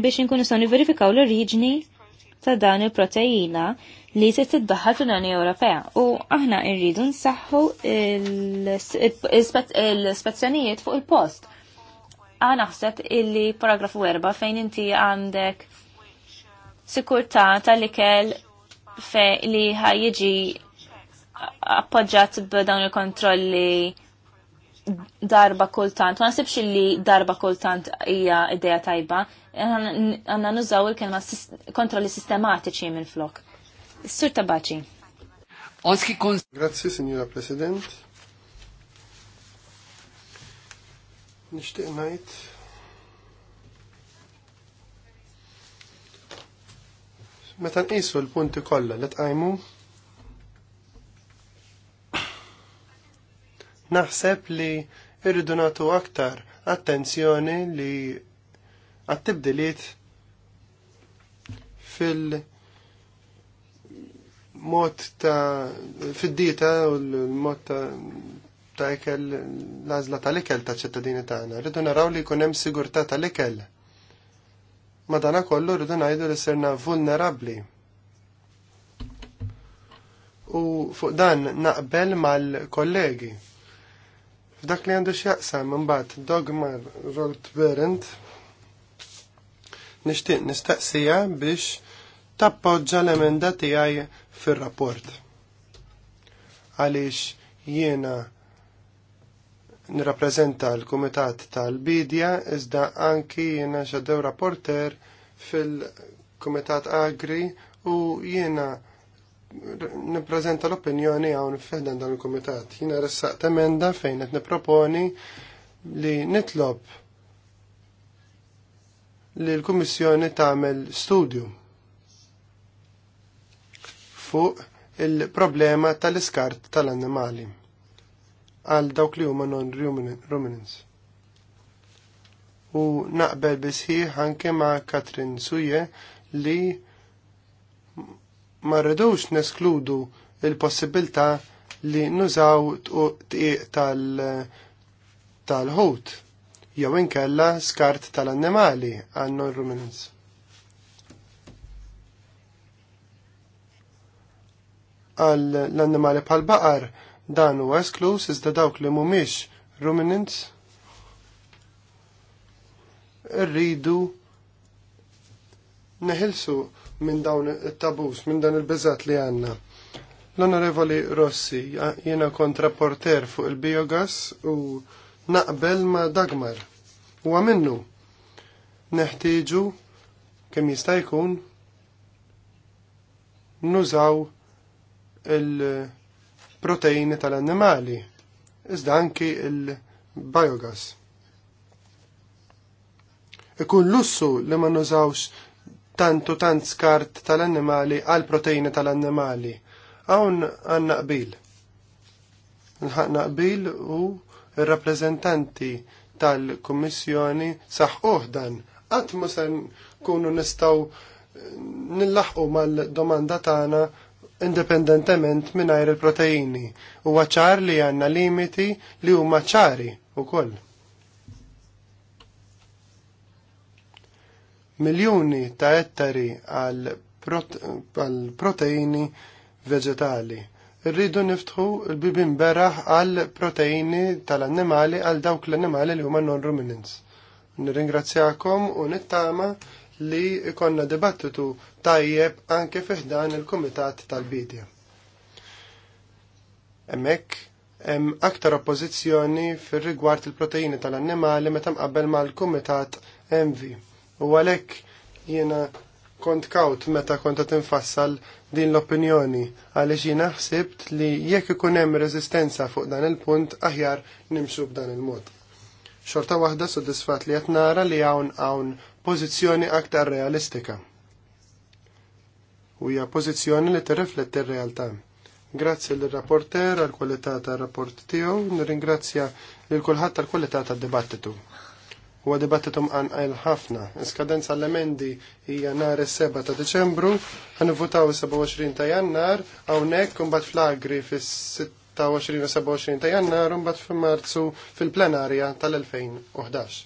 biex nkunu soni verifikaw l-oriġni ta' dan il-proteina li se tiddaħħal fl-Unjoni Ewropea. U aħna rridu nsaħħu l-ispezzjonijiet fuq il-post. Aħna naħseb illi paragrafu 4 fejn inti għandek sikurtà tal-ikel li ħajjiġi appoġġat b'dawn il-kontrolli darba kultant. Ma nsibx li darba kultant hija idea tajba għanna nużaw il-kelma kontrolli sistematiċi minn flok. Sur tabaċi. Onski kon. Grazie, signora President. Nishtiq najt. Meta nqisu l-punti kollha li tqajmu, naħseb li irridu nagħtu aktar attenzjoni li għattibdiliet fil- mod ta' fid dita u l-mod ta' ta' ikel l-azla ta' ikel ta' ċittadini tagħna. Rridu naraw li jkun hemm sigurtà l ikel. Madana kollu rridu ngħidu li serna vulnerabbli. U fuq dan naqbel mal-kollegi. F'dak li għandu x'jaqsam imbagħad dogma Rolt Berend nixtieq nistaqsija biex tappoġġa l-emenda tiegħi fir-rapport. Għaliex jiena nirrappreżenta l-Kumitat tal-Bidja iżda anki jiena xadew rapporter fil-Kumitat Agri u jiena nipprezenta l-opinjoni hawn f'ħedan dan il-komitat. Jiena ressaqt emenda fejn qed niproponi li nitlob li l-Kummissjoni tagħmel studju fuq il-problema tal-iskart tal-annimali għal dawk li huma non-ruminants. U naqbel bisħiħ anke ma' Katrin Suje li ma rridux neskludu il-possibilità li nużaw tqiq tal-ħut. Tal jew inkella skart tal-annimali għannu ruminants Għal l-annimali pal baqar dan huwa esklus iżda dawk li mhumiex ruminants rridu neħilsu minn dawn it-tabus, minn dan il-beżat li għanna. L-Onorevoli Rossi, jena kontraporter fuq il-biogas u naqbel ma' Dagmar. Huwa minnu neħtieġu kemm jista' jkun nużaw il-proteini tal-annimali, iżda anki il-biogas. Ikun lussu li ma nużawx tantu tant skart tal-annimali għal proteini tal-annimali. Hawn għanna qbil. Nħaqna qbil u ir-rappreżentanti tal-Kummissjoni saħquh dan qatt ma se nkunu nistgħu nillaħqu mal-domanda tagħna indipendentement mingħajr il-proteini. Huwa ċar li għandna limiti li huma ċari wkoll. Miljuni ta' ettari għal proteini veġetali rridu niftħu l-bibin beraħ għal proteini tal-annimali għal dawk l-annimali li huma non-ruminants. Nirringrazzjakom u nittama li ikonna dibattitu tajjeb anke fiħdan il-Kumitat tal-Bidja. Emmek, hemm aktar oppożizzjoni fir-rigward il-proteini tal-annimali meta mqabbel mal-kumitat envi. U għalhekk jiena kont kawt meta kont qed infassal din l-opinjoni għaliex jiena ħsibt li jekk ikun hemm resistenza fuq dan il-punt aħjar nimxu b'dan il-mod. Xorta waħda sodisfat li qed nara li hawn hawn pożizzjoni aktar realistika. U hija pożizzjoni li tirrifletti r-realtà. Grazzi l-rapporter għal kwalità tar rapport tiegħu, nirringrazzja lil kulħadd tal-kwalità tad-dibattitu huwa dibattitu għanqajl ħafna. Iskadenza l-emendi hija nhar is-7 ta' Deċembru, votaw 27 ta' Jannar, hawnhekk imbagħad flagri fis-26 u 27 ta' Jannar u mbagħad f'Marzu fil-plenarja tal-2011.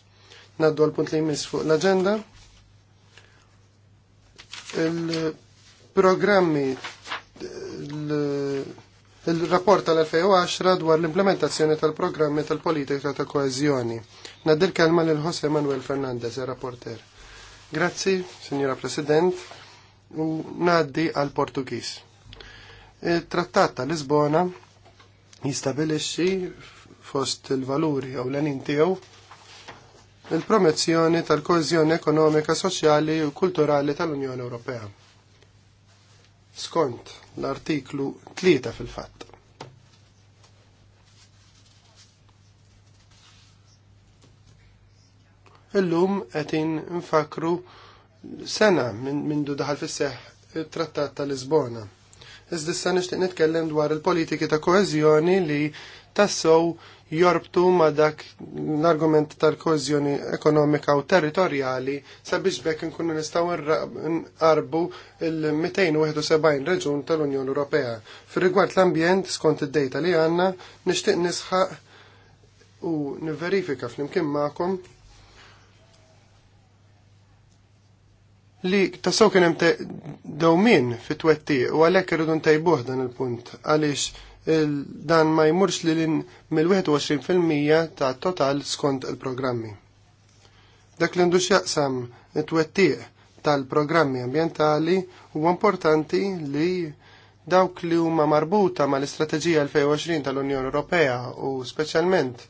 Naddu għal-punt li jmiss fuq l-aġenda. Il-programmi l il-rapport tal-2010 dwar l-implementazzjoni tal-programmi tal-politika ta' koezjoni. Naddil kelma lil Jose Manuel Fernandez, il-rapporter. Grazzi, Signora President, u naddi għal Portugis. Il-trattat tal-Lisbona jistabilixxi fost il-valuri u l anin tiegħu il-promozzjoni tal-koezjoni ekonomika, soċjali u kulturali tal-Unjoni Ewropea skont l-artiklu 3 fil-fatt. Illum qegħdin nfakru sena minn du daħal fis-seħħ it-Trattat ta' Lisbona. Iżda issa nixtieq nitkellem dwar il-politiki ta' koeżjoni li tassow jorbtu ma dak l-argument tal-kozjoni ekonomika u territorjali sabiex bekk nkunu nistaw nqarbu il-271 reġun tal-Unjoni Ewropea. Fir-rigward l-ambjent, skont id-dejta li għanna, nixtieq nisħaq u nivverifika fl-imkien Li li kien kienem dawmin fit-twetti u għalek irridu ntejbuh dan il-punt għalix dan ma jmurx li l-in mill-21% ta' total skont il-programmi. Dak li ndu jaqsam it-wettiq tal-programmi ambientali huwa importanti li dawk li huma marbuta mal-istrateġija 2020 tal-Unjoni Ewropea u speċjalment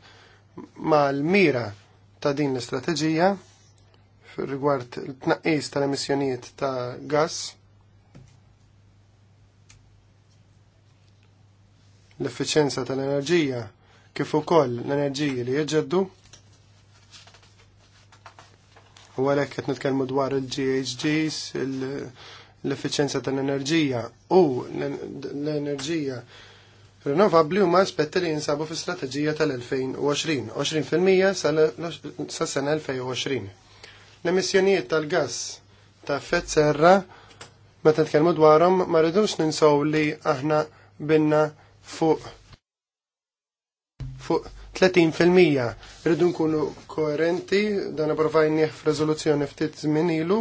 mal-mira ta' din l-istrateġija rigward il-tnaqqis tal-emissjonijiet ta' gas l-effiċenza tal-enerġija kif ukoll l-enerġiji li jiġġeddu. U għalhekk qed nitkellmu dwar il-GHGs, l-effiċenza tal-enerġija u l-enerġija rinnovabbli huma aspetti li jinsabu fis-strateġija tal-2020, 20% sas-sena 2020. L-emissjonijiet tal-gass ta' effett serra meta tkellmu dwarhom ma rridux ninsaw li aħna binna fuq fuq 30% rridu nkunu koerenti dan approvajni f'riżoluzzjoni ftit żmien ilu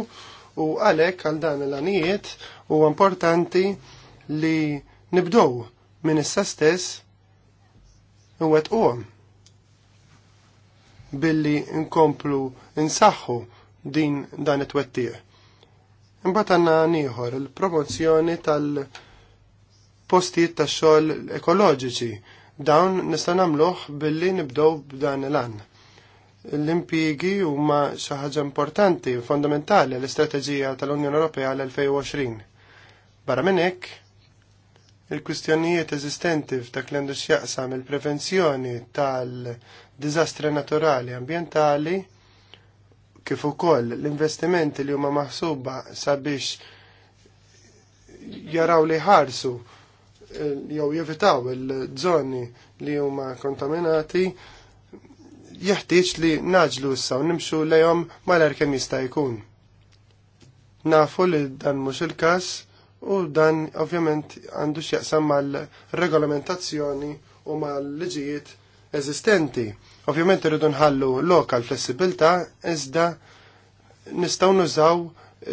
u għalhekk għal dan l-għanijiet huwa importanti li nibdow minn issa stess u għet billi nkomplu nsaħħu din dan it-twettieq. Imbagħad għandna nieħor il-promozzjoni tal- postijiet ta' xogħol ekoloġiċi. Dawn nista' nagħmluh billi nibdew b'dan il-għan. L-impjigi huma xi ħaġa importanti, fondamentali l-istrateġija tal-Unjoni Ewropea l-2020. Barra minn hekk, il-kwistjonijiet eżistenti f'dak li għandu x'jaqsam il-prevenzjoni tal-diżastri naturali ambjentali kif ukoll l-investimenti li huma maħsuba sabiex jaraw li ħarsu jew jevitaw il-żoni li huma kontaminati jeħtieġ li naġlu issa u nimxu lejhom malajr kemm jista' jkun. Nafu li dan mhux il-każ u dan ovvjament għandu x'jaqsam mal-regolamentazzjoni u mal-liġijiet eżistenti. Ovvjament irridu nħallu lokal flessibilta iżda nistgħu nużaw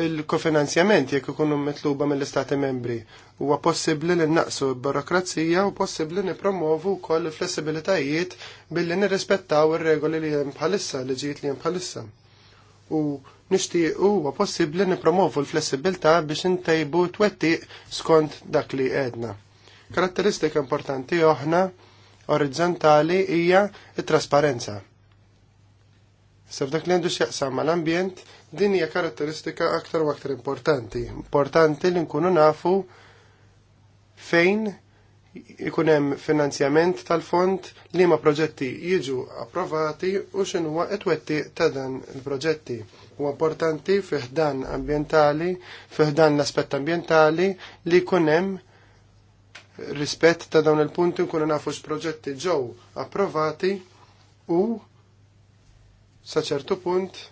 il-kofinanzjament jekk ikunu mitluba mill-Istati membri. Huwa possibbli li naqsu l burokrazija u possibbli nipromovu wkoll il-flessibilitajiet billi nirrispettaw ir-regoli li hemm bħalissa, liġijiet li hemm bħalissa. U nixtieq huwa possibbli nipromovu l-flessibilità biex intejbu twettiq skont dak li għedna. Karatteristika importanti oħna orizzontali hija it-trasparenza. Sef dak li għandu x'jaqsam mal-ambjent, Din hija karatteristika aktar u aktar importanti. Importanti li nkunu nafu fejn ikun hemm finanzjament tal-fond li ma proġetti jiġu approvati u x'inhuwa etwetti ta' dan il-proġetti. U importanti fih dan ambientali, fih dan l-aspett ambientali li jkun hemm rispett ta' dawn il-punti nkunu nafu x'proġetti ġew approvati u sa ċertu punt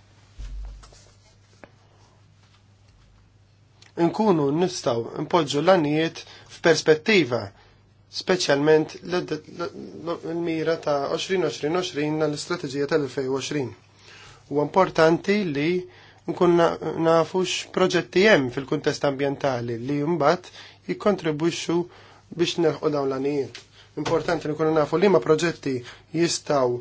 nkunu nistaw impoġġu l-għanijiet f'perspettiva, speċjalment l-mira ta' 2020-2020 l-istrateġija tal-2020. U importanti li nkun nafux proġetti hemm fil-kuntest ambjentali li mbagħad jikontribuxu biex nerħu dawn l-għanijiet. Importanti li nkunu nafu li ma proġetti jistaw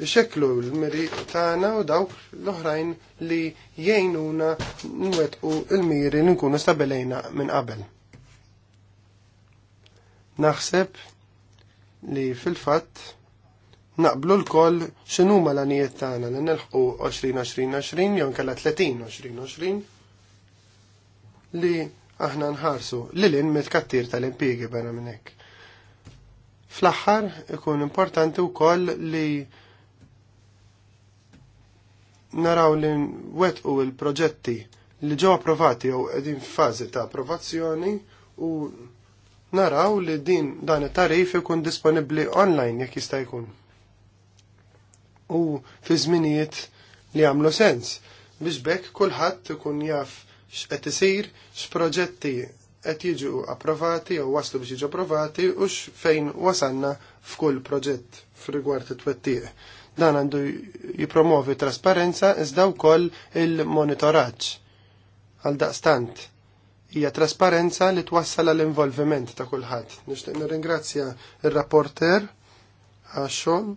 xeklu l-miri tagħna u dawk l-oħrajn li jgħinuna nwettqu l-miri li nkunu stabilejna minn qabel. Naħseb li fil-fatt naqblu l-koll x'inhuma l-anijiet tagħna li nilħqu 20-20-20 jew kalla 30-20-20 li aħna nħarsu lil in mit-kattir tal-impjiegi bħana minn hekk. Fl-aħħar ikun importanti wkoll li naraw li wetqu il-proġetti li ġew approvati jew qegħdin f'fażi ta' approvazzjoni u naraw li din dan it-tarif ikun disponibbli online jekk jista' jkun. U fi żminijiet li għamlu sens biex bekk kulħadd ikun jaf x'qed isir, x'proġetti qed jiġu approvati jew waslu biex jiġu approvati u x'fejn wasanna f'kull proġett f'rigward it-twettieq Dan għandu jipromovi trasparenza iżda wkoll il-monitoraġġ għal daqstant. Hija trasparenza li twassal għall involviment ta' kulħadd. Nixtieq nirringrazzja ir-rapporter għaxon,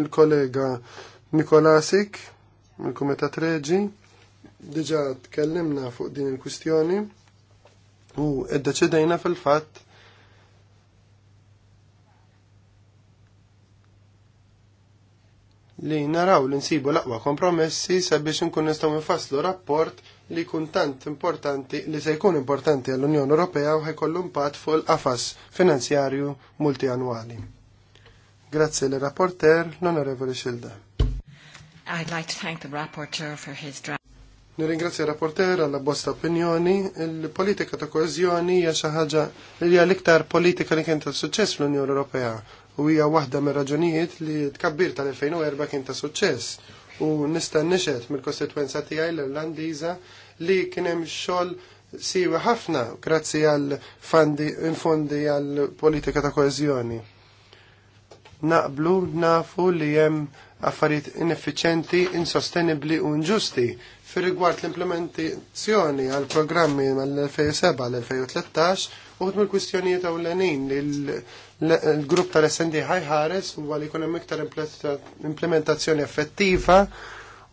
il-kollega Mikolasik, mill kumitat Reġi, diġa tkellimna fuq din il-kwistjoni u id fil-fatt li naraw li nsibu l-aqwa kompromessi sabiex nkun nistgħu nfasslu rapport li jkun tant importanti li se jkun importanti għall-Unjoni Ewropea u ħajkollu impatt fuq il-qafas finanzjarju multianwali. Grazzi l rapporter l-Onorevoli Xilda. I'd like to thank the rapporteur for his draft. Nirringrazzja rapporter għal bosta opinjoni. Il-politika ta' koezjoni hija xi ħaġa li hija l-iktar politika li kienet suċċess fl-Unjoni Ewropea u hija waħda mir raġunijiet li tkabbir tal-2004 kien ta' suċċess u nista' nixet mill kostitwenza tiegħi l-Irlandiża li kien hemm xogħol siwi ħafna grazzi għal fondi għal politika ta' koeżjoni. Naqblu nafu li hemm affarijiet ineffiċenti, insostenibbli u inġusti fir rigward l-implementazzjoni għal programmi mal-2007 l-2013 Uħt mill-kwistjonijiet ewlenin il-grupp tal-SND ħajħares u għal ikun hemm iktar implementazzjoni effettiva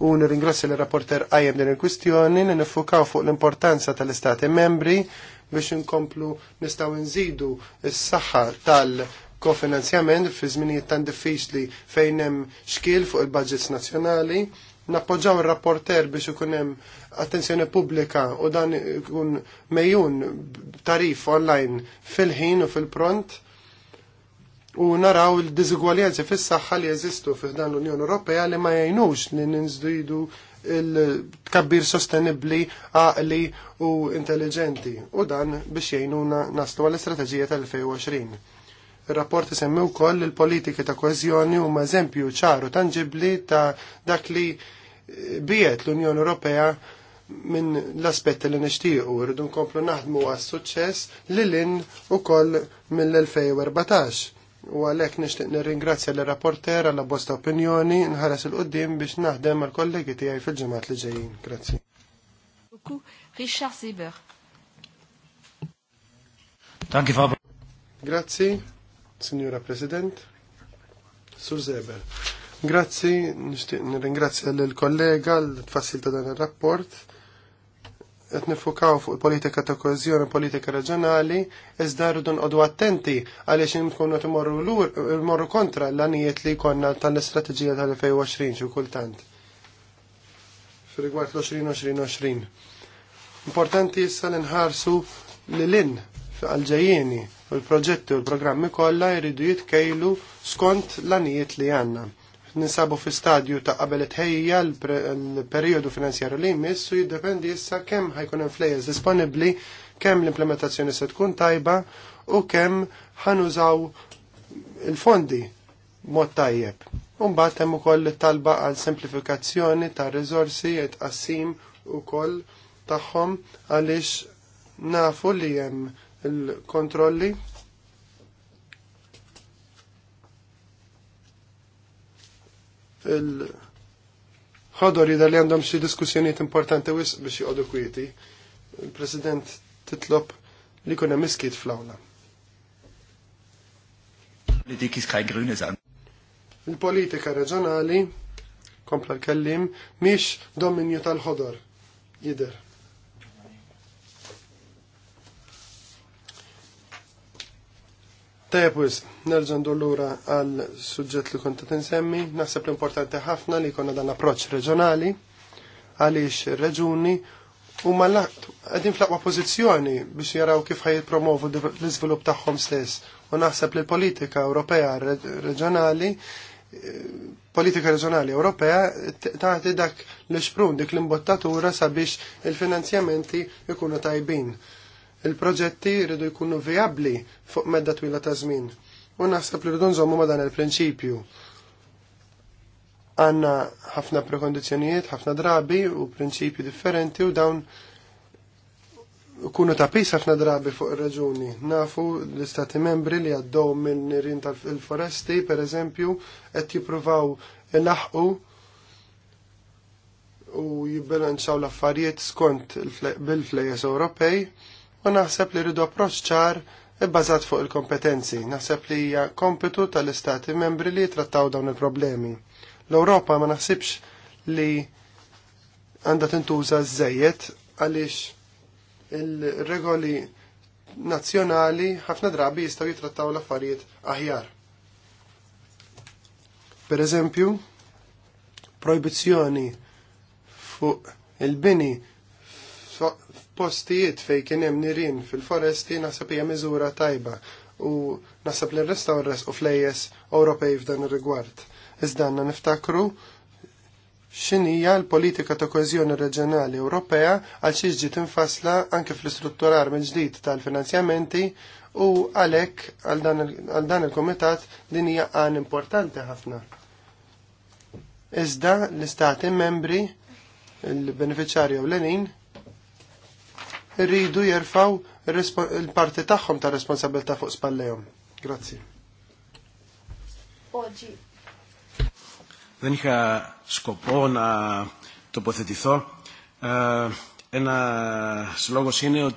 u nir-ingrossi l-rapporter għajem din il-kwistjoni li nifukaw fuq l-importanza tal-istati membri biex nkomplu nistaw nżidu s-saħħa tal-kofinanzjament fi żminijiet tan diffiċli fejn hemm xkil fuq il-budgets nazzjonali nappoġġaw il rapporter biex ikun hemm attenzjoni pubblika u dan ikun mejjun tarif online fil-ħin u fil-pront u naraw il-diżigwaljanzi fis-saħħa li jeżistu fih dan l-Unjoni Ewropea li ma jgħinux li ninżdidu il kabbir sostenibli, għaqli u intelligenti u dan biex jgħinuna nastu għall-istrateġija tal-2020 ir rapporti isemmi wkoll il politiki ta' koeżjoni huma eżempju ċaru tanġibli ta' dak li eh, biet l-Unjoni Ewropea minn l-aspett li nixtiequ rridu nkomplu naħdmu għas suċċess li lin ukoll mill-2014. U għalhekk nixtieq nirringrazzja l rapporter għal bosta opinjoni nħares il qoddim biex naħdem għal kollegi tiegħi fil-ġimgħat li ġejjin. Grazzi. Richard Grazzi. Signora President, Sur Zeber. Grazzi, nirringrazzja l-kollega l-tfassil ta' dan il-rapport. Qed nifukaw fuq politika ta' koezjoni u politika reġjonali, iżda rridu nqodu attenti għaliex nkunu qed imorru kontra l-anijiet li jkollna tal-istrateġija tal-2020 xi kultant. Fir-rigward l-2020. Importanti issa li nħarsu lil in għal-ġejjieni u l-proġetti u l-programmi kollha jridu jitkejlu skont l-anijiet li għandna. Ninsabu fi stadju ta' qabel tħejja l-periodu finanzjarju li jmiss u jiddependi issa kemm ħajkun hemm flejers disponibbli, kemm l-implementazzjoni se tkun tajba u kemm ħanużaw il-fondi mod tajjeb. Umbat hemm ukoll talba għal semplifikazzjoni ta' riżorsi qed qassim ukoll tagħhom għaliex nafu li hemm il-kontrolli. Il-ħodor jidher li għandhom xi diskussjonijiet importanti wisq biex joqogħdu kwieti. Il-President titlob li kuna miskiet fl-awla. Il-politika reġjonali kompla l-kellim miex dominju tal-ħodor jider. Tepwis, nerġan lura għal suġġett li konta insemmi. naħseb l-importanti ħafna li konna dan approċ reġjonali għaliex reġuni u ma laqt għedin flakwa pozizjoni biex jaraw kif ħaj promovu l-izvilup tagħhom stess. U naħseb li politika Ewropea reġjonali eh, politika reġjonali Ewropea tagħti dak l xprun dik l-imbottatura sabiex il-finanzjamenti ikunu tajbin Il-proġetti rridu jkunu vijabli fuq medda twila ta' żmien. U naħseb li rridu nżommu ma' dan il-prinċipju. Għanna ħafna prekondizzjonijiet, ħafna drabi u prinċipji differenti u dawn kunu ta' pis ħafna drabi fuq ir-raġuni. Nafu l-istati membri li għaddew minn nirin tal-foresti, per eżempju, qed jippruvaw laħqu u jibbilanċaw l-affarijiet skont bil-flejes Ewropej u naħseb li rridu approċċ ċar ibbażat e fuq il-kompetenzi. Naħseb li hija kompetu tal-istati membri li jitrattaw dawn il-problemi. L-Ewropa ma naħsibx li għandha tintuża żejjed għaliex il-regoli nazzjonali ħafna drabi jistgħu jitrattaw l-affarijiet aħjar. Per eżempju, proibizzjoni fuq il-bini postijiet fej kien hemm nirien fil-foresti naħseb hija miżura tajba u naħseb li restawres u flejjes Ewropej f'dan ir-rigward. Iżda għandna niftakru x'inhija l-politika ta' koeżjoni reġjonali Ewropea għal xi ġiet infasla anke fl-istrutturar mill-ġdid tal-finanzjamenti u għalhekk għal dan il-kumitat din hija għan importanti ħafna. Iżda l-istati membri il-beneficjarju l-enin rridu jerfaw il-parti tagħhom ta' responsabilta fuq spallejhom. Grazzi. Oġi. Δεν είχα σκοπό να τοποθετηθώ. Ε, ένα λόγο είναι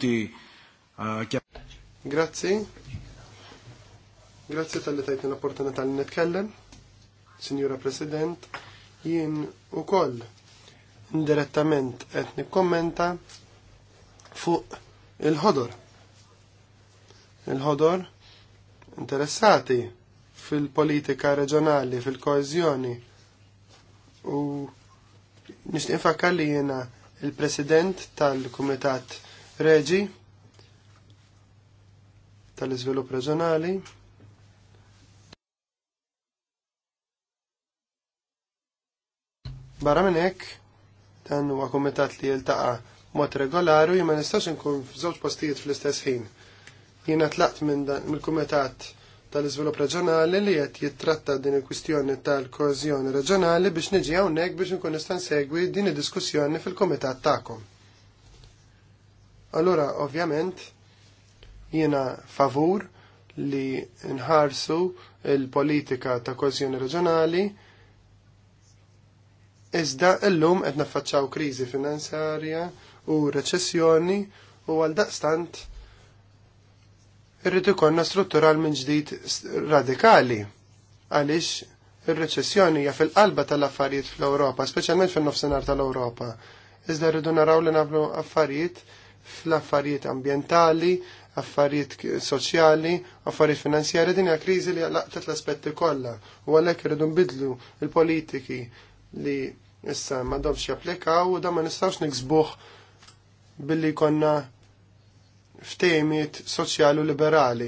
tal-li tajt l-opportunità li nitkellem, Signora President, jien u koll indirettament qed kommenta fuq il-ħodor. Il-ħodor interessati fil-politika reġjonali, fil-koezjoni. U nixtieq li jiena il-President tal-Kumitat Reġi tal-Iżvilupp Reġjonali. Barra minn hekk dan huwa kumitat li jiltaqa' mod regolari jien ma nistax inkun f'żewġ postijiet fl-istess ħin. Jiena tlaqt minn mill-Kumitat tal-Iżvilupp Reġjonali li qed jittratta din il-kwistjoni tal-kożjoni reġjonali biex niġi hawnhekk biex inkun nista' nsegwi din id-diskussjoni fil-Kumitat tagħkom. Allura, ovvjament, jiena favur li nħarsu il-politika ta' kozjoni reġjonali iżda illum qed naffaċċaw kriżi finanzjarja u reċessjoni u għal daqstant irrid ikollna struttural minn ġdid radikali għaliex ir-reċessjoni hija fil-qalba tal-affarijiet fl-Ewropa, speċjalment fin-nofsinhar tal-Ewropa. Iżda rridu naraw li nagħmlu affarijiet fl-affarijiet ambjentali, affarijiet soċjali, affarijiet finanzjari, din hija kriżi li laqtet l-aspetti kollha. U għalhekk irridu nbidlu l-politiki li issa m'għandhomx japplikaw u da ma nistgħux niksbuh billi konna ftejmiet soċjalu liberali.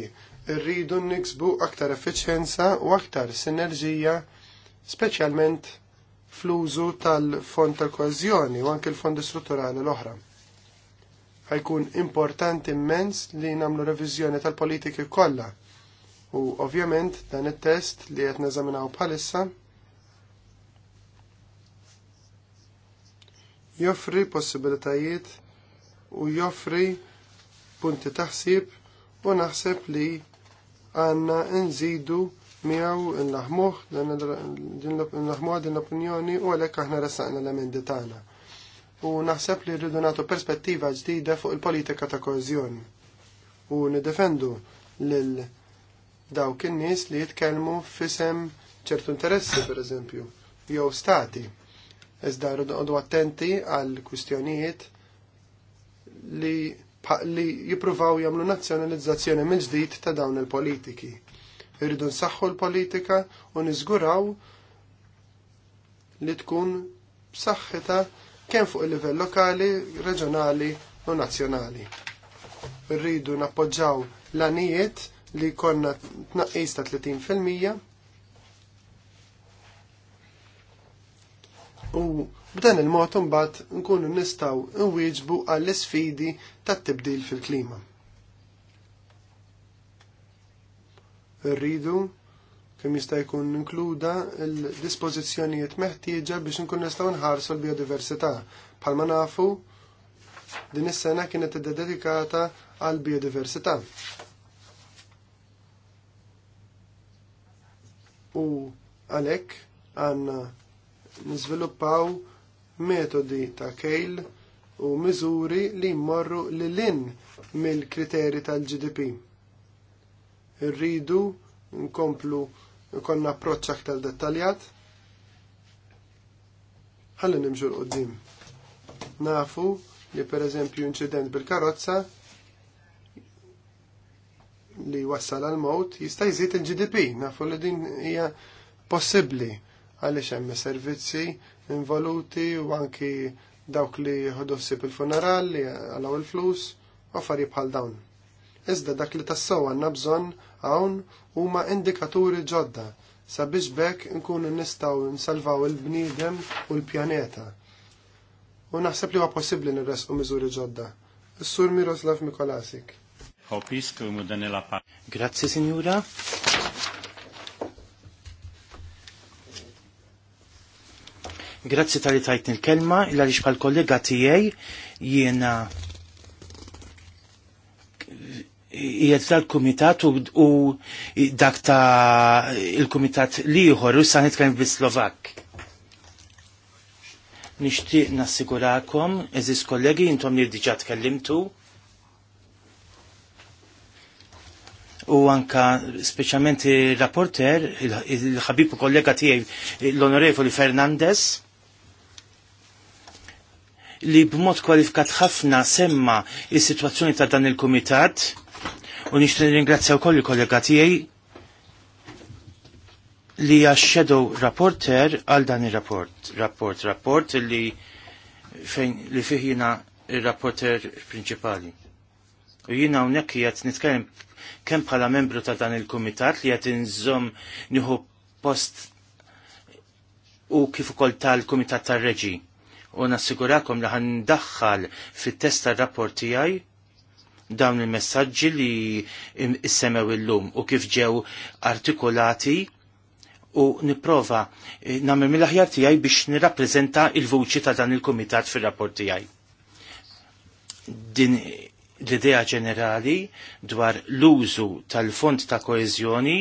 Irridu niksbu aktar effiċjenza u aktar sinerġija, speċjalment fl-użu tal-fond tal kważjoni u anke l-fondi strutturali l-oħra. Ħajkun importanti immens li namlu reviżjoni tal-politiki kollha. U ovvjament dan it-test li qed neżaminaw bħalissa joffri possibilitajiet u joffri punti taħsib u naħseb li għanna nżidu miegħu nlaħmuh laħmuha din l-opinjoni u għalhekk aħna ressaqna l-emendi tagħna. U naħseb li rridu nagħtu perspettiva ġdida fuq il-politika ta' koeżjoni. U nidefendu lil dawk in-nies li jitkellmu f'isem ċertu interessi, per eżempju, jew stati. Iżda rridu attenti għal kwistjonijiet li, li jipruvaw jamlu nazzjonalizzazzjoni mill-ġdid ta' dawn il-politiki. Irridu nsaħħu l-politika u niżguraw li tkun b'saħħitha kemm fuq il-livell lokali, reġjonali u nazzjonali. Irridu nappoġġaw l-anijiet li konna tnaqqis ta' 30% u b'dan il-mod imbagħad nkunu nistgħu nwieġbu għall isfidi tat-tibdil fil-klima. Irridu kemm jista' jkun inkluda l-dispożizzjonijiet meħtieġa biex nkun nistgħu nħarsu l-biodiversità. Bħalma nafu din is-sena kienet dedikata għall biodiversità. U għalhekk għandna nizviluppaw metodi ta' kejl u miżuri li jmorru lil-in mill-kriteri tal-GDP. Irridu nkomplu konna approċċ aktar dettaljat ħalli nimxu l-qoddim. Nafu li per eżempju incident bil-karozza li wassal għal mot jista' jżid il-GDP. Nafu li din hija possibbli għaliex hemm servizzi involuti u anki dawk li ħodossi il-funeral li għalaw il-flus u affarijiet bħal dawn. Iżda dak li tassew għandna bżonn hawn huma indikaturi ġodda sabiex bekk nkunu nistgħu nsalvaw il-bniedem u l-pjaneta. U naħseb li huwa possibbli nirresqu miżuri ġodda. Is-Sur Miroslav Mikolasik. Grazzi, signora. Grazzi tal-li tajt nil kelma il li bħal-kollega tijaj jiena jiet tal-komitat u dak ta' il-komitat liħor u s-sanit kajn bil-Slovak. Nishtiq nassigurakom, eżis kollegi, intom li diġa tkellimtu, u anka speċjalment il-rapporter, il-ħabib kollega tijaj, l-onorevoli Fernandez, li b'mod kwalifikat ħafna semma is-sitwazzjoni ta' dan il-kumitat u nishtu ringrazzja wkoll il-kollega tiegħi li għaxxedu shadow rapporter għal dan il-rapport. Rapport, rapport li fejn li fiħina il-rapporter principali. U jina unnek jgħat nitkellem kemm bħala membru ta' dan il-komitat li jgħat nżom nieħu post u kif ukoll tal-komitat tar-reġi u nassigurakom li ħan daħħal fit-testa rapport tiegħi dawn il-messagġi li issemew illum u kif ġew artikolati u niprofa eh, nagħmel mill-aħjar tijaj biex nirrapprezenta il-vuċi ta' dan il-kumitat fir-rapport tiegħi. Din l-idea ġenerali dwar l-użu tal-fond ta' koeżjoni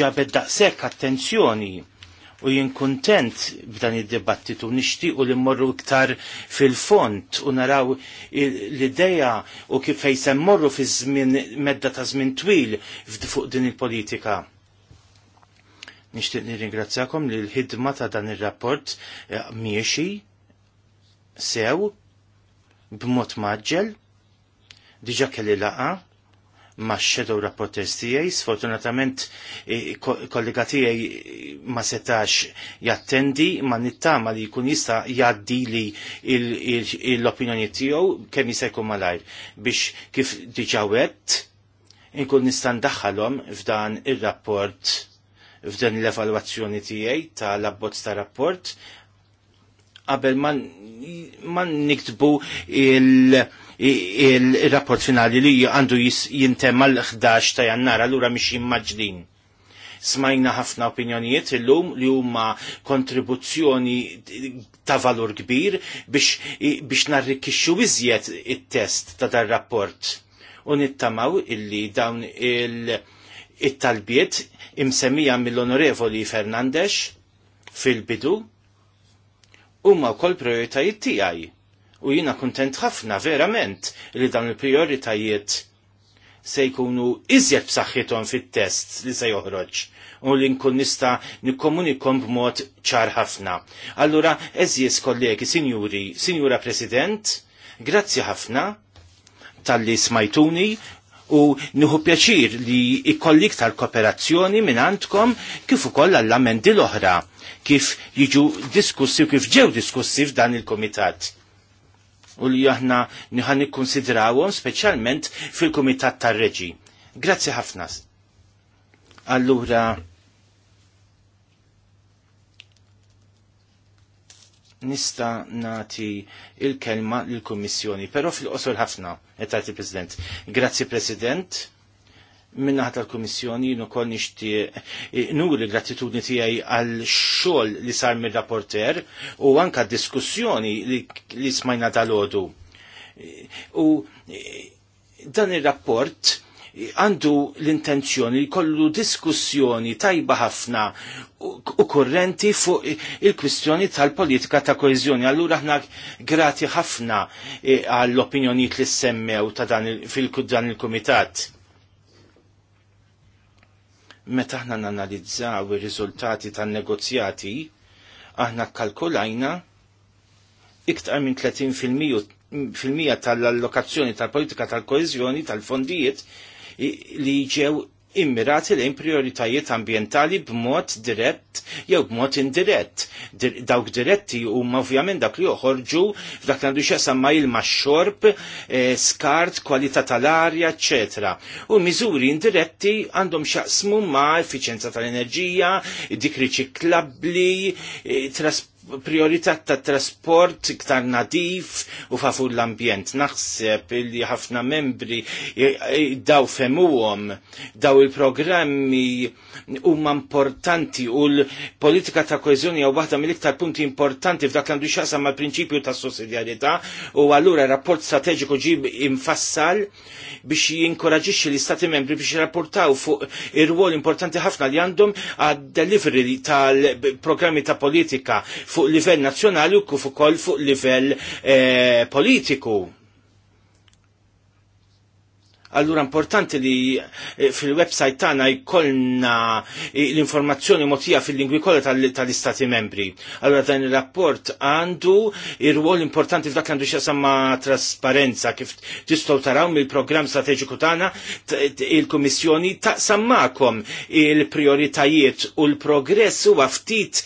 ġabed daqshekk attenzjoni u jien kuntent b'dan id-dibattitu nixtiequ li mmorru iktar fil-font u naraw l idea u kif fejn morru fi żmien medda ta' żmien twil fuq din il-politika. Nixtieq nirringrazzjakom li l-ħidma ta' dan ir-rapport eh, miexi sew b'mod maġġel diġa kelli laqa ma' shadow rapporters tiegħi, sfortunatament kollega tiegħi ma setax jattendi, ma nittama li jkun jista' jaddi li l-opinjoni tiegħu kemm jista' jkun malajr biex kif diġà inkun nista' ndaħħalhom f'dan ir-rapport f'dan l-evalwazzjoni tiegħi tal-abbozz ta' rapport qabel ma nikdbu il- il-rapport finali li għandu jintema l-11 ta' jannar, allura miex immaġlin. Smajna ħafna opinjonijiet illum li huma kontribuzzjoni ta' valur kbir biex, narrikixxu iżjed it-test ta' dar rapport u nittamaw illi dawn il-talbiet imsemmija mill-onorevoli Fernandez fil-bidu huma wkoll prijoritajiet tiegħi U jina kontent ħafna verament li dan il-prioritajiet se jkunu iżjed b'saħħithom fit-test li se joħroġ u li nkun nista' nikkomunikom b'mod ċar ħafna. Allura, eżjes kollegi, sinjuri, sinjura President, grazzi ħafna tal-li smajtuni u nħu pjaċir li ikollik tal-kooperazzjoni minn għandkom kif ukoll għall-amendi l-oħra kif jiġu diskussi u kif ġew diskussi f'dan il-komitat u li aħna nħan nikkonsidrawhom speċjalment fil-Kumitat tar-Reġi. Grazzi ħafna. Allura nista nati il-kelma l-Kommissjoni, pero fil-qosor ħafna, etati President. Grazzi President minnaħat tal-Komissjoni jien kol nixtieq nuri gratitudni tiegħi għal xogħol li sar mir-rapporter u anka diskussjoni li, li smajna dal-għodu. U dan ir-rapport għandu l-intenzjoni li kollu diskussjoni tajba ħafna u korrenti fuq il-kwistjoni tal-politika ta' koezjoni. Allura aħna grati ħafna eh, għall-opinjoniet li semmew ta' dan fil il-komitat. il-komitat. il kumitat meta aħna nanalizzaw ir-riżultati tan-negozjati, aħna kalkulajna iktar minn 30% fil-mija tal-allokazzjoni tal-politika tal-koezjoni tal-fondijiet li ġew immirati lejn prioritajiet ambientali b'mod dirett jew b'mod indirett. Dir dawk diretti huma ovvjament dak li joħorġu f'dak għandu x'jaqsam ma' ilma xorb, eh, skart, kwalità tal-arja, eċetera. U miżuri indiretti għandhom x'aqsmu ma' efficienza tal-enerġija, dik riċiklabbli, eh, trasport priorità ta' trasport iktar nadif u favur l-ambjent. Naħseb li ħafna membri daw femuhom daw il-programmi huma importanti u l-politika ta' koezjoni għu waħda mill-iktar punti importanti f'dak għandu xaqsam mal prinċipju ta' sussidjarjetà u allura rapport strateġiku ġib infassal biex jinkoraġiċi l-istati membri biex jirrapportaw fuq ir-rwol importanti ħafna li għandhom għad-delivery tal-programmi ta' politika fuq fuq livell nazzjonali u kif ukoll fuq livell eh, politiku. Allura importanti li eh, fil-website tagħna jkollna eh, l-informazzjoni motija fil-lingwi kollha tal-istati membri. Allura dan ir-rapport għandu ir-rwol importanti f'dak għandu x'jasam trasparenza kif tistgħu taraw mill-programm strateġiku tagħna il-Kummissjoni taqsam magħkom il-prioritajiet u l-progress huwa ftit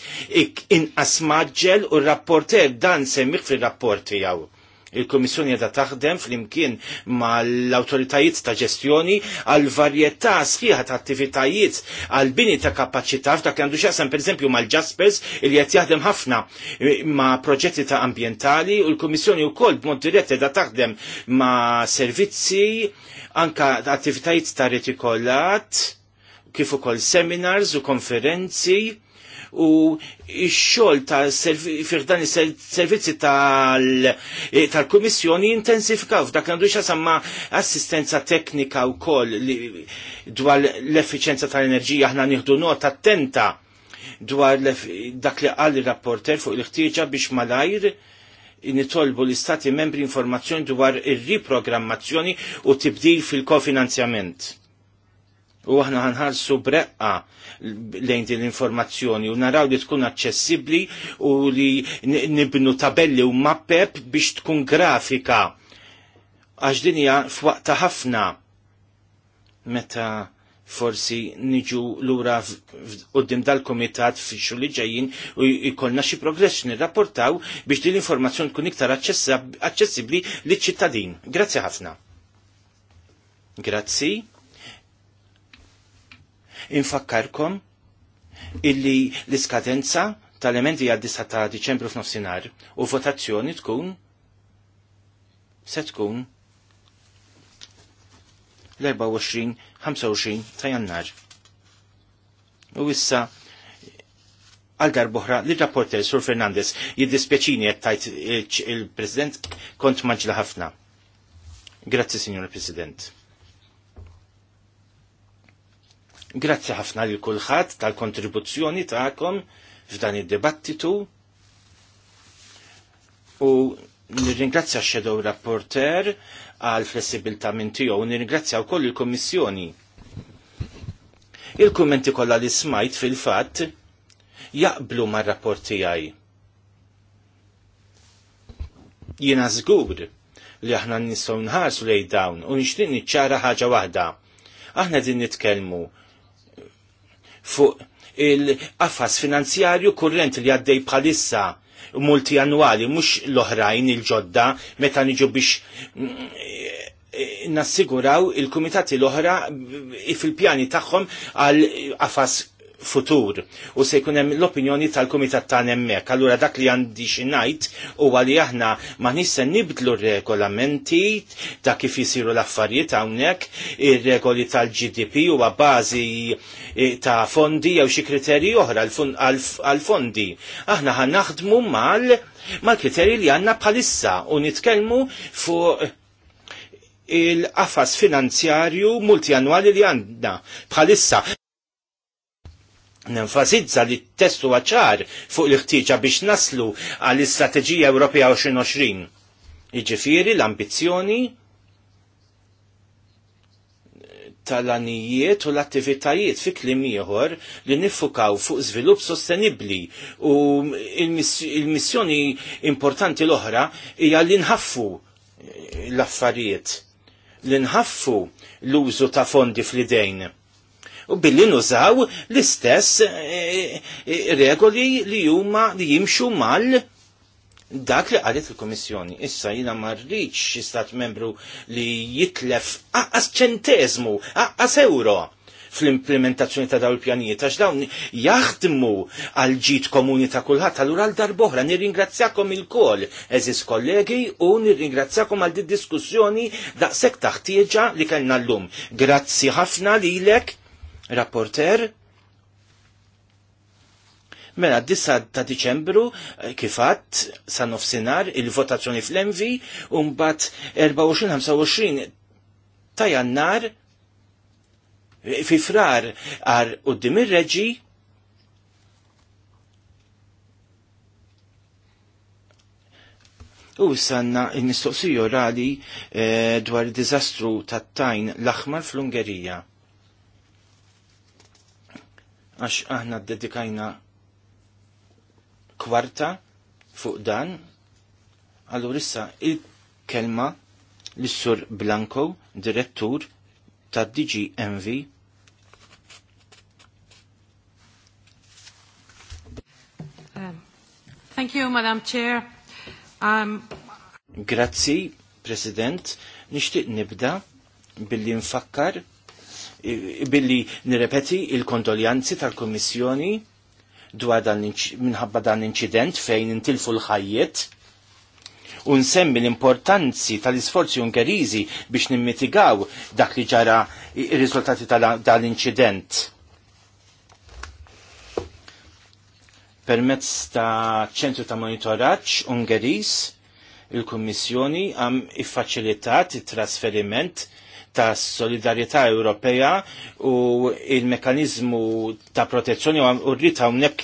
inqas maġġel u r-rapporter dan semmih fir-rapport tiegħu Il-Komissjoni jeda taħdem fl-imkien mal-autoritajiet ta' ġestjoni għal varjetà sħiħa ta' attivitajiet għal bini ta' kapaċità f'dak li għandu esempio pereżempju mal-Jaspers il qed jaħdem ħafna eh, ma' proġetti ta' ambjentali u l-Komissjoni wkoll b'mod dirett qiegħda taħdem ma' servizzi anka attivitajiet ta' retikolat kif ukoll seminars u konferenzi u x-xogħol ta' firdan is-servizzi eh, tal-Kummissjoni intensifikaw f'dak għandu samma assistenza teknika wkoll dwar l-effiċenza tal-enerġija aħna nieħdu nota attenta dwar dak li qal rapporter fuq l-ħtieġa biex malajr nitolbu l-istati membri informazzjoni dwar ir-riprogrammazzjoni u tibdil fil-kofinanzjament u aħna ħanħarsu breqqa lejn din l-informazzjoni u naraw li tkun aċċessibbli u li nibnu tabelli u mappep biex tkun grafika għax din hija f'waqta ħafna meta forsi niġu lura qoddim dal-komitat fixxu li ġejjin u jkollna xi progress nirrapportaw biex din l-informazzjoni tkun iktar aċċessibbli li ċittadin Grazzi ħafna. Grazzi. Infakkarkom illi l-iskadenza tal-elementi għad 10 ta' Diċembru f'nofsinhar u votazzjoni tkun se tkun l-24-25 ta' jannar. U issa għal darbohra li rapporter Sur Fernandez jiddispjaċini qed tajt il-President kont maġla ħafna. Grazzi, Signor President. Grazzi ħafna lil kulħadd tal-kontribuzzjoni tagħkom f'dan id-dibattitu u nirringrazzja x-Shadow Rapporter għal flessibilta minn tiegħu u nirringrazzja wkoll il-Kummissjoni. Il-kummenti kollha li smajt fil-fatt jaqblu mar-rapport tiegħi. Jiena żgur li aħna nistgħu nħarsu lejn dawn u nixtieq niċċara ħaġa waħda. Aħna din nitkellmu fuq il-qafas finanzjarju kurrent li għaddej bħalissa multi annwali, mux l-oħrajn il-ġodda, meta niġu biex mm, e, e, nassiguraw il-kumitati l-oħra fil-pjani tagħhom għal qafas futur u se jkun hemm l-opinjoni tal-kumitat tagħna hemmhekk. Allura dak li għandi xi ngħid huwa li aħna ma nista nibdlu regolamenti ta' kif jisiru l-affarijiet hawnhekk, ir-regoli tal-GDP huwa bażi eh, ta' fondi jew xi kriterji oħra għal-fondi. Aħna ħan naħdmu mal mal-kriterji li għandna bħalissa u nitkellmu fuq il-qafas finanzjarju multianwali li għandna bħalissa. Nenfasizza li t-testu għacħar fuq l-ħtieġa biex naslu għall istrateġija Ewropea 2020. Iġifiri l-ambizzjoni tal-anijiet u l-attivitajiet fi klim ieħor li niffukaw fuq żvilupp sostenibbli u il-missjoni importanti l-oħra hija li nħaffu l-affarijiet, li nħaffu l-użu ta' fondi fl-idejn u billi nużaw l-istess eh, eh, regoli li huma li jimxu mal dak li għadet il-Komissjoni. Issa jina marriċ istat membru li jitlef għas ċentezmu, għas euro fl-implementazzjoni ta' dawl il-pjanijiet, għax dawn jaħdmu għal ġit komuni ta' kulħadd, allura għal darbohra nirringrazzjakom il-kol, eżis kollegi, u nirringrazzjakom għal di diskussjoni daqshekk taħtieġa li kellna llum. Grazzi ħafna lilek rapporter. Mela, dissa ta' Diċembru, eh, kifat, sa' nofsinar, il-votazzjoni fl envi un-bat 24-25 ta' jannar, eh, fi frar għar u ir-reġi, U sanna il-mistoqsija rali eh, dwar il-dizastru tat-tajn l-aħmar fl-Ungerija għax aħna dedikajna kwarta fuq dan, allur issa il-kelma l-Sur Blanco, direttur ta' dgmv Um, thank you, Madam Chair. Um... Grazzi, President. Nishtiq nibda billi nfakkar billi nirrepeti il-kondoljanzi tal-Kommissjoni dwar dan minħabba dan l fejn intilfu l-ħajjiet u nsemmi l-importanzi tal-isforzi Ungeriżi biex nimmitigaw dak li ġara il riżultati tal-inċident. Permezz ta' ċentru ta' monitoraġġ Ungeriż, il-Kummissjoni għam iffaċilitat it-trasferiment ta' solidarjetà Ewropea u il-mekanizmu ta' protezzjoni u rrit hawnhekk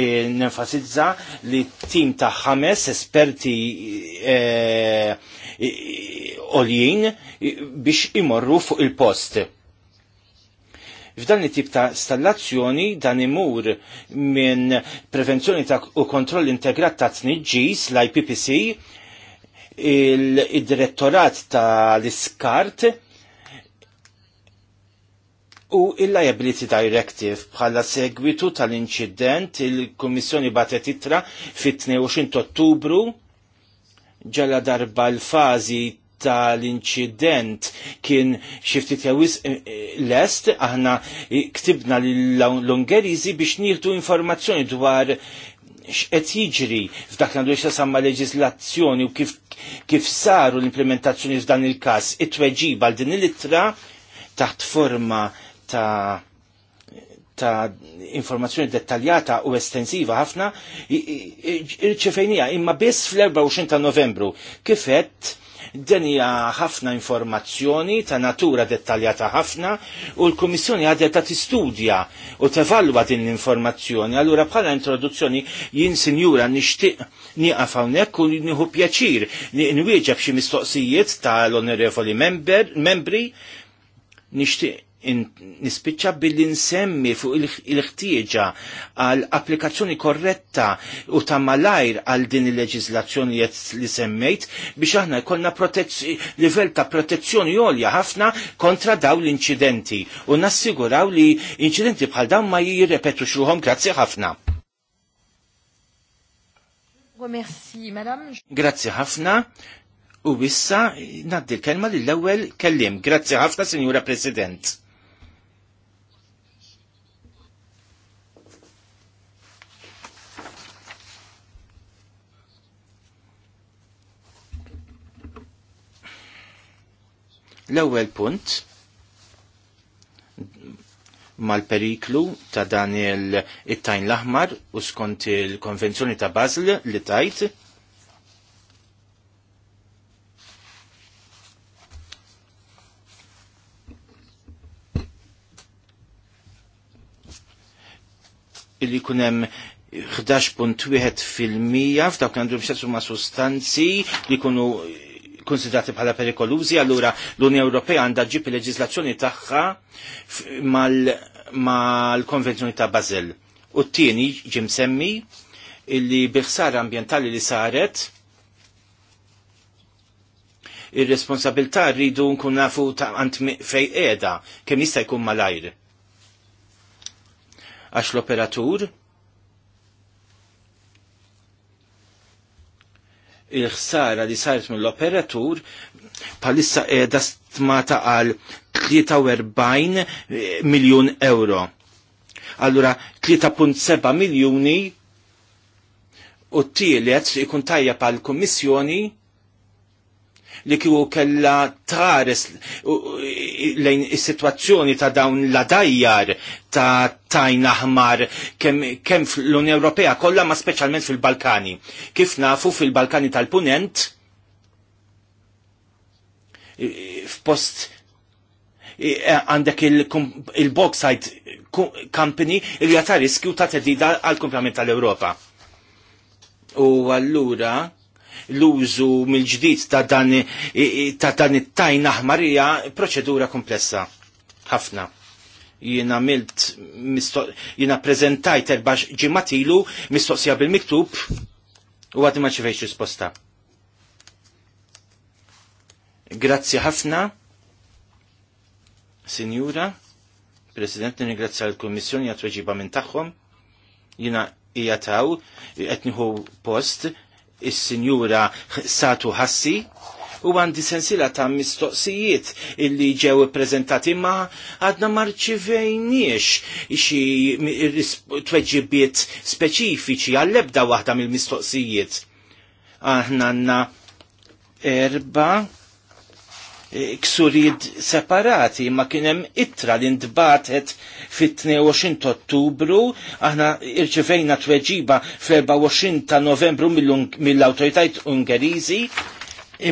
eh, nenfasizza li tim ta' ħames esperti eh, oljin biex imorru fuq il-post. F'dan it-tip ta' stallazzjoni dan imur minn prevenzjoni ta' u kontroll integrat ta' tniġġis l-IPPC il-direttorat tal-iskart u il-Liability Directive bħala segwitu tal-inċident il-Kommissjoni batet itra fit-22 ottubru ġala darba l-fazi tal-inċident kien xiftit jawis eh, eh, l-est, aħna ktibna l-Ungerizi biex nieħdu informazzjoni dwar x'qed jiġri f'dak għandu samma leġislazzjoni u kif, kif saru l-implementazzjoni f'dan il-każ. It-tweġiba din il-ittra taħt forma ta' ta' informazzjoni dettaljata u estensiva ħafna irċefejnija imma biss fl-24 ta' novembru. Kifet denja ħafna informazzjoni ta' natura dettaljata ħafna u l-Komissjoni għadha ta' tistudja u tevalwa din l-informazzjoni. Allura bħala introduzzjoni jien sinjura nixtieq nieqaf hawnhekk u nieħu pjaċir li nwieġeb xi mistoqsijiet tal-onorevoli membri nixtieq nispiċċa billi nsemmi fuq il-ħtieġa għal applikazzjoni korretta u ta' malajr għal din il-leġizlazzjoni li semmejt biex aħna jkollna livell ta' protezzjoni għolja ħafna kontra daw l-inċidenti u nassiguraw li inċidenti bħal dawn ma jirrepetu xruħom grazzi ħafna. Grazzi ħafna. U issa naddi l-kelma lill ewwel kellim. Grazzi ħafna, Signora President. L-ewwel punt mal-periklu ta' dan il-tajn l-aħmar u skont il-konvenzjoni ta' Basel li tajt illi kunem 11.1 fil-mija f'dawk għandu ma' sustanzi li kunu konsidrati bħala perikolużi, allura l-Unja Ewropea għandha ġib il-leġislazzjoni tagħha mal-Konvenzjoni ta' Basel. U t-tieni ġim semmi illi biħsara ambientali li saret ir-responsabilità rridu nkun nafu ta' għant fej qiegħda kemm jista' jkun malajr. Għax l-operatur il-ħsara li sajt mill-operatur palissa edha stmata għal 43 eh, miljon euro. Allura 3.7 miljoni u t-tielet ikun tajja pal kommissjoni li kju kella tħares lejn is-sitwazzjoni ta' dawn la dajjar ta' tajn aħmar kemm kem fl-Unja Ewropea kollha ma' speċjalment fil-Balkani. Kif nafu fil-Balkani tal-Punent f'post għandek il boxite Company il jata riskju ta' tedida għal komplement tal-Europa. U allura l-użu mill-ġdid ta' dan ta' dan it-tajn aħmar hija proċedura komplessa ħafna. Jiena milt jiena preżentajt erba' ġimgħat ilu mistoqsija bil-miktub u għad ma ċivejx risposta. Grazzi ħafna, Sinjura, President, ringrazzja l-Kommissjoni għat weġiba minn tagħhom. Jiena hija post is-Sinjura Satu Hassi u għandi sensila ta' mistoqsijiet illi ġew prezentati ma għadna marċivejniex xi tweġibiet speċifiċi għall-ebda waħda mill-mistoqsijiet. Aħna għandna erba' ksurijiet separati ma kienem itra li ndbatet fit-22 ottubru aħna irċivejna tweġiba fl-24 ta' novembru mill-autoritajt ungerizi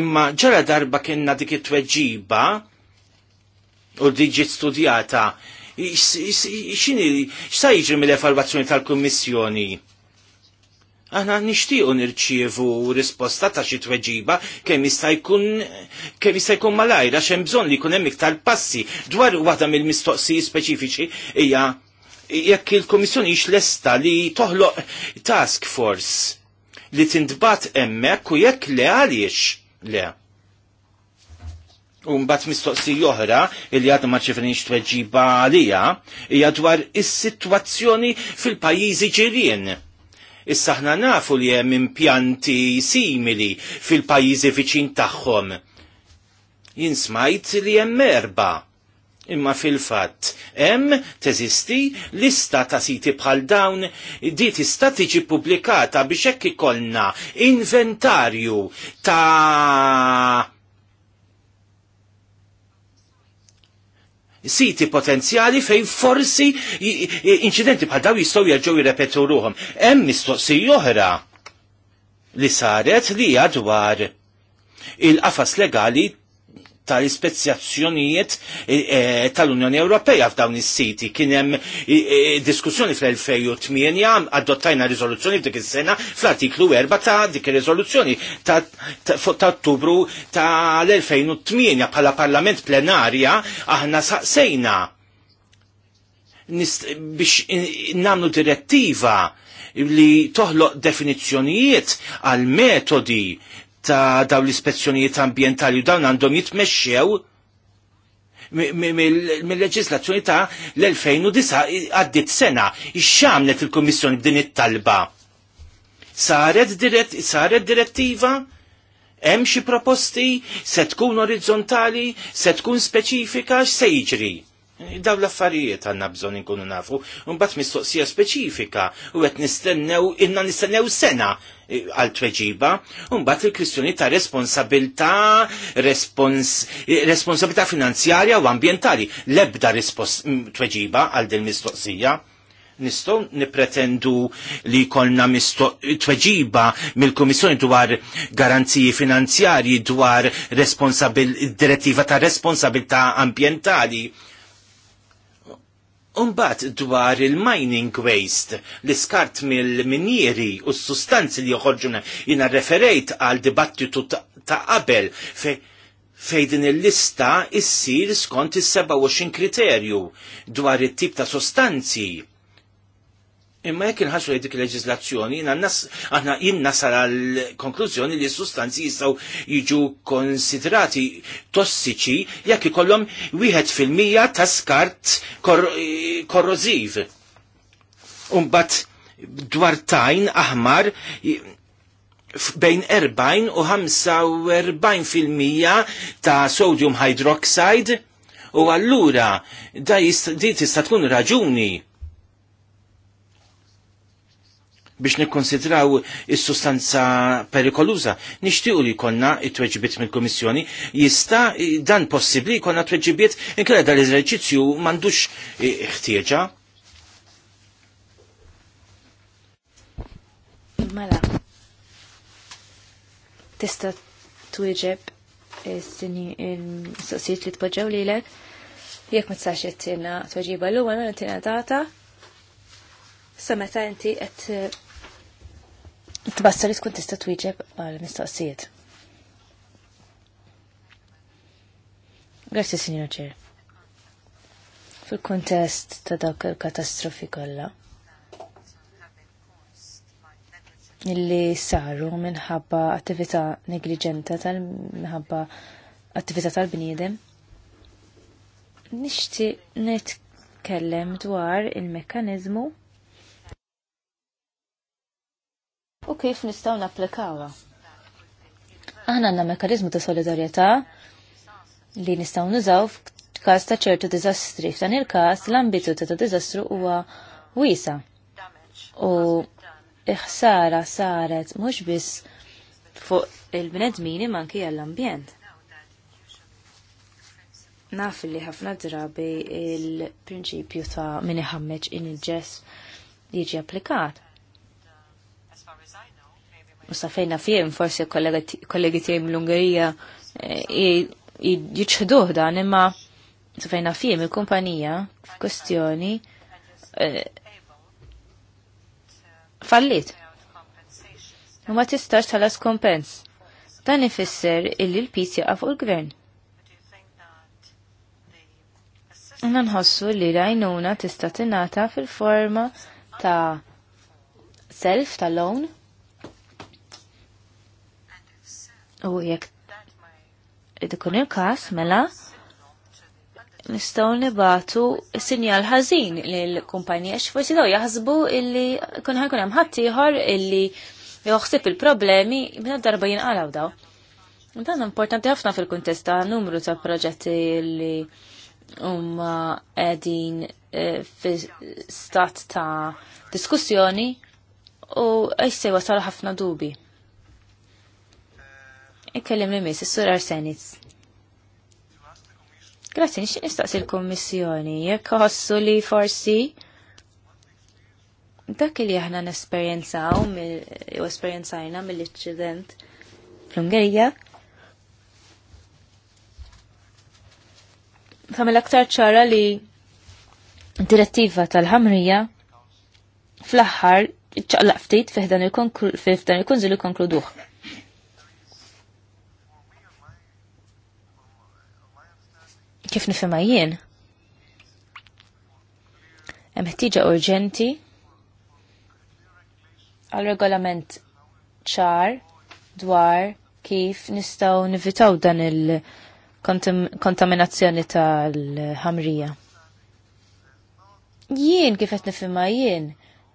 imma ġara darba kienna dik it-tweġiba u diġi studjata x'ini x'sa jiġri mill-evalwazzjoni tal-Kummissjoni? Aħna nixtiequ nirċievu risposta ta' xi tweġiba kemm jista' jkun kemm jista' jkun malajr għax hemm bżonn li jkun hemm iktar passi dwar waħda mill-mistoqsijiet speċifiċi hija jekk il-Komissjoni hix lesta li toħloq task force li tintbat hemmhekk u jekk le għaliex le. U mbagħad mistoqsija oħra li għadna ma ċifrinx tweġiba għalija hija dwar is-sitwazzjoni fil-pajjiżi ġirien Issa ħna nafu li hemm impjanti simili fil-pajjiżi viċin tagħhom. Jinsmajt li hemm erba' imma fil-fatt hemm teżisti lista ta' siti bħal dawn di tista' tiġi pubblikata biex hekk ikollna inventarju ta' siti potenzjali fejn forsi incidenti bħal daw jistgħu jerġgħu jirrepetu ruhom. Hemm mistoqsija oħra li saret li dwar il-qafas legali tal-ispezzjazzjonijiet e, e, tal-Unjoni Ewropea f'dawn is-siti. Kien hemm e, diskussjoni fl-2008 adottajna riżoluzzjoni f'dik is-sena fl-artiklu 4 ta' dik ir-riżoluzzjoni ta' Ottubru tal-2008 bħala Parlament plenarja aħna saqsejna biex namlu direttiva li toħloq definizzjonijiet għal metodi ta' daw l-ispezzjonijiet ambientali u dawn għandhom jitmexxew mill-leġislazzjoni ta' l-2009 għaddit sena. Ix-xamlet il-Kommissjoni b'din it-talba? Saret, dirett, saret direttiva? Hemm xi proposti se tkun orizzontali, se tkun speċifika x'se jiġri? daw l-affarijiet għanna bżon inkunu nafu, bat mistoqsija speċifika u għet nistennew, inna nistennew sena e, għal tweġiba, bat il-kwistjoni ta' responsabilta, respons, e, responsabilta finanzjarja u ambientali, lebda tweġiba għal din mistoqsija. Nistow nipretendu li kolna tweġiba mill-Komissjoni dwar garanziji finanzjarji dwar direttiva ta' responsabilta ambientali Umbat dwar il-mining waste, l-iskart mill-minieri u s-sustanzi li joħorġuna jina referejt għal dibattitu ta' qabel fej fej din il-lista issir skont is-27 kriterju dwar it-tip ta' sostanzi Imma jekk inħasru dik il-leġizlazzjoni, aħna jien nasal l konklużjoni li s-sustanzi jistgħu jiġu konsiderati tossiċi jekk ikollhom wieħed fil-mija ta' skart korroziv. Umbat dwar tajn aħmar bejn 40 u 45 fil-mija ta' sodium hydroxide u allura da jistat tista' tkun raġuni biex nikkonsidraw is-sustanza perikoluża. Nixtiequ li jkollna it-tweġibiet mill-Kummissjoni jista' dan possibbli jkollna tweġibiet inkella dan l-eżerċizzju m'għandux ħtieġa. Mela. Tista' twieġeb eh, is-soqsijiet li tpoġġew lilek. Jekk ma tistax qed tina tweġiba l-ewwel mela tina data sa meta inti qed tbassar li tkun tista' twieġeb għal mistoqsijiet. Grazie Signor Ġer. Fil-kontest ta' dawk il-katastrofi kollha illi saru minħabba attività negliġenta tal-minħabba attività tal-bniedem. Nixtieq nitkellem dwar il-mekkanizmu u kif nistgħu napplikawha. Aħna għandna mekkaniżmu ta' solidarjetà li nistgħu nużaw f'każ ta' ċertu diżastri. F'dan il-każ l-ambitu ta' diżastru huwa wiesa. U iħsara saret mhux biss fuq il-bnedmini manki għall-ambjent. Naf li ħafna drabi il-prinċipju ta' min iħammeġ in il-ġess jiġi applikat. U safejna fjem, forse kollegi tijem l-Ungerija eh, jitxħduħ dan, imma safejna fjem il-kumpanija f'kustjoni eh, fallit. U ma tistax talas kompens. Dan ifisser illi l-pis jaqa u l gvern Unna nħossu li rajnuna tista' tinata fil-forma ta' self ta' loan U id dikun il-kas mela nistaw nibatu sinjal ħażin lill-kumpanija forsi daw jaħsbu illi kun ħajkun hemm ħadd ieħor illi joħsib il-problemi minna darba jinqalaw daw. Dan importanti ħafna fil-kuntest ta' numru ta' proġetti li huma qegħdin eh, fi stat ta' diskussjoni u issa wasal ħafna dubi. Ikkellim li miss, s-sur Arsenis. Grazie, nixtieq nistaqsi l-Kummissjoni jekk ħossu li forsi dak li aħna nesperjenzaw u esperjenzajna mill-inċident fl-Ungerija mill aktar ċara li direttiva tal-ħamrija fl-aħħar ċaqlaqftit ftit fiħdan il-kunżil kif nifhimha jien. Hemm ħtieġa urġenti għal regolament ċar dwar kif nistgħu nivitaw dan il-kontaminazzjoni tal-ħamrija. Jien kif qed nifhimha jien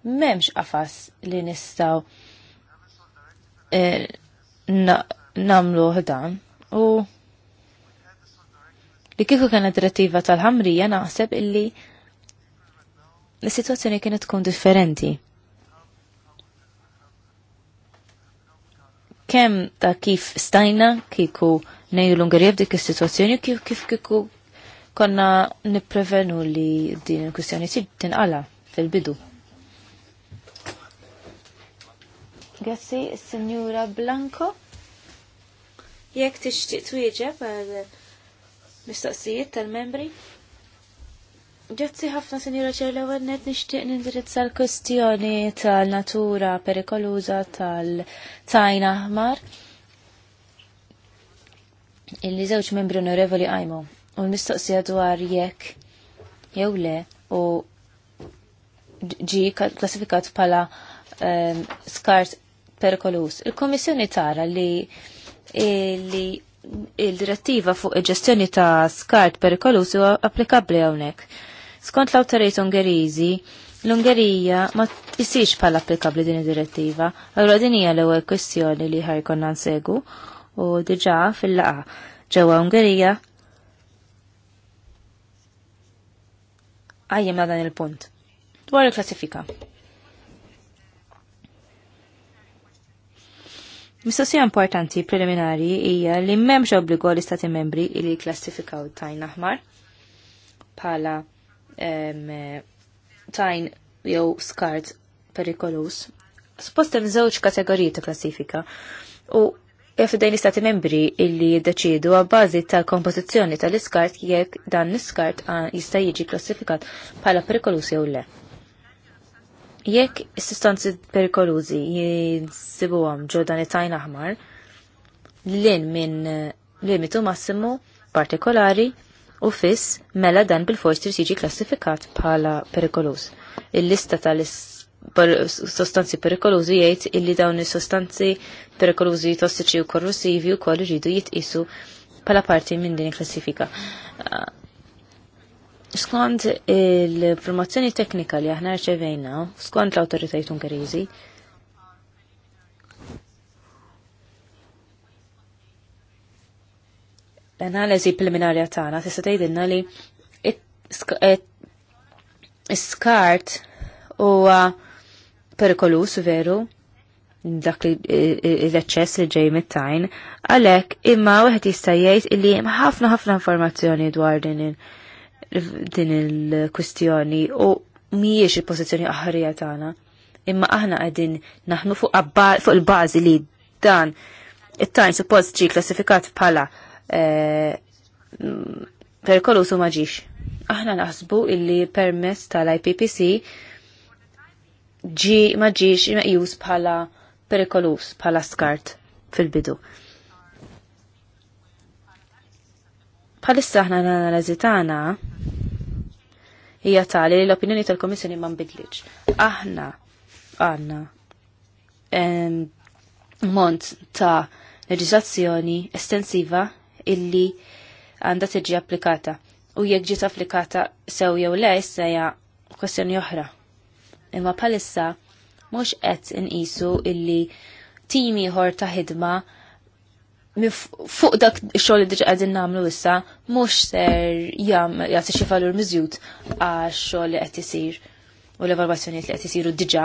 m'hemmx qafas li nistgħu eh, namlu dan u li kieku kena direttiva tal-ħamrija naħseb illi l-situazzjoni kienet tkun differenti. Kem ta' kif stajna kieku nejju l-Ungerija f'dik is-sitwazzjoni kif kif kieku konna nipprevenu li din il-kwistjoni tinqala fil-bidu. Grazzi, Signora Blanco. Jek tixtieq twieġeb għal mistoqsijiet tal-membri. Ġazzi ħafna sinjura ċerla għadnet nishtiq nindirizza l-kwestjoni tal-natura perikoluza tal tajna aħmar illi żewġ membri onorevoli għajmu u l-mistoqsija dwar jekk jew le u ġi klassifikat pala um, skart perikolus. Il-Komissjoni tara li li il-direttiva fuq il-ġestjoni ta' skart perikolusi huwa applikabbli hawnhekk. Skont l-awtorijiet Ungeriżi, l-Ungerija ma tisix bħala applikabbli din id-direttiva, allura din hija l-ewwel kwestjoni li ħajkonna nsegu u diġà fil-laqa ġewwa Ungerija għajjem dan il-punt. Dwar il-klassifika. Mistoqsija importanti preliminari hija li m'hemmx obbligo l-Istati membri li jklassifikaw tajn aħmar bħala tajn jew skart perikolus. Suppost hemm żewġ kategoriji ta' klassifika u dejn l-istati membri illi jiddeċidu għabbażi tal-kompożizzjoni tal-iskart jekk dan l-iskart jista' jiġi klassifikat bħala perikolus jew le. Jekk is-sustanzi perikolużi jinsibuhom ġodan it-tajn aħmar, lin minn limitu massimu partikolari u fiss mela dan bil-fors trid jiġi klassifikat bħala perikoluż. Il-lista tal-sostanzi perikolużi jgħid illi dawn is-sostanzi perikolużi tossiċi u korrusivi wkoll iridu jitqisu bħala parti minn din il-klassifika skont il-formazzjoni teknika li aħna rċevejna, skont l-autoritajt Ungarizi, l-analiżi preliminarja tagħna tista' tgħidilna li e- skart huwa perikolus veru dak li l-eċċess li ġej mit-tajn, għalhekk imma wieħed jista' jgħid li hemm ħafna ħafna informazzjoni dwar din din il-kwistjoni u mhijiex il-pożizzjoni aħħarija tagħna. Imma aħna qegħdin naħnu fuq fuq il-bażi li dan it-tajn suppost ġi klassifikat bħala eh, mm, perikolus u maġix. Aħna naħsbu illi permess tal-IPPC ġi maġix meqjus bħala perikolus bħala skart fil-bidu. Bħalissa aħna l analizi tagħna hija tali li l-opinjoni tal-Komissjoni ma nbidlitx. Aħna għandna mont ta' leġiżlazzjoni estensiva illi għandha tiġi applikata. U jekk ġiet applikata sew jew le issa hija kwestjoni oħra. Imma bħalissa mhux qed inqisu illi tim ieħor ta' ħidma fuq dak xogħol li diġa għadin nagħmlu issa mhux ser jam jagħti xi valur miżjud għax xogħol li qed isir u l-evalwazzjonijiet li qed isiru diġà.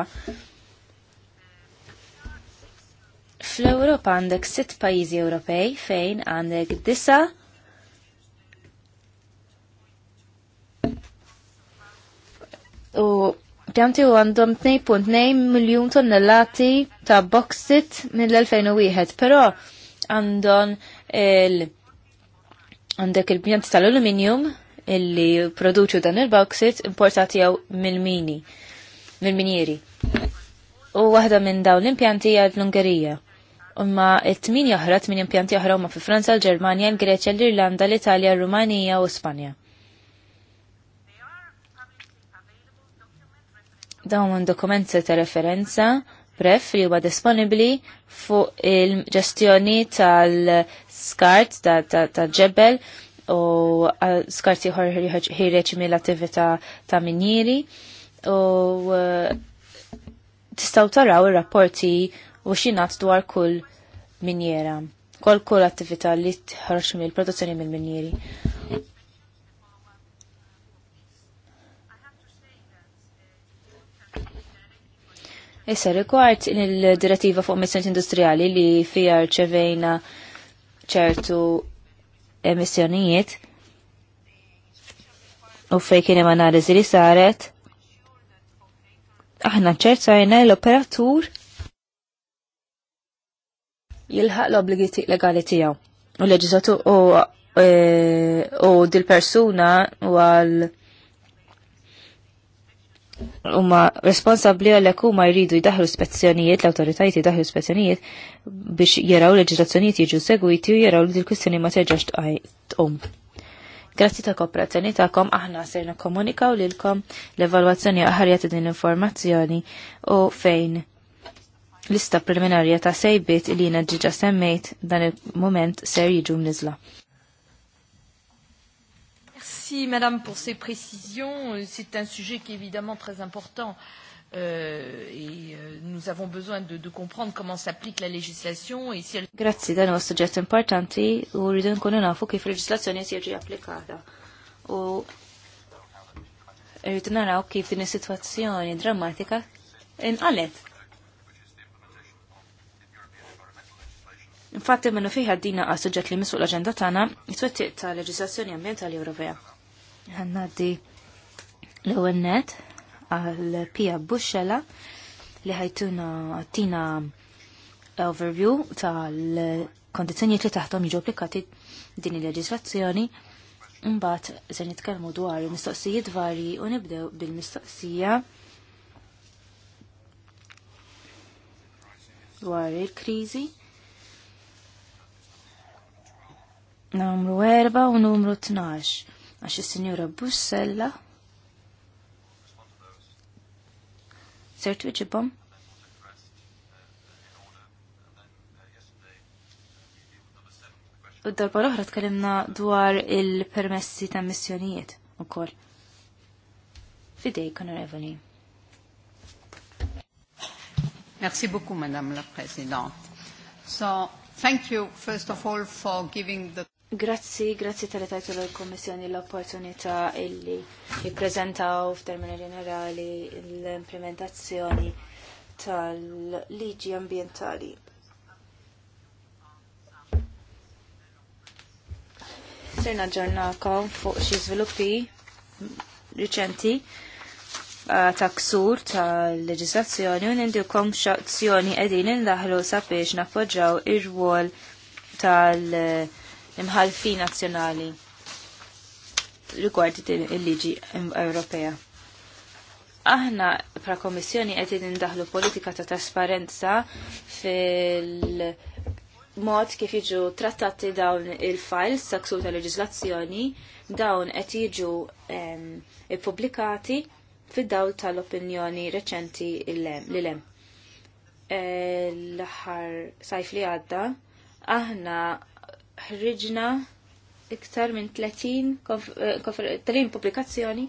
Fl-Ewropa għandek sitt pajjiżi Ewropej fejn għandek disa u pjanti u għandhom 2.2 miljon tonnellati ta' boxit mill-2001, pero għandon il- għandek il-pjanti tal-aluminium illi produċu dan il-bauxit importati għaw mill-mini, mil minieri U waħda minn dawn l-impjanti hija l-Ungerija. Umma t-tmin oħra, tmin impjanti oħra umma fi Franza, l germania l-Greċja, l-Irlanda, l-Italja, l-Rumanija u Spanja. Dawn dokumenti ta' referenza pref li huwa disponibbli fuq il-ġestjoni tal-skart ta' ġebel u skart jħor ħireġ mill-attività ta' minjiri u e, tistgħu taraw ir-rapporti u xinat dwar kull minjera, kol kull attività li tħarx mill-produzzjoni mill-minjiri. Issa rigward il-direttiva fuq missjoni industrijali li fija rċevejna ċertu emissjonijiet u fej kien hemm analiżi li saret, aħna ċertajna l-operatur jilħaq l obligiti legali tiegħu. U l-leġiżatu e, u dil-persuna u għal huma responsabbli għalhekk huma jridu jdaħlu spezzjonijiet, l-awtoritajiet jdaħlu spezzjonijiet biex jaraw leġiżlazzjonijiet jiġu segwiti u jaraw li l-kwistjoni ma terġax tqum. Grazzi ta' kooperazzjoni ta'kom aħna ser nikkomunikaw lilkom l-evalwazzjoni aħarja ta' din l-informazzjoni u fejn lista preliminarja ta' sejbiet li jina ġiġa semmejt dan il-moment ser jiġu mniżla. Merci Madame pour ces précisions. Euh, C'est un sujet qui est évidemment très important euh, et euh, nous avons besoin de, de comprendre comment s'applique la législation et si elle... Grazie, dan huwa suġġett importanti u rridu nkunu nafu kif il-leġislazzjoni tiġi applikata. U rridu naraw kif din is-sitwazzjoni drammatika inqalet. Infatti minnu fiħad dina għas suġġett li misu l-agenda tagħna it-twettiq ta' leġislazzjoni ambientali Ewropea għannaddi l-ewwel net għal Pia Buxxela li ħajtuna tina overview tal-kondizjoni li taħtom jiġu applikati din il-leġislazzjoni Mbagħad se nitkellmu dwar il mistoqsijiet varji u nibdew bil-mistoqsija dwar il-kriżi. Numru 4 u numru 12 għax is-Sinjura Bussella ser twiġibhom. U darba l-oħra tkellimna dwar il-permessi ta' missjonijiet u ukoll. Fidejk, onorevoli. Merci beaucoup, Madame la Présidente. So, thank you, first of all, for giving the... Grazzi, grazzi tal tajtu l kommissjoni l-opportunità illi jippreżentaw f'termini ġenerali l-implementazzjoni tal-liġi ambientali. Serna ġornakom fuq xi żviluppi riċenti uh, ta' ksur ta' leġislazzjoni u nindikom x'azzjoni qegħdin indaħlu sabiex nappoġġaw ir-rwol tal- uh, imħalfi nazzjonali rigward il-liġi Ewropea. Aħna pra komissjoni qed indaħlu politika ta' trasparenza fil-mod kif jiġu trattati dawn il-files sa' ta' leġislazzjoni dawn qed jiġu ippubblikati fid-dawl tal-opinjoni reċenti li lem eh, l aħħar sajf li għadda, aħna ħriġna iktar minn 30 30 eh, pubblikazzjoni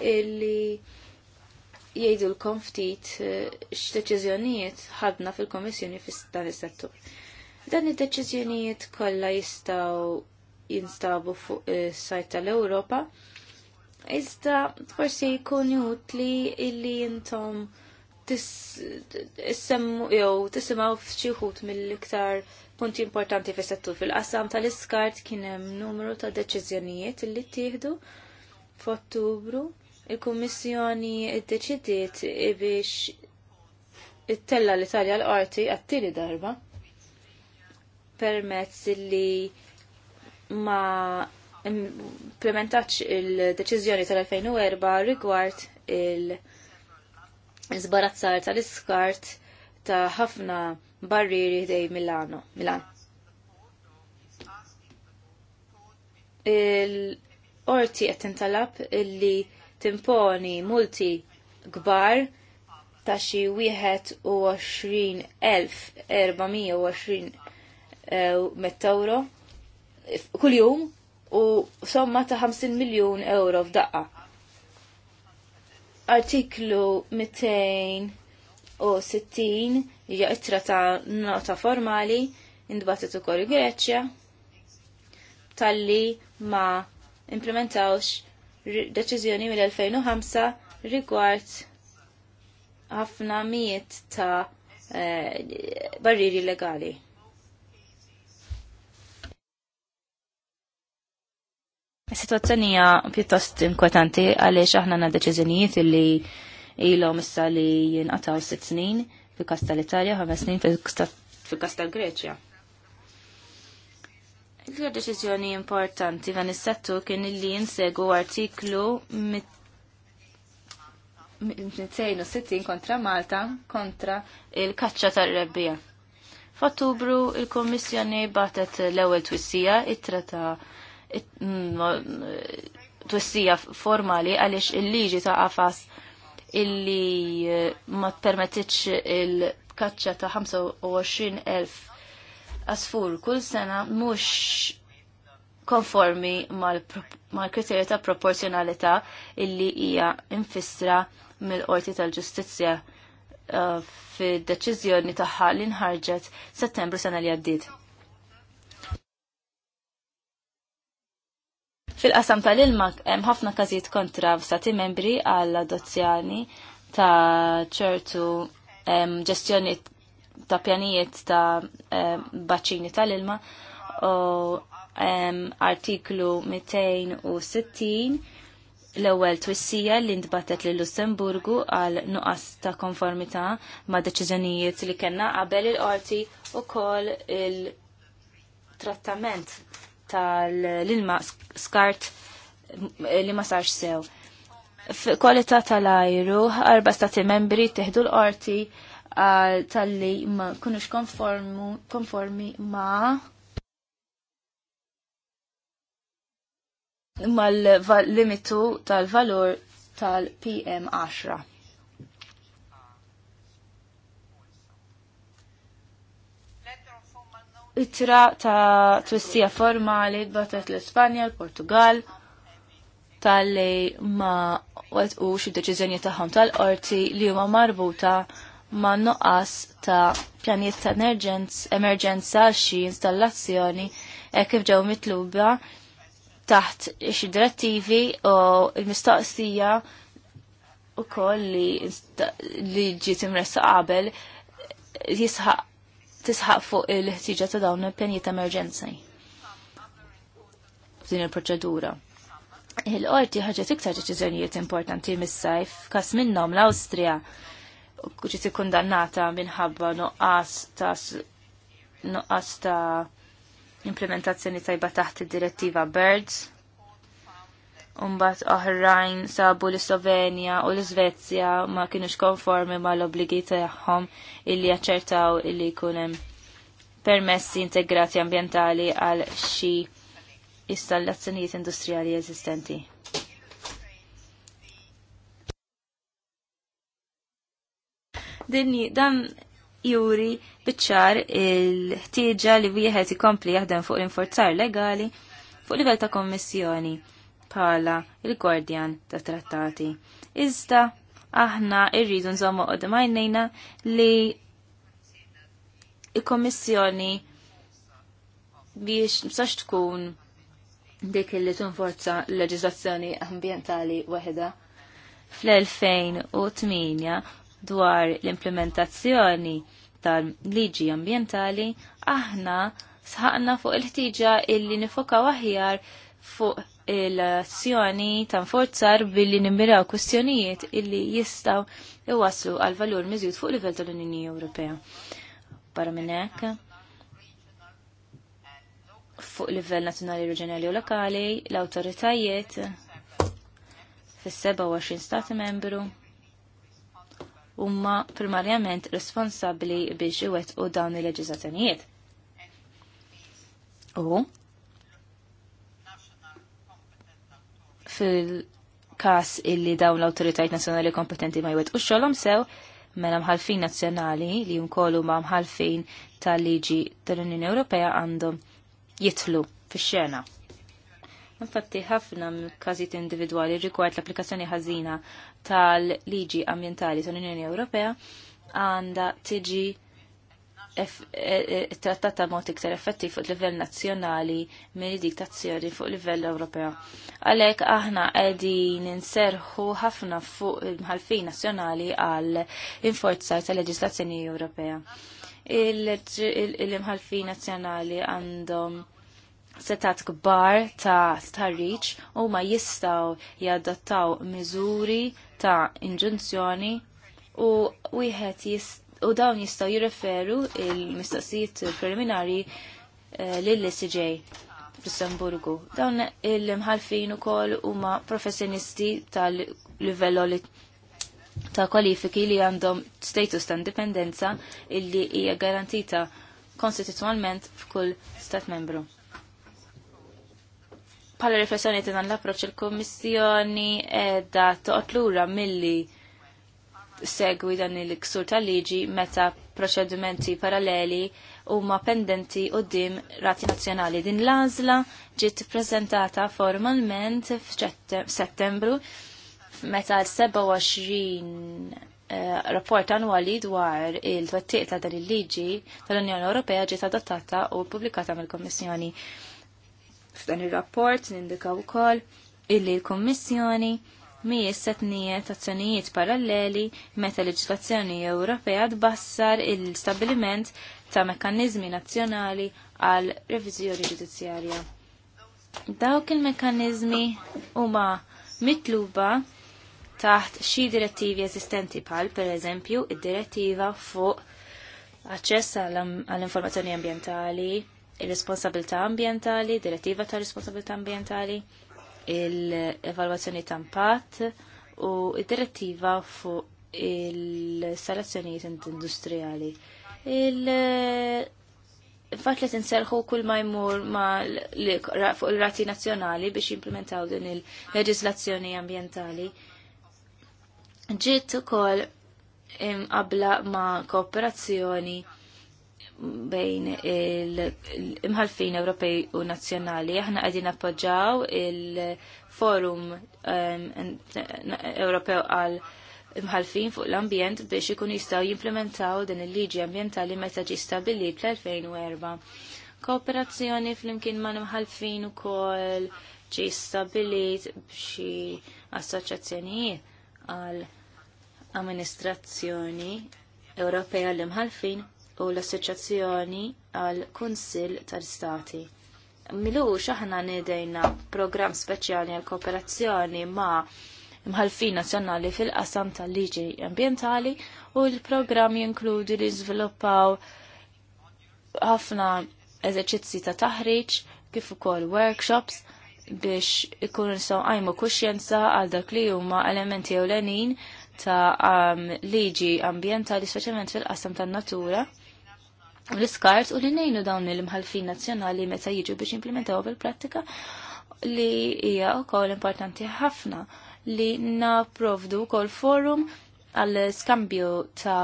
li jgħidu l konftit ftit eh, x'deċiżjonijiet ħadna fil-Komissjoni dan is-settur. Dan id-deċiżjonijiet kollha jistgħu jinstabu fuq is-sajt tal-Ewropa. Iżda forsi jkun utli illi intom tissemmu jew tisimgħu f'xi wħud mill-iktar punti importanti fi settur fil-qasam tal-iskart kien hemm numru ta' deċiżjonijiet li ttieħdu f'Ottubru. Il-Kummissjoni ddeċidiet biex ittella l-Italja l-qorti għat-tieni darba permezz li ma implementax il-deċiżjoni tal-2004 rigward il-zbarazzar tal-iskart ta' ħafna barriri dej Milano, Milan. Il-orti qed intalab illi timponi multi kbar ta' xi wieħed u 20,420 eh, mettawro kuljum u somma ta' 50 miljun euro f'daqqa. Artiklu 260 hija ittra ta' nota formali indbatet ukoll il-Greċja talli ma implementawx deċiżjoni mill-2005 rigward ħafna mijiet ta' eh, barriri legali. Is-sitwazzjoni hija pjuttost inkwetanti għaliex aħna għandna deċiżjonijiet illi ilhom issa li jinqataw sitt snin fil-kas tal-Italja, ħames snin fil-kas tal-Greċja. Il-ġur deċiżjoni importanti għan is settu kien illi jinsegu artiklu 260 kontra Malta kontra il-kaċċa tar-rebbija. F'Ottubru il-Kommissjoni batet l-ewwel twissija it-trata twissija formali għaliex il-liġi ta' qafas illi eh, ma permettiċ il-kaċċa ta' 25,000 asfur kull sena mhux konformi mal-kriterju ta' proporzjonalità illi hija infissra mill-Qorti tal-Ġustizzja eh, fid-deċiżjoni tagħha li nħarġet Settembru sena li għaddiet. Fil-qasam tal-ilma hemm ħafna każijiet kontra Sati membri għall adozzjani ta' ċertu ġestjoni ta' pjanijiet ta' baċini tal-ilma u artiklu 260 l-ewwel twissija li ntbatet lil Lussemburgu għal nuqas ta' konformità ma' deċiżjonijiet li kellna qabel il-qorti kol il-trattament tal-ilma skart li ma sarx sew. F'kwalità tal-ajru, arba stati membri teħdu l-qorti tal-li ma kunux konformi ma mal-limitu tal-valur tal-PM10. itra ta' twissija formali batet l-Ispanja, l-Portugal, tal-li ma wet u xie deċizjoni taħħom tal-qorti li huma marbuta ma nuqqas ta' pjanijiet ta' emerġenza xi installazzjoni e kif ġew mitluba taħt xi direttivi u l-mistoqsija u koll li ġiet imressa qabel jisħaq tisħaq fuq il-ħtiġa ta' dawn il-pjanijiet emerġenzi. F'din il-proċedura. Il-qorti ħaġet iktar deċiżjonijiet importanti mis-sajf, kas minnhom l-Awstrija ġiet ikkundannata minħabba nuqqas ta' nuqqas ta' implementazzjoni tajba taħt id-direttiva Birds Umbat oħrajn sabu l-Slovenja u l-Svezja ma kienux konformi ma l-obligi tagħhom illi jaċċertaw illi kunem permessi integrati ambientali għal xi installazzjonijiet industrijali eżistenti. Dinni, dan juri biċċar il-ħtieġa li wieħed ikompli jaħdem fuq l-inforzar legali fuq livell ta' kommissjoni bħala il-gwardjan ta' trattati. Iżda aħna irridu nżommu d-majnejna li il-Komissjoni biex msax tkun dik li tunforza l-leġizazzjoni ambientali waħda fl-2008 dwar l-implementazzjoni tal-liġi ambientali aħna sħaqna fuq il-ħtiġa illi nifoka waħjar fuq il azzjoni ta' nforzar billi nimmiraw kwestjonijiet illi jistaw iwaslu għal valur miżjud fuq livell tal-Unjoni Ewropea. Barra minn hekk, fuq livell nazzjonali, reġjonali u lokali, l-awtoritajiet fis-27 stati membru huma primarjament responsabbli biex iwettqu dawn il-leġiżazzjonijiet. U fil-kas illi dawn l-autoritajt nazjonali kompetenti ma jwet u xolom sew mela mħalfin nazjonali li jumkollu ma mħalfin tal-liġi tal-Unjoni Ewropea għandhom jitlu fix-xena. Infatti, ħafna każijiet individwali rigward l-applikazzjoni ħażina tal-liġi ambjentali tal-Unjoni Ewropea għandha tiġi E- e- trattat ta' mod iktar effetti fuq livell nazzjonali minn dik tazzjoni fuq livell Ewropea. Għalhekk aħna qegħdin inserħu ħafna fuq il-mħalfin nazzjonali għal inforzar tal leġislazzjoni Ewropea. Il-mħalfin nazzjonali għandhom setat kbar ta' starriċ u ma jistaw jadattaw miżuri ta' inġunzjoni u wieħed jista' u dawn jistaw jirreferu il-mistoqsijiet preliminari eh, l sj f'Lussemburgu. Dawn il-mħalfin ukoll huma professjonisti tal livello ta' kwalifiki li għandhom status ta' indipendenza illi hija garantita konstituzzjonalment f'kull stat membru bħala riflessjoni tinan l-approċ il-Kommissjoni edha toqgħod lura milli segwi dan il-ksur tal-liġi meta proċedimenti paralleli huma pendenti dim Rati Nazzjonali. Din l azla ġiet prezentata formalment f'Settembru meta l-27 eh, rapport annwali dwar il-twettiq ta' dan il-liġi tal-Unjoni Ewropea ġiet adottata u pubblikata mill-Kommissjoni. F'dan ir rapport nindika wkoll illi l-Kommissjoni il mhijiex se tniet azzjonijiet paralleli meta leġislazzjoni Ewropea tbassar il-stabiliment ta' mekkaniżmi nazzjonali għal reviżjoni ġudizzjarja. Dawk il-mekkaniżmi huma mitluba taħt xi direttivi eżistenti bħal pereżempju id-direttiva fuq aċċess għall-informazzjoni ambjentali, ir-responsabilità ambjentali, direttiva ta' responsabilità ambjentali, il-evalwazzjoni ta' impatt u id-direttiva fuq il-selezzjonijiet industrijali. Il-fat li tinserħu kull ma jmur fuq il-rati nazjonali biex jimplementaw din il-leġislazzjoni ambientali. Ġiet ukoll imqabla ma' kooperazzjoni bejn il-imħalfin Ewropej u nazzjonali. Aħna għadin appoġġaw il-Forum Ewropew għal imħalfin fuq l-ambjent biex ikun jistaw jimplementaw din il-liġi ambjentali meta ġi stabili fl-2004. Kooperazzjoni fl-imkien ma' imħalfin u kol ġi stabilit b'xi assoċjazzjonijiet għal amministrazzjoni Ewropea l-imħalfin u l-Assoċjazzjoni għal Kunsill tal-Stati. Milux aħna nidejna programm speċjali għal kooperazzjoni ma' mħalfin nazzjonali fil-qasam tal-liġi ambientali u l-programm jinkludi li żviluppaw ħafna eżerċizzi ta' taħriġ kif ukoll workshops biex ikunu nistgħu għajmu kuxjenza għal dak li huma elementi ewlenin ta' um, liġi ambientali speċjalment fil-qasam tan-natura u l-iskart u li nejnu dawn il-mħalfin nazzjonali meta jiġu biex implementaw bil-prattika li hija wkoll importanti ħafna li naprovdu kol forum għal skambju ta'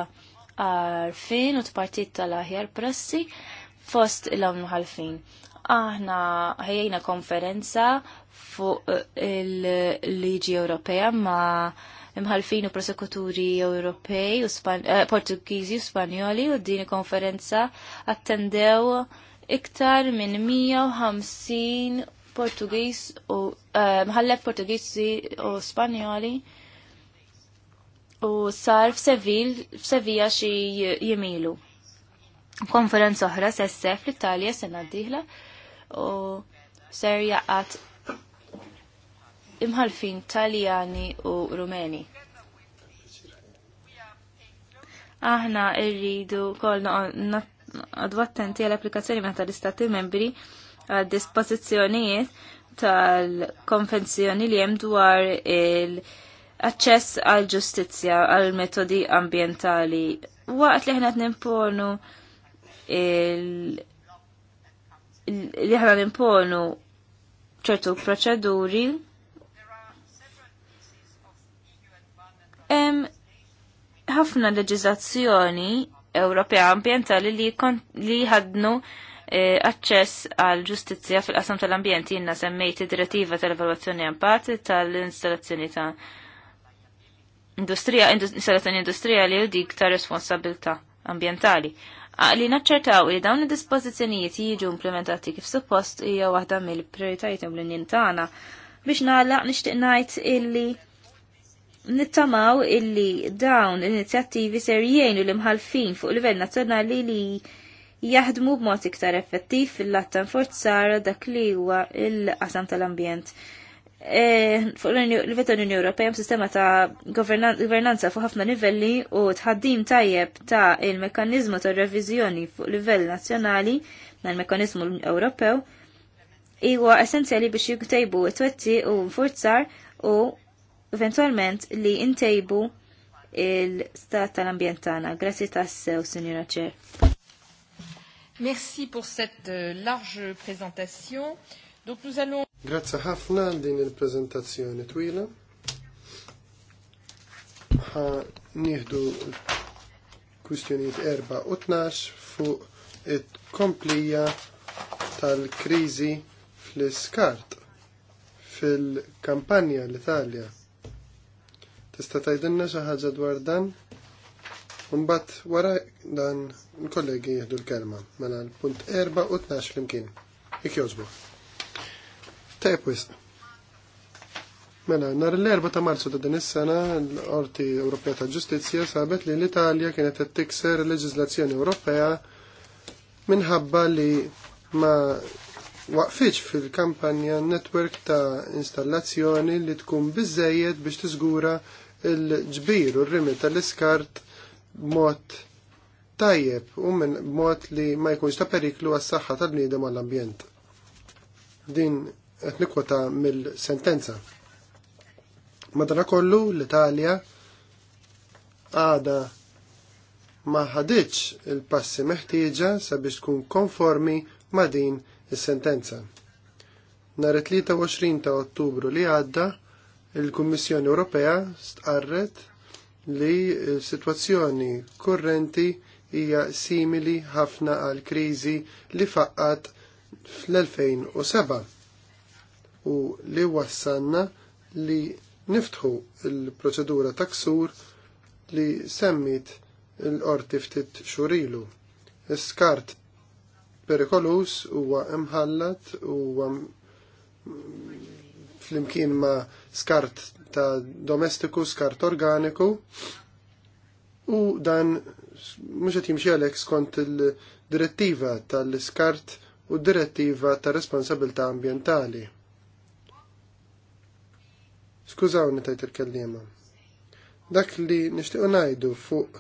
arfin u t-partit tal-aħjar pressi fost il-għamlu ħalfin. Aħna ħajjajna konferenza fuq il-liġi Ewropea ma' imħalfin u prosekuturi Ewropej u eh, Portugiżi u Spanjoli u din konferenza attendew iktar minn 150 Portugiż u eh, mħallef Portugiżi u Spanjoli u sar f'sevil f'sevija xi jimilu. Konferenza oħra sessef l italja sena d-dieħla u serja għat imħalfin Taljani u Rumeni. Aħna irridu kolna adwattenti għal-applikazzjoni meta l-istati membri għad-dispozizjonijiet tal-konvenzjoni li hemm dwar il-aċċess għal-ġustizzja għal-metodi ambientali. Waqt li ħna nimponu il- li ħna nimponu ċertu proċeduri ħafna leġizazzjoni Ewropea ambientali li, li ħadnu eh, aċċess għal ġustizzja fil-qasam tal-ambjent jinnna semmejti direttiva tal-evaluazzjoni impatt tal-installazzjoni ta' industrija, installazzjoni industrijali li dik ta' responsabilta ambientali. Li naċċertaw li dawn id-dispożizzjonijiet jiġu implementati kif suppost hija waħda mill-prijoritajiet u l nintana biex nagħlaq nixtieq ngħid illi nittamaw illi dawn l-inizjattivi ser jgħinu l-imħalfin fuq livell nazzjonali li jaħdmu b'mod iktar effettiv fil-lat tanforzar dak li huwa il-qasam tal-ambjent. E, fuq l-livell tal-Unjoni Ewropea sistema ta' governanza fuq ħafna livelli u tħaddim tajjeb ta' il-mekkaniżmu ta' reviżjoni fuq livell nazzjonali mal-mekkaniżmu Ewropew huwa essenzjali biex jiktejbu t-twetti u nfurzar u eventualment li intejbu il-stat tal-ambjent tagħna. Grazzi tassew, Sinjura Ċer. Merci pour cette euh, large présentation. Donc nous allons Grazzi ħafna din il-prezentazzjoni twila. Ha nieħdu kwistjonijiet erba' u tnax fuq it-komplija tal-kriżi fl-iskart fil-kampanja l-Italja Tista' tgħidilna xi ħaġa dwar dan? Mbagħad wara dan il-kollegi jieħdu l-kelma mela l-punt 4 u 12 flimkien. Ik jogħġbu. Tajb Mela, nar l-4 ta' Marzu ta' din is-sena l-Qorti Ewropea ta' Ġustizzja sabet li l-Italja kienet qed tikser leġiżlazzjoni Ewropea minħabba li ma waqfitx fil-kampanja netwerk ta' installazzjoni li tkun biżejjed biex tiżgura il-ġbir u r-rimi tal-iskart mod tajjeb u minn mod li ma jkunx ta' periklu għas-saħħa tal-bniedem għall-ambjent. Din qed nikwota mill-sentenza. Madanakollu l-Italja għada ma ħadiċ il-passi meħtieġa sabiex tkun konformi ma' din is-sentenza. Nhar 23 ta' Ottubru li għadda, il-Kummissjoni Ewropea stqarret li situazzjoni kurrenti hija simili ħafna għal kriżi li faqqat fl-2007 u li wassanna li niftħu il-proċedura ta' ksur li semmit l-qorti ftit xurilu. L-SKart perikolus huwa imħallat huwa flimkien ma' skart ta' domestiku, skart organiku u dan mhux qed jimxi skont il-direttiva tal-iskart u d-direttiva ta' responsabilità ambjentali. Skużawni tajt il-kellima. Dak li nixtiequ ngħidu fuq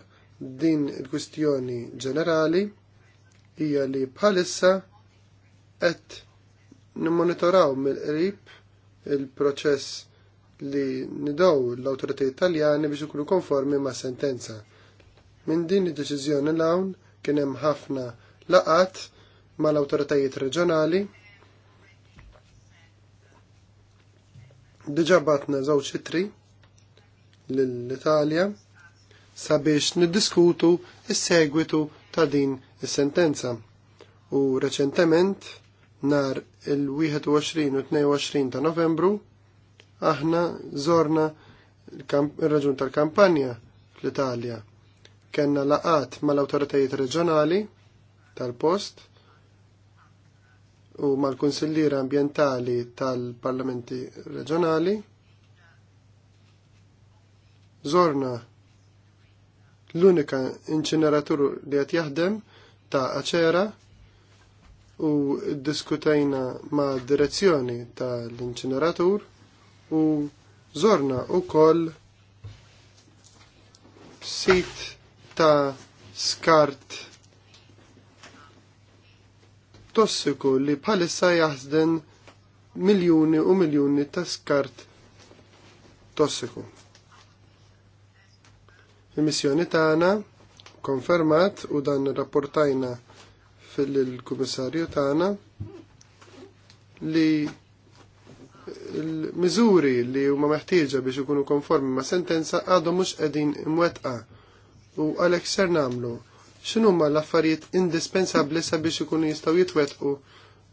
din il-kwistjoni ġenerali hija li bħalissa qed nimmonitoraw mill-qrib il-proċess li nidaw l-autoritajiet Taljani biex ikunu konformi ma' sentenza. Minn din id-deċiżjoni l-hawn kien hemm ħafna laqat mal awtoritajiet reġjonali. Diġà batna żewġ itri lill-Italja sabiex niddiskutu is-segwitu ta' din is-sentenza. U reċentement nar il-21 u 22 ta' Novembru aħna zorna il-raġun tal-kampanja fl-Italja. Kenna laqat l autoritajiet reġjonali tal-post u mal-Kunsilliera Ambientali tal-Parlamenti Reġjonali. Zorna l-unika inċineratur li qed jaħdem ta' aċera u diskutajna ma' direzzjoni tal-inċineratur u zorna u koll sit ta' skart tossiku li bħalissa jahzden miljoni u miljoni ta' skart tossiku. Il-missjoni tagħna konfermat u dan rapportajna fil-kummissarju tagħna li il-miżuri li huma meħtieġa biex ikunu konformi ma' sentenza għadhom mhux qegħdin imwettqa. U għalhekk ser nagħmlu x'inhu huma l-affarijiet indispensabbli sabiex ikunu jistgħu jitwettqu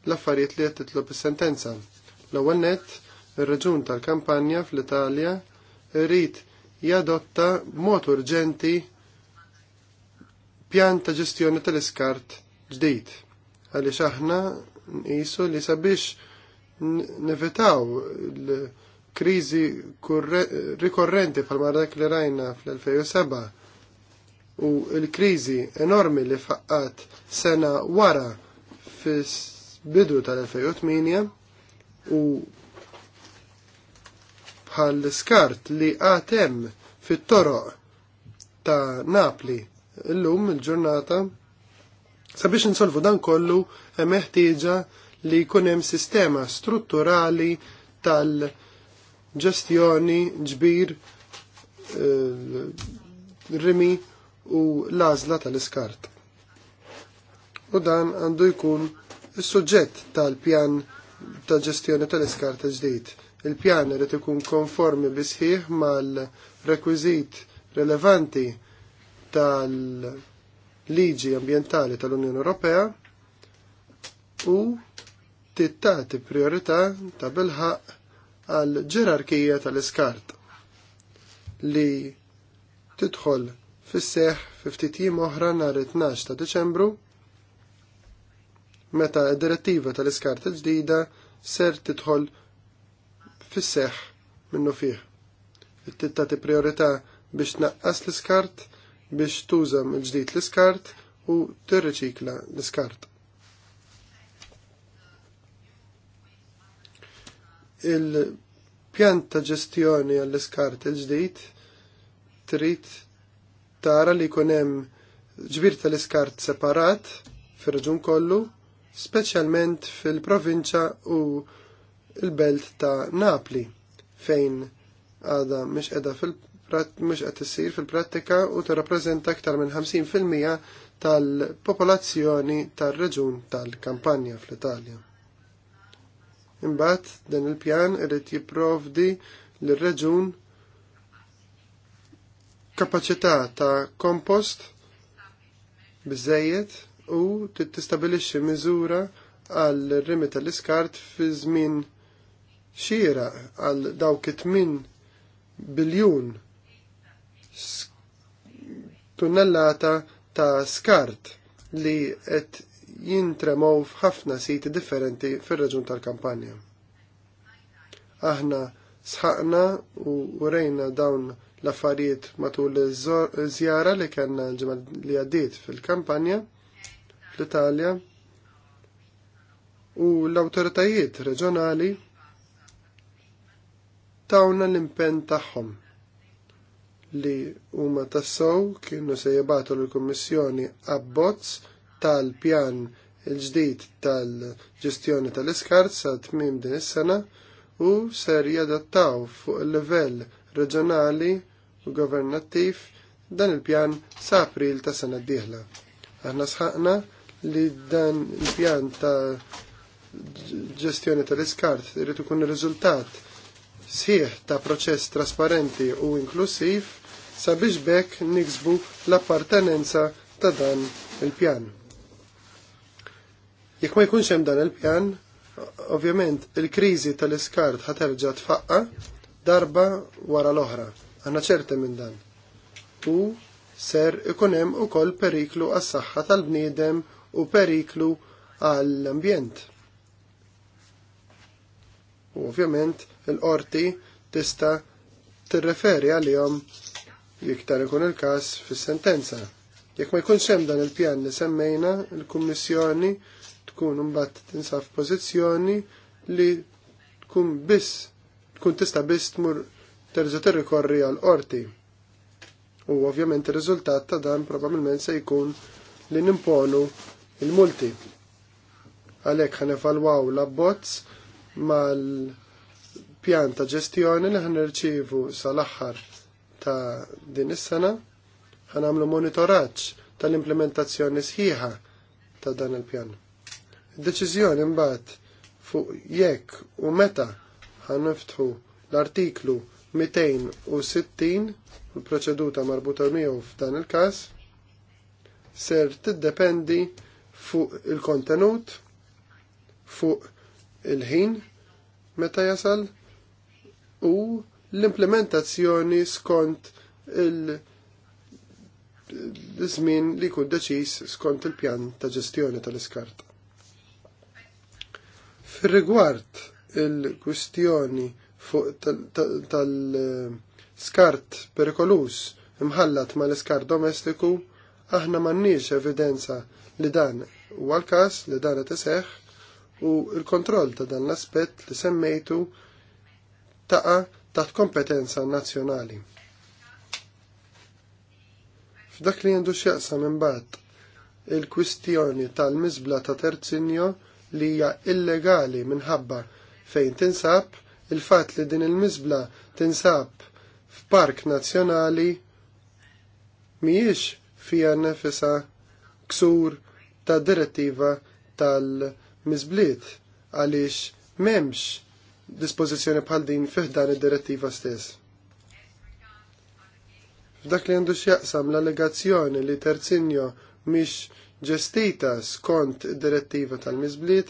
l-affarijiet li qed titlob is-sentenza. L-ewwel nett, ir-Reġun tal-Kampanja fl-Italja rrid jadotta b'mod urġenti pjan ta' ġestjoni tal-iskart ġdid. Għaliex aħna nqisu li sabiex nevetaw l-krizi rikorrenti bħal dak li rajna fl-2007 u l-krizi enormi li faqqat sena wara fis bidu tal-2008 u bħal skart li għatem fit-toroq ta' Napli l-lum il-ġurnata sabiex insolvu dan kollu hemm ħtieġa li jkun hemm sistema strutturali tal-ġestjoni ġbir eh, rimi u l-għażla tal-iskart. U dan għandu jkun is-suġġett tal-pjan tal ġestjoni tal-iskart ġdid. Il-pjan irid ikun konformi bisħieħ mal-rekwiżit relevanti tal-liġi ambientali tal-Unjoni Ewropea u tittat priorità ta' bilħaq għal ġerarkija tal-iskart li tidħol fis-seħ 50 jiem oħra nhar 12 ta' Deċembru meta d-direttiva tal-iskart il-ġdida ser tidħol fis-seħ minnu fih. Tittat priorità biex tnaqqas l-iskart, biex tużam il-ġdid l-iskart u tirriċikla l-iskart. il-pjan ta' ġestjoni għall-iskart il-ġdid trid tara li jkun hemm ġbir tal-iskart separat fir-raġun kollu, speċjalment fil provinċa u l-belt ta' Napli fejn għada mish edha fil mhux qed issir fil-prattika u tirrappreżenta aktar minn 50% tal-popolazzjoni tar-reġun tal-Kampanja fl-Italja. Imbagħad dan il-pjan irid jipprovdi lir-reġun kapaċità ta' kompost bizzejiet u tistabilixxi miżura għal rimi tal-iskart fi żmien xira għal dawk it biljun tunnellata ta' skart li qed jintremow f'ħafna siti differenti fir-reġun tal-kampanja. Aħna sħaqna u rejna dawn l-affarijiet matul iż-żjara li kellna l-ġimgħa li għaddiet fil-kampanja fl-Italja u l-awtoritajiet reġjonali tawna l-impenn tagħhom li huma tassew kienu se jibatu l-Kummissjoni abbozz tal-pjan il-ġdid tal-ġestjoni tal-iskart sa tmim din is-sena u ser jadattaw fuq il-livell reġjonali u governattiv dan il-pjan sa april ta' sena d-dieħla. Aħna sħaqna li dan il-pjan ta' ġestjoni tal-iskart irid ikun riżultat sħiħ ta' proċess trasparenti u inklusiv sabiex bekk niksbu l-appartenenza ta' dan il-pjan. Jekk ma jkunx hemm dan il-pjan, ovvjament il-kriżi tal-iskart ħaterġa' tfaqqa darba wara l-oħra. Għandna ċerti minn dan. U ser ikun hemm ukoll periklu għas-saħħa tal-bniedem u periklu għall-ambjent. U ovvjament il-qorti tista' tirreferi għalihom jiktar ikun il-każ fis-sentenza. Jekk ma jkunx hemm dan il-pjan li semmejna, il-Kummissjoni tkun mbagħad tinsab pozizjoni li tkun biss tkun tista' biss tmur terġa' tirrikorri għal qorti. U ovvjament ir-riżultat ta' dan probabbilment se jkun li nimponu il-multi. Għalhekk ħan evalwaw l-abbozz mal-pjan ta' ġestjoni li ħan irċivu sal-aħħar ta' din is-sena ħan għamlu monitoraġġ tal-implementazzjoni sħiħa ta' dan il-pjan. Deċiżjoni mbagħad fuq jekk u meta ħaniftħu l-artiklu 260 u proċeduta marbuta miegħu f'dan il-każ ser tiddependi fuq il-kontenut, fuq il-ħin meta jasal u l-implementazzjoni skont il-żmien li jkun deċiż skont il-pjan ta' ġestjoni tal iskarta Fir-rigward il-kwistjoni tal-skart perikolus imħallat ma l-iskart domestiku, aħna mannix evidenza li dan u għal-kas li dan tiseħ u il-kontroll ta' dan l-aspet li semmejtu taqa taħt kompetenza nazjonali. F'dak li jendu xieqsa minn bat il-kwistjoni tal-mizbla ta' terzinjo li hija illegali minħabba fejn tinsab il-fatt li din il mizbla tinsab f'park nazzjonali mhijiex fija nefisa ksur ta' direttiva tal-miżbliet għaliex memx dispożizzjoni bħal din fiħdan id-direttiva stess. F'dak li għandu x'jaqsam l-allegazzjoni li Terzinjo miex ġestita skont direttiva tal-miżbliet,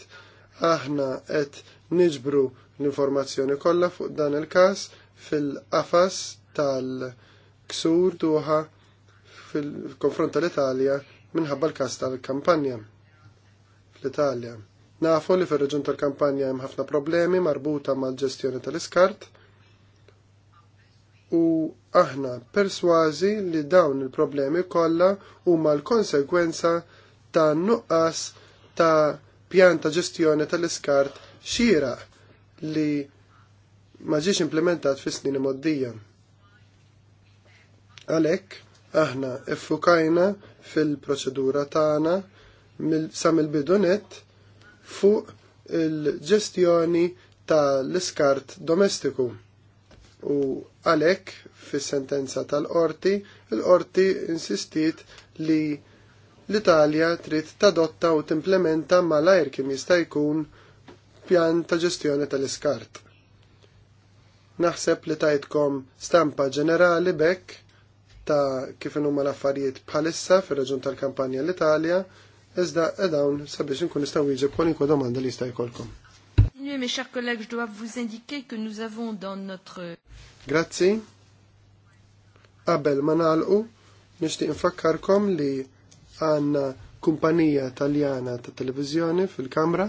aħna qed niġbru l-informazzjoni kollha fuq dan il-każ fil-qafas tal-ksur tuħa fil-konfront tal-Italja minħabba l-każ tal-kampanja fl-Italja. Nafu li fir-reġun tal-kampanja hemm ħafna problemi marbuta mal-ġestjoni tal-iskart u aħna perswazi li dawn il-problemi kollha huma l-konsegwenza ta' nuqqas ta' pjanta ġestjoni tal-iskart xira li ma ġiex implementat fis snin moddija. Għalhekk aħna effukajna fil-proċedura tagħna sa mill-bidunet fuq il-ġestjoni tal-iskart domestiku U għalek, fis sentenza tal-qorti, l-qorti insistit li l-Italja trid tadotta u timplementa malajr kim jista' jkun pjan ta' ġestjoni tal-iskart. Naħseb li tajtkom stampa ġenerali bekk ta' kif huma l-affarijiet bħalissa fir-raġun tal-kampanja l-Italja, iżda edawn sabiex nkun nistgħu jiġib kwalunkwe domanda li jista' jkollkom continuer, mes chers collègues, je dois vous indiquer que nous avons dans notre... Grazie. Qabel ma nagħlqu nixtieq infakkarkom li għandna kumpanija taljana ta' televiżjoni fil-kamra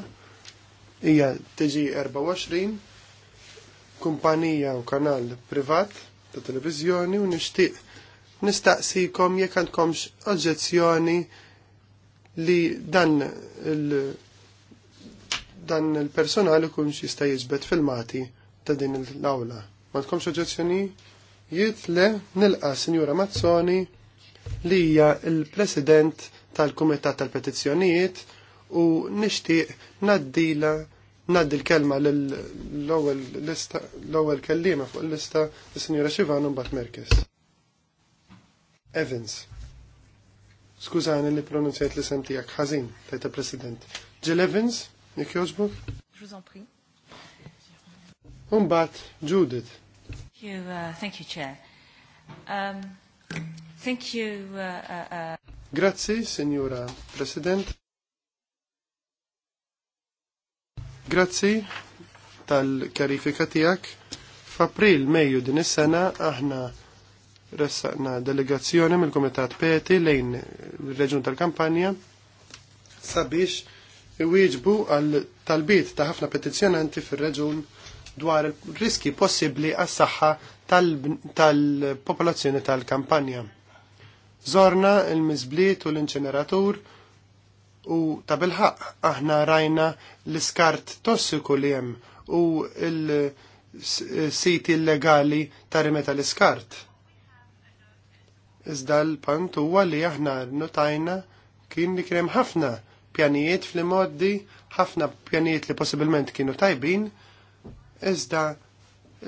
hija tg 24 kumpanija u kanal privat ta' televiżjoni u nixtieq nistaqsikom jekk għandkomx oġġezzjoni li dan il- dan il-personal ikun jista' jiġbed filmati ta' din l-awla. Ma tkomx oġġezzjoni? le nilqa Sinjura Mazzoni li hija l-President tal-Kumitat tal-Petizzjonijiet u nixtieq naddila naddi l-kelma l-ewwel kellima fuq il-lista is-Sinjura Xivanu mbagħad Merkes. Evans. Skużani li pronunzjajt li sem tiegħek ħażin, tajta president Jill Evans? Umbat, Judith. Thank you, uh, thank you, Chair. Um, thank you, uh, uh, uh Grazzi, Signora President. Grazzi tal karifika tijak. F'April, Mejju din is-sena aħna ressaqna delegazzjoni mill-Kumitat Peti lejn il-Reġun tal-Kampanja sabiex iwieġbu għal talbiet ta' ħafna petizzjonanti fir-reġun dwar riski possibbli għas saħħa tal-popolazzjoni tal-kampanja. Zorna il-mizbliet u l-inċineratur u ta' bilħaq aħna rajna l-iskart tossiku li hemm u l-siti illegali ta' rimeta l-iskart. Iżda l-pant huwa li aħna notajna kien li krem ħafna pjanijiet fl-modi, ħafna pjanijiet li possibilment kienu tajbin, iżda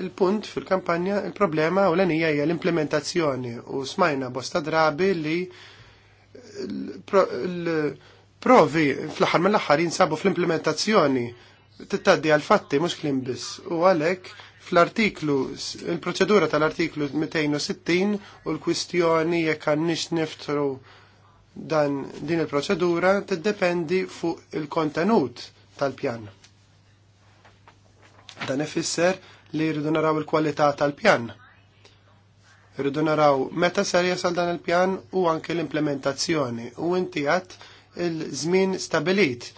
il-punt fil-kampanja, il-problema u l-enija hija l-implementazzjoni u smajna bosta drabi li l-provi fl-ħar mill-ħar jinsabu fl-implementazzjoni tittaddi għal-fatti mux klimbis biss u għalek fl-artiklu, il-proċedura tal-artiklu 260 u l-kwistjoni jekk nix niftru dan din il-proċedura tiddependi fuq il-kontenut tal-pjan. Dan ifisser li rridu naraw il-kwalità tal-pjan. Rridu naraw meta ser jasal dan il-pjan u anke l-implementazzjoni u inti il-żmien stabilit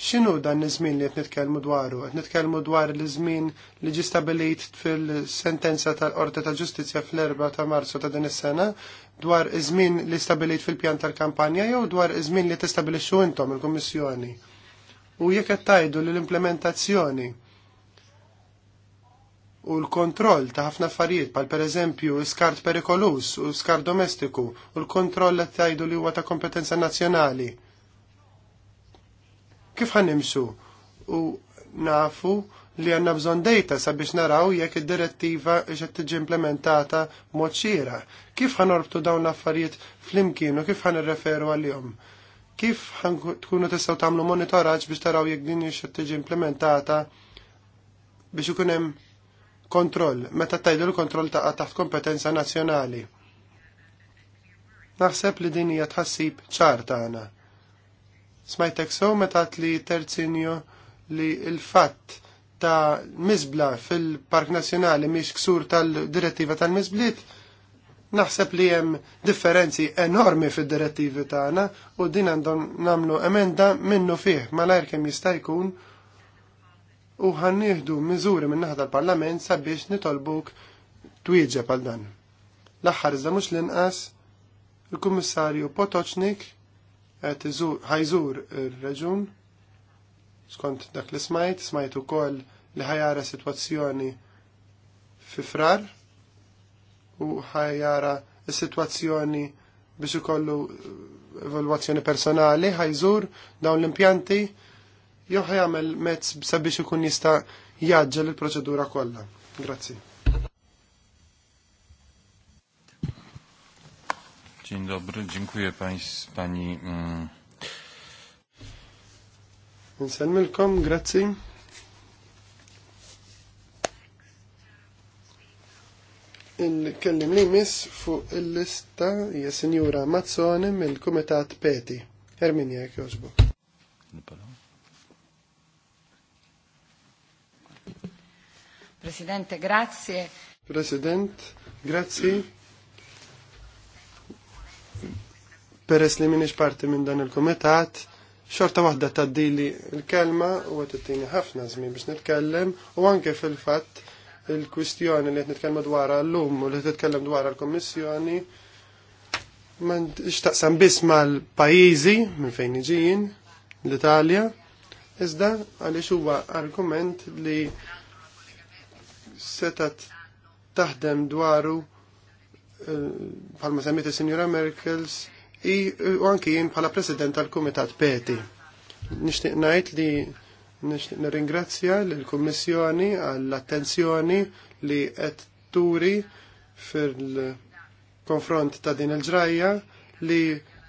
X'inhu dan iż-żmien li qed nitkellmu dwaru? Qed nitkellmu dwar l-żmien li ġi stabilit fil-sentenza tal-Qorti ta' Ġustizzja fl-4 ta' Marzu ta' din is-sena dwar iż-żmien li stabilit fil-pjan tal-kampanja jew dwar iż-żmien li tistabilixxu intom il-Kummissjoni. U jekk qed tgħidu li l-implementazzjoni u l-kontroll ta' ħafna affarijiet pal per eżempju skart perikolus u skart domestiku u l-kontroll li tajdu li huwa ta' kompetenza nazzjonali Kif ħanimxu? U nafu li għanna bżon dejta sabiex naraw jekk id-direttiva xed tiġi implementata mod xira. Kif ħanorbtu dawn l-affarijiet flimkien u kif ħanirreferu għal-jom? Kif tkunu tistgħu tagħmlu monitoraġġ biex taraw jekk din xed tiġi implementata biex ikun hemm kontroll, meta tajdu l-kontroll taqa' taħt kompetenza nazzjonali. Naħseb li din hija tħassib ċar tagħna. Smajtek sew meta li terzinju li il-fatt ta' mizbla fil-Park Nazzjonali miex ksur tal-direttiva tal-mizbliet, naħseb li hemm differenzi enormi fid-direttivi tagħna u din għandhom nagħmlu emenda minnu fih malajr kemm jista' jkun u ħannieħdu miżuri minn naħa tal-Parlament sabiex nitolbuk twieġeb għal dan. L-aħħar iżda mhux l-inqas il-Kummissarju Potoċnik ħajżur ir-reġun skont dak li smajt, smajt ukoll li ħajara sitwazzjoni fi frar u ħajara s-sitwazzjoni biex ikollu evalwazzjoni personali, ħajżur dawn l-impjanti jew ħajamel mezz sabiex ikun jista' jaġġel il-proċedura kollha. Grazzi. Dzień dobry, dziękuję pani. Mm. Nsalmilkom, grazzi. Il-kellim li mis fuq il-lista hija Sinjura Mazzoni mill-Kumitat Peti. Herminja jekk jożbok. Presidente, grazie. President, grazie. Peress li minix parti minn dan il-komitat, xorta waħda taddili l-kelma u għetettini ħafna żmien biex nitkellem u anke fil-fatt il-kwistjoni li qed nitkellem l lum u li qed titkellem dwar l-Kommissjoni ma xtaqsam biss mal-pajjiżi minn fejn iġijin l-Italja iżda għaliex huwa argument li setat taħdem dwaru eh, bħalma semmiet is Merkels u anki jien bħala President tal-Kumitat Peti. Nixtieq ngħid li nixtieq nirringrazzja lill-Kummissjoni għall-attenzjoni li qed turi fil-konfront ta' din il-ġrajja li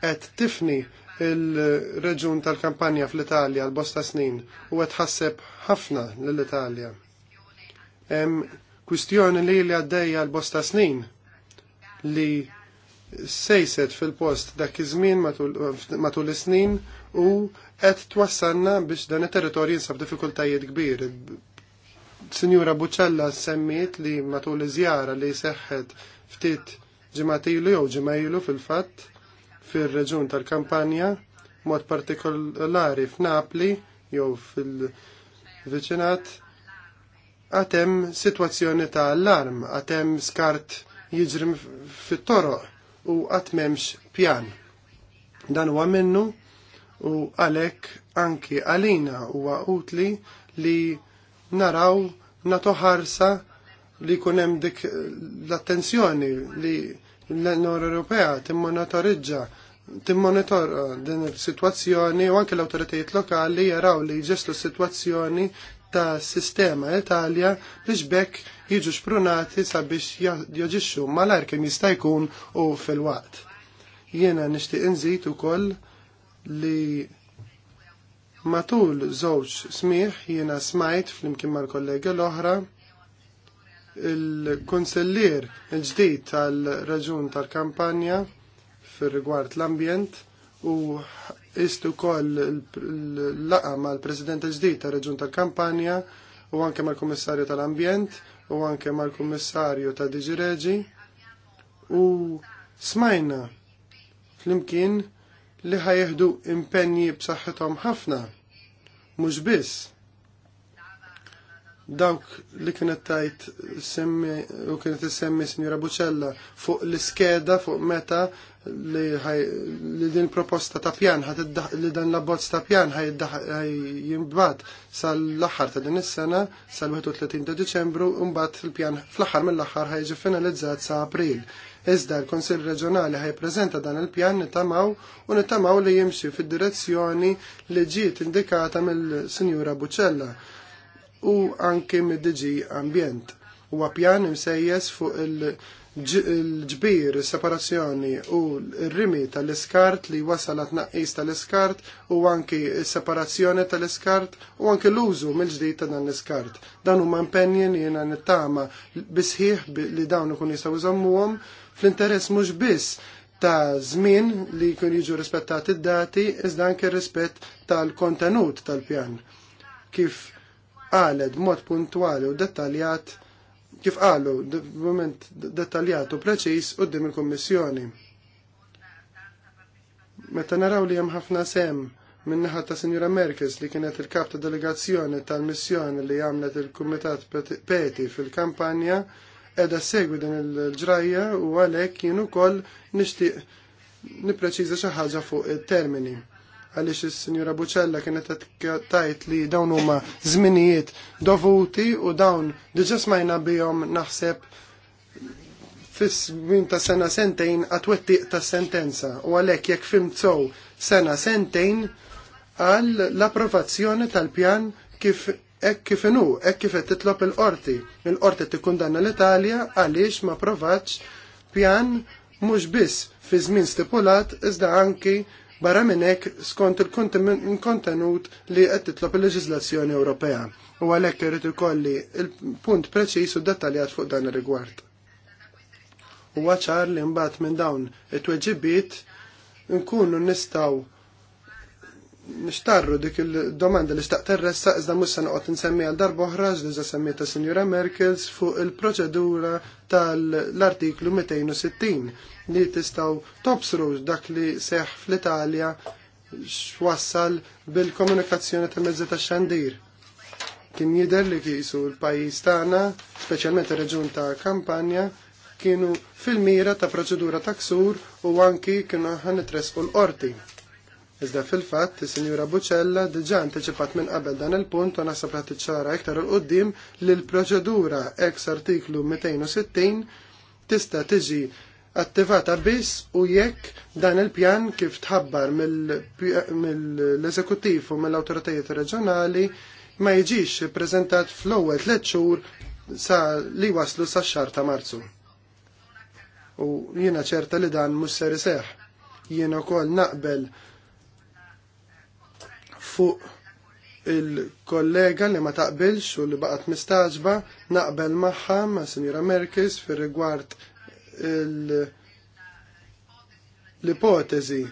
qed tifni il-reġun tal-kampanja fl-Italja l-bosta snin u għed ħasseb ħafna l-Italja. Kwistjoni li li għaddeja l-bosta snin li sejset fil-post dak iż-żmien matul is-snin u qed twassalna biex dan it-territorju jinsab diffikultajiet kbir. Sinjura Buċella semmiet li matul iż-żjara li seħħet ftit ġimatilu jew ġimajlu fil-fatt fir-reġun tal-Kampanja, mod partikolari f'Napli jew fil-viċinat, għatem situazzjoni ta' allarm, għatem skart jiġri fit-toroq u qatt m'hemmx pjan. Dan huwa minnu u għalhekk anki għalina huwa utli li naraw nagħtu ħarsa li jkun hemm dik l-attenzjoni li l-Unjoni Ewropea timmonitorizza timmonitor uh, din il sitwazzjoni u anke l-autoritajiet lokali jaraw li jġestu s-situazzjoni ta' sistema Italja biex bekk jiġu xprunati sabiex joġixxu malar kemm jista' jkun u fil-waqt. Jiena nixtieq inżid ukoll li matul żewġ smieħ jiena smajt flimkien mal-kollega l-oħra il-konsellier il-ġdid tal-raġun tal-kampanja fir rigward l-ambjent u istu koll l-laqa mal president ġdid ta' reġun tal-kampanja u anke mal kummissarju tal-ambjent u anke mal kummissarju ta' Diġireġi u smajna flimkien li ħajjeħdu impenji b'saħħithom ħafna mhux biss dawk li kienet tajt semmi u kienet semmi Signora Bucella fuq l-iskeda fuq meta li, haj, li din proposta ta' pjan li dan la bozz ta' pjan ħaj jimbad sal laħar ta' din is-sena sal-31 ta' Diċembru u mbagħad il-pjan fl-aħħar mill-aħħar ħajġi finalizzat sa' April. Iżda l-Konsil Reġjonali ħajpreżenta dan il-pjan nitamaw u nitamaw li jimxi fid-direzzjoni li ġiet indikata mill-Sinjura Bucella u anke mid-DG Ambjent. Huwa pjan imsejjes fuq il-ġbir, separazzjoni u r-rimi tal-iskart li wasal tnaqqis tal-iskart u anki separazzjoni tal-iskart u anke l-użu mill-ġdid ta' dan l-iskart. Dan huma manpenjen li nittama bisħiħ li dawn ikun jistgħu jżommuhom fl-interess mhux biss ta' żmien li jkun jiġu rispettati id-dati iżda anke rispett tal-kontenut tal-pjan. Kif għaled mod puntuali u dettaljat kif qalu moment dettaljat u preċis qudiem il-Kummissjoni. Meta naraw li hemm ħafna sem minnaħa ta' Sinjura Merkes li kienet il-kap ta' delegazzjoni tal-missjoni li għamlet il-Kumitat Peti fil-kampanja, edha segwi din il-ġrajja u għalek jien ukoll nixtieq nipreċiza xi ħaġa fuq it-termini għaliex is-Sinjura Buċella kienet tajt li dawn huma żminijiet dovuti u dawn diġa smajna bihom naħseb fis-żmien ta' sena sentejn għatwettiq ta' sentenza u għalhekk jekk fimtsow sena sentejn għal l-approvazzjoni tal-pjan kif ek kif inu, ek kif qed titlob il-qorti. Il-qorti tikkundanna l-Italja għaliex ma provaċ pjan mhux biss fi żmien stipulat iżda anki barra minn hekk skont il-kontenut li qed titlob il leġizlazzjoni Ewropea u għalhekk irid ikolli il-punt preċiż u dettaljat fuq dan ir-rigward. Huwa ċar li mbagħad minn dawn it-tweġibiet nkunu nistgħu Nistarru dik il-domanda li xtaqt terressa iżda mussa noqot noqgħod għal darba oħra ġdiża semmieta ta' Sinjura Merkels fuq il-proċedura tal-artiklu 260 li tistgħu tobsru dak li seħ fl-Italja x'wassal bil-komunikazzjoni ta' mezzi ta' xandir. Kien jidher li kisu l-pajjiż tagħna, speċjalment ir-reġun ta' Kampanja, kienu fil-mira ta' proċedura ta' ksur u anki kienu ħanitresqu l-qorti Iżda fil-fatt, is-Sinjura Buċella diġà anticipat minn qabel dan il-punt u nasab li tiċċara iktar il qudiem li l-proċedura ex artiklu 260 tista' tiġi attivata biss u jekk dan il-pjan kif tħabbar mill-eżekuttiv u mill-awtoritajiet reġjonali ma jiġix prezentat fl-ewwel tliet xhur sa li waslu sa xar ta' marzu. U jiena ċerta li dan mhux ser iseħħ. Jiena wkoll naqbel fuq il-kollega li ma taqbilx u li baqat mistaġba naqbel maħħa ma' Sinjura Merkis fir rigward l-ipotezi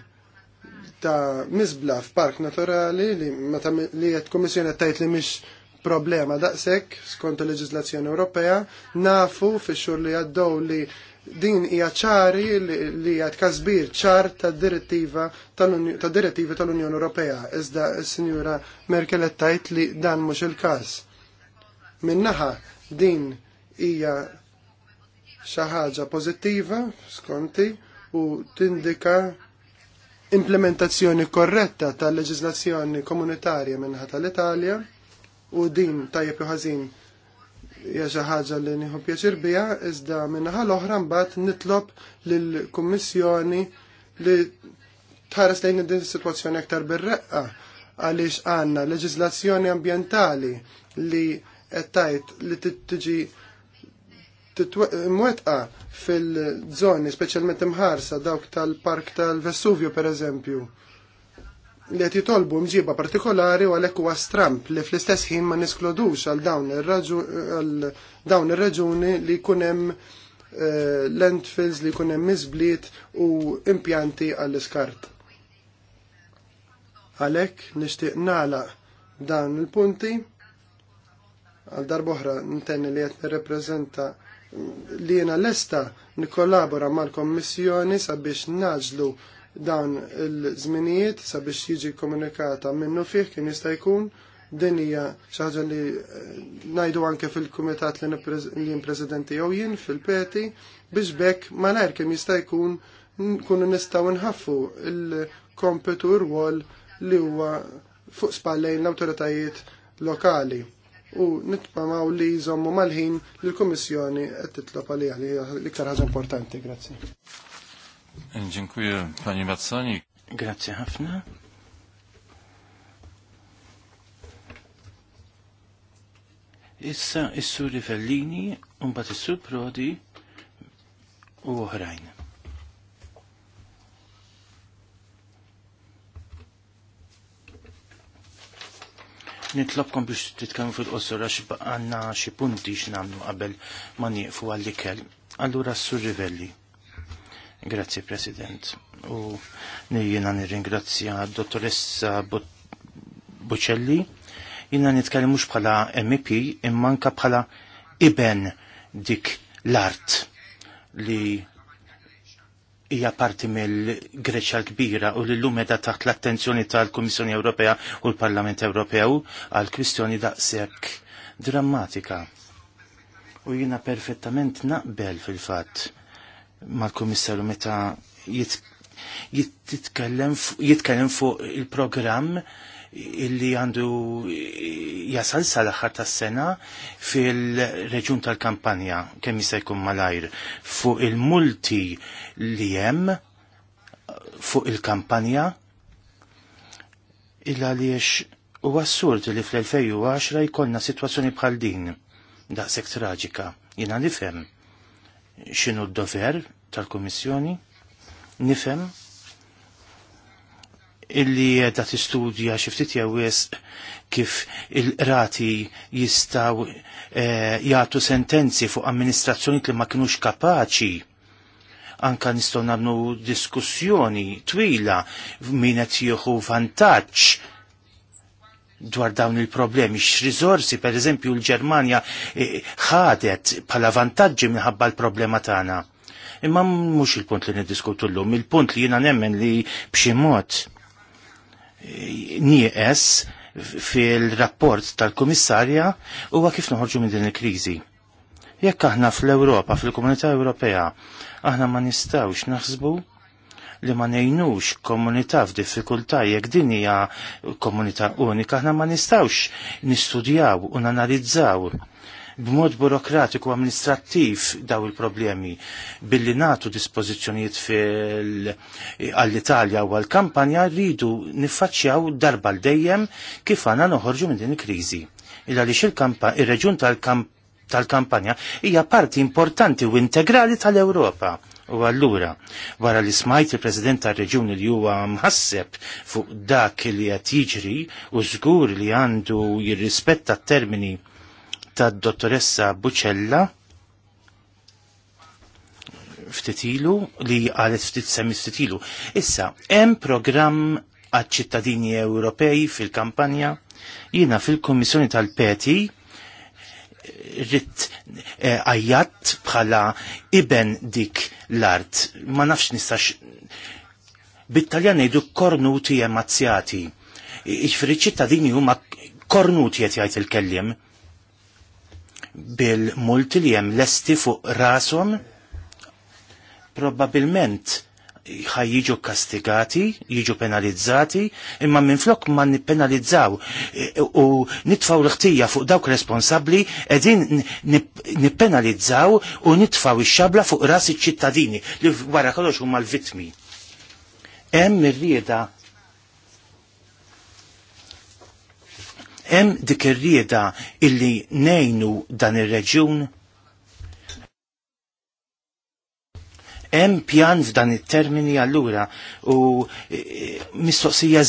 ta' mizbla f'park naturali li meta li qed kummissjoni tajt li mhix problema daqshekk skont il-leġiżlazzjoni Ewropea nafu fix-xhur li għaddew li din hija ċari li hija tkasbir ċar ta' direttiva ta' direttivi tal-Unjoni Ewropea. Iżda s-Sinjura Merkel tajt li dan mhux il-każ. Minnaħa din hija xi ħaġa pożittiva skonti u tindika implementazzjoni korretta tal-leġiżlazzjoni komunitarja minnaħa tal-Italja u din tajjeb ħażin jaxa xi ħaġa li nieħu pjaċir biha iżda minnaħa l-oħra mbagħad nitlob lill-Kummissjoni li tħares lejn din is-sitwazzjoni aktar bir-reqqa għaliex għandna leġiżlazzjoni ambjentali li qed tajt li tiġi mwetqa fil-żoni speċjalment imħarsa dawk tal-Park tal-Vessuvju pereżempju. eżempju li qed jitolbu mġiba partikolari u għalhekk huwa stramp li fl-istess ħin ma niskludux għal dawn ir-raġuni li jkun hemm eh, landfills li jkun hemm miżbliet u impjanti għall-iskart. Għalhekk nixtieq nagħlaq dawn il-punti għal darboħra ntenni li qed nirreprezenta li jena l-esta nikollabora mal-Kommissjoni sabiex naġlu dawn il-żminijiet sabiex jiġi komunikata minnu fih kien jista' jkun din hija xi ħaġa li eh, ngħidu anke fil-kumitat li jien presidenti jew jien fil-peti biex bekk malajr kemm jista' jkun nkunu nistgħu nħaffu il-kompetu rwol li huwa fuq spallejn l-awtoritajiet lokali u nitpamaw li jżommu mal-ħin li l-Komissjoni qed titlob għalija li iktar ħaġa importanti. Grazzi. Dziękuję Pani Mazzoni. Grazie ħafna. Issa issu Rivellini un bat issu Prodi u oħrajn. Nitlobkom biex titkamu fil-qosor xi għandna xi punti x'nagħmlu qabel ma nieqfu għall-ikel. Allura s-sur Rivelli. Grazzi President. U nijina nirringrazzja dottoressa Bocelli. Jina nitkellem mhux bħala MEP imma anke bħala iben dik l-art li hija parti mill-Greċja kbira u l-lum edha taħt l-attenzjoni tal-Kummissjoni Ewropea u l-Parlament Ewropew għal kwistjoni daqshekk drammatika. U jina perfettament naqbel fil-fatt mal komissaru meta jitkellem fuq il-programm illi għandu jasal sal-axar tas sena fil-reġun tal-kampanja kemm jista' jkun malajr fuq il-multi li hemm fuq il-kampanja illa li u assurd li fl-2010 jkollna situazzjoni bħal din daqshekk traġika jiena nifhem xinu d-dover tal-Komissjoni, nifem illi edha tistudja xiftit jawis kif il-rati jistaw eh, jgħatu sentenzi fuq amministrazzjoni li ma kienux kapaċi anka nistaw nabnu diskussjoni twila min qed jieħu vantaġġ dwar dawn il-problemi. X-rizorsi, per eżempju, l-Germania eh, ħadet pala vantaġġi minħabba l-problema tagħna. Imma mhux il-punt li niddiskutu llum, il-punt li jiena nemmen li b'xi mod eh, nieqes fil-rapport tal-Kummissarja huwa kif noħorġu minn din il-kriżi. Jekk aħna fl-Ewropa, fil-Komunità Ewropea, aħna ma nistgħux naħsbu li ma nejnux komunità f'diffikultà jekk din hija komunità unika aħna ma nistgħux nistudjaw u nanalizzaw b'mod burokratiku amministrattiv daw il-problemi billi natu dispożizzjonijiet għall-Italja u għall-kampanja rridu niffaċċjaw darba l-dejjem kif għana noħorġu minn din il-kriżi. Illa li il ir-reġun tal-kampanja tal-kampanja hija parti importanti u integrali tal-Ewropa. U allura, wara li smajt il-President tar-Reġjuni li huwa mħasseb fuq dak li qed jiġri u żgur li għandu jirrispetta t-termini tad-dottoressa Buċella, ftitilu li għalet ftit semmi ftitilu. Issa, hemm programm għad ċittadini Ewropej fil-kampanja, jina fil-Kommissjoni tal-Peti, rrit eh, għajat bħala iben dik l-art. Ma nafx nistax bit-taljan ngħidu kornuti emmazzjati. Iġfri ċittadini huma kornuti qed jgħid il-kelliem bil-multi li hemm lesti fuq rashom Probabilment ħaj jiġu kastigati, jiġu penalizzati, imma minflok ma nippenalizzaw e, e, u nitfaw l-ħtija fuq dawk responsabli edin nippenalizzaw u nitfaw ix-xabla fuq ras iċ-ċittadini li wara kollox huma l-vitmi. Hemm ir-rieda hemm dik ir-rieda illi nejnu dan ir-reġjun Hemm pjan f'dan it-termini allura u e, e, mistoqsija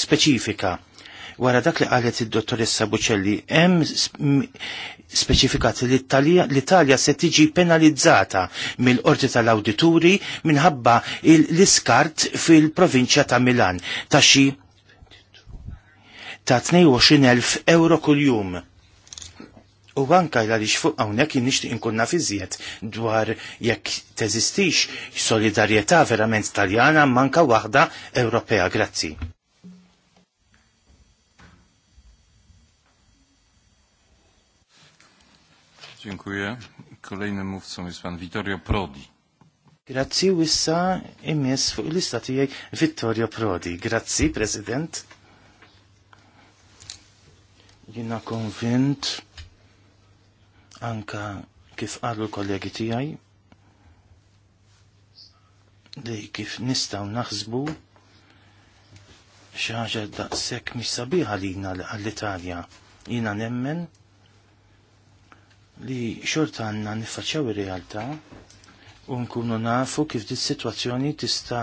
speċifika. Wara dak li qalet id-dottoressa Buċelli, hemm speċifikat li l-Italja se tiġi penalizzata mill-qorti tal-awdituri minħabba l-iskart fil-provinċja ta' Milan ta' xi ta' 22.000 euro kuljum u anka għaliex fuq għawnek jien nixtieq inkun naf dwar jekk teżistix solidarieta verament Taljana manka wahda Ewropea. Grazzi. Dziękuję. Kolejnym mówcą jest pan Vittorio Prodi. Grazzi wissa imies fuq l-lista tiegħi Vittorio Prodi. Grazzi, prezident. Jina konvint anka kif qalu l-kollegi tiegħi li kif nistaw naħsbu xaħġa sekk mis sabiħa li għall-Italja jina nemmen li xorta għanna nifacċaw ir-realtà u nkunu nafu kif dit situazzjoni tista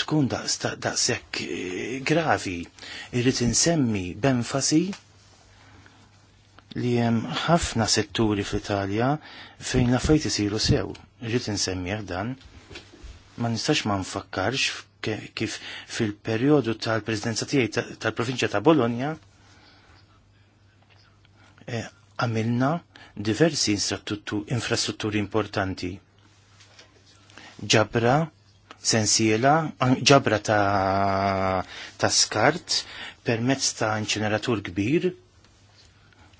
tkun sekk eh, gravi irrid insemmi b'enfasi li hemm ħafna setturi fl-Italja fejn la fejt isiru sew. Ġit insemmih dan, ma nistax ma nfakkarx kif fil-perjodu tal-Presidenza tiegħi tal-Provinċja ta' Bologna e, għamilna diversi infrastrutturi importanti. Ġabra, sensiela, ġabra ta', skart permezz ta' inċeneratur kbir,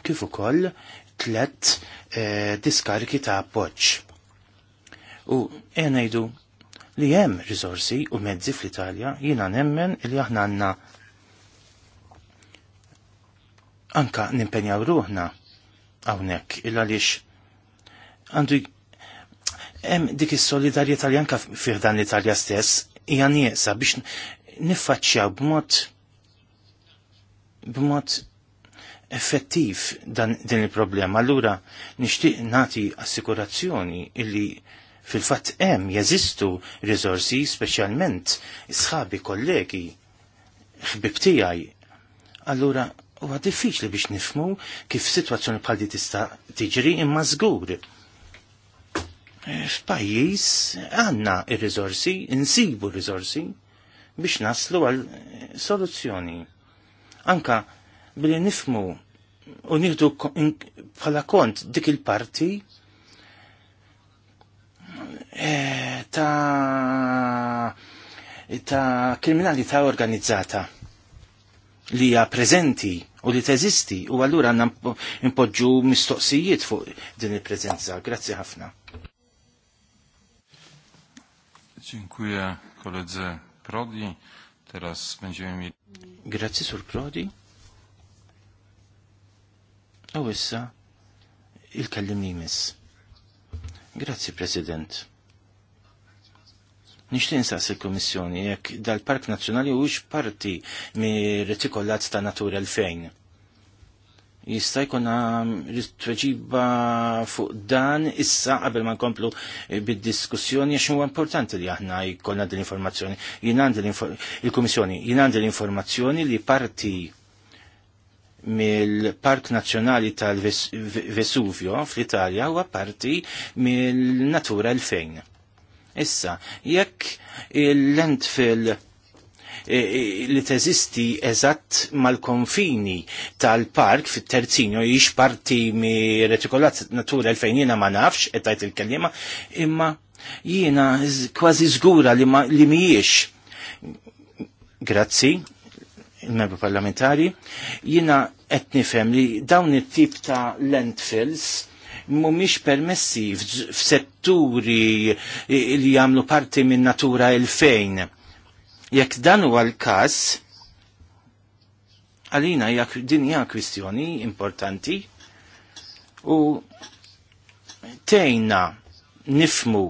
kif ukoll tlet eh, diskarki ta' appoġġ. U e ngħidu li hemm rizorsi u mezzi fl-Italja jiena nemmen li aħna għandna anka nimpenjaw ruħna hawnhekk il għaliex għandu hemm dik is-solidarjetà li anka fih dan l-Italja stess hija nieqsa biex niffaċċjaw b'mod b'mod effettiv dan din il-problema. Allura nixtieq nagħti assikurazzjoni illi fil-fatt hemm jeżistu rizorsi speċjalment sħabi kollegi ħbib tiegħi. Allura huwa diffiċli biex nifmu kif situazzjoni bħal di tista' tiġri imma żgur. F'pajjiż għandna ir-riżorsi, insibu r-riżorsi biex naslu għal soluzzjoni. Anka billi nifmu u nieħdu bħala kont dik il-parti eh, ta' ta' kriminalità organizzata li hija preżenti u li teżisti u allura għandna impoġġu mistoqsijiet fuq din il-preżenza. Grazzi ħafna. Dziękuję koledze Prodi. Teraz będziemy mieli... Grazie sur Prodi. U issa il-kellimni miss. Grazzi, President. Nixtin sa' il-Komissjoni jekk dal-Park Nazzjonali huwiex parti mi retikollat ta' Natura l-fejn. Jista' jkun tweġiba fuq dan issa qabel ma nkomplu bid-diskussjoni għax huwa importanti li aħna jkollna din l-informazzjoni. il komissjoni jien għandi l-informazzjoni li parti mill-Park Nazzjonali tal-Vesuvio fl-Italja huwa parti mill-Natura 2000. Issa, jekk il-landfill e, e, li teżisti eżatt mal-konfini tal-park fit-terzinju jiex parti mi retikolat natura l-fejn jiena ma nafx, etajt il-kellima, imma jiena kważi zgura li, ma, li Grazzi il-membru parlamentari, jina qed nifhem li dawn it-tip ta' landfills mumiex permessi f'setturi li jagħmlu parti minn natura il fejn. Jekk dan huwa l-każ, għalina jak din hija kwistjoni importanti u tejna nifmu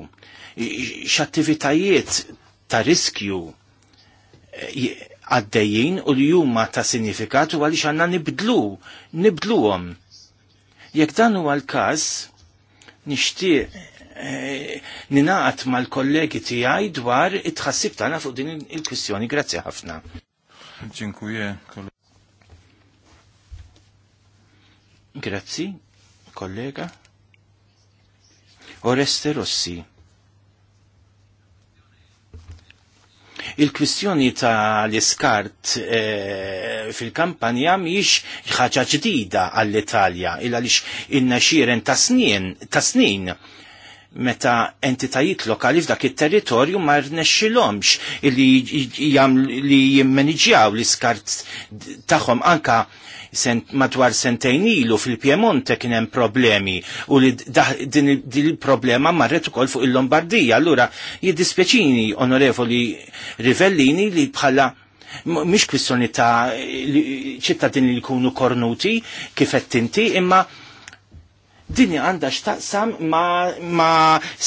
x'attivitajiet ta' riskju għaddejjien u li huma ta' sinifikat u għaliex għandna nibdlu, nibdluhom. Jekk dan huwa l-każ, nixtieq e, ninaqat mal-kollegi tiegħi dwar it-tħassib tagħna fuq din il-kwistjoni. Grazzi ħafna. Dziękuję. Grazzi, kollega. Oreste Rossi. Il-kwistjoni ta' l-iskart e, eh, fil-kampanja miex ħaġa ġdida għall-Italja, illa lix il-naxiren ta' snin, ta' snin meta entitajiet lokali f'dak it-territorju ma rnexxilhomx li li jimmaniġjaw l-iskart tagħhom anka sent, madwar sentejn ilu fil-Piemonte kien hemm problemi u li din il-problema marret ukoll fuq il-Lombardija. Allura jiddispjaċini onorevoli Rivellini li bħala mhix kwistjoni ta' ċittadini li jkunu kornuti kif qed imma dinja għandha x'taqsam ma, ma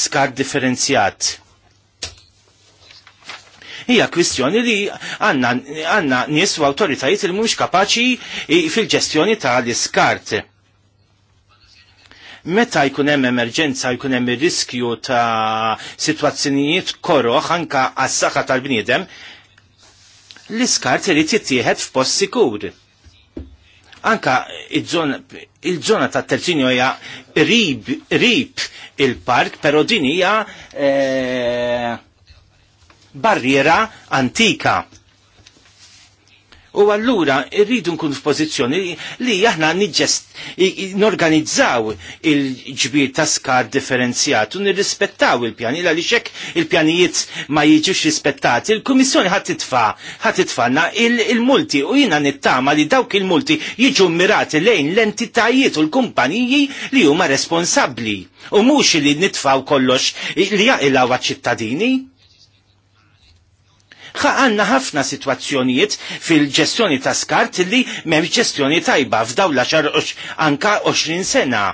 skar differenzjat. Hija kwistjoni li għanna nies u awtoritajiet li mhumiex kapaċi fil-ġestjoni tal-iskart. Meta jkun hemm emerġenza jkun hemm ir-riskju ta' sitwazzjonijiet koroħ anka għas-saħħa tal-bniedem, l-iskart irid jittieħed f'post sikur Anka il-żona ta' Terzinio hija rib, rib il-park, però din hija eh, barriera antika U allura rridu nkun f'pożizzjoni li aħna niġest norganizzaw il-ġbir ta' skar differenzjat u nirrispettaw il-pjani la li xek il-pjanijiet ma jiġux rispettati. Il-Kummissjoni ħadd titfa' ħadd titfanna il-multi u jiena nittama li dawk il-multi jiġu mirati lejn l-entitajiet u l-kumpaniji li huma responsabbli u mhux li nitfaw kollox li jaqilgħu ċittadini għanna ħafna situazzjonijiet fil-ġestjoni ta' skart li memx ġestjoni tajba f'daw f'dawla xar anka 20 sena.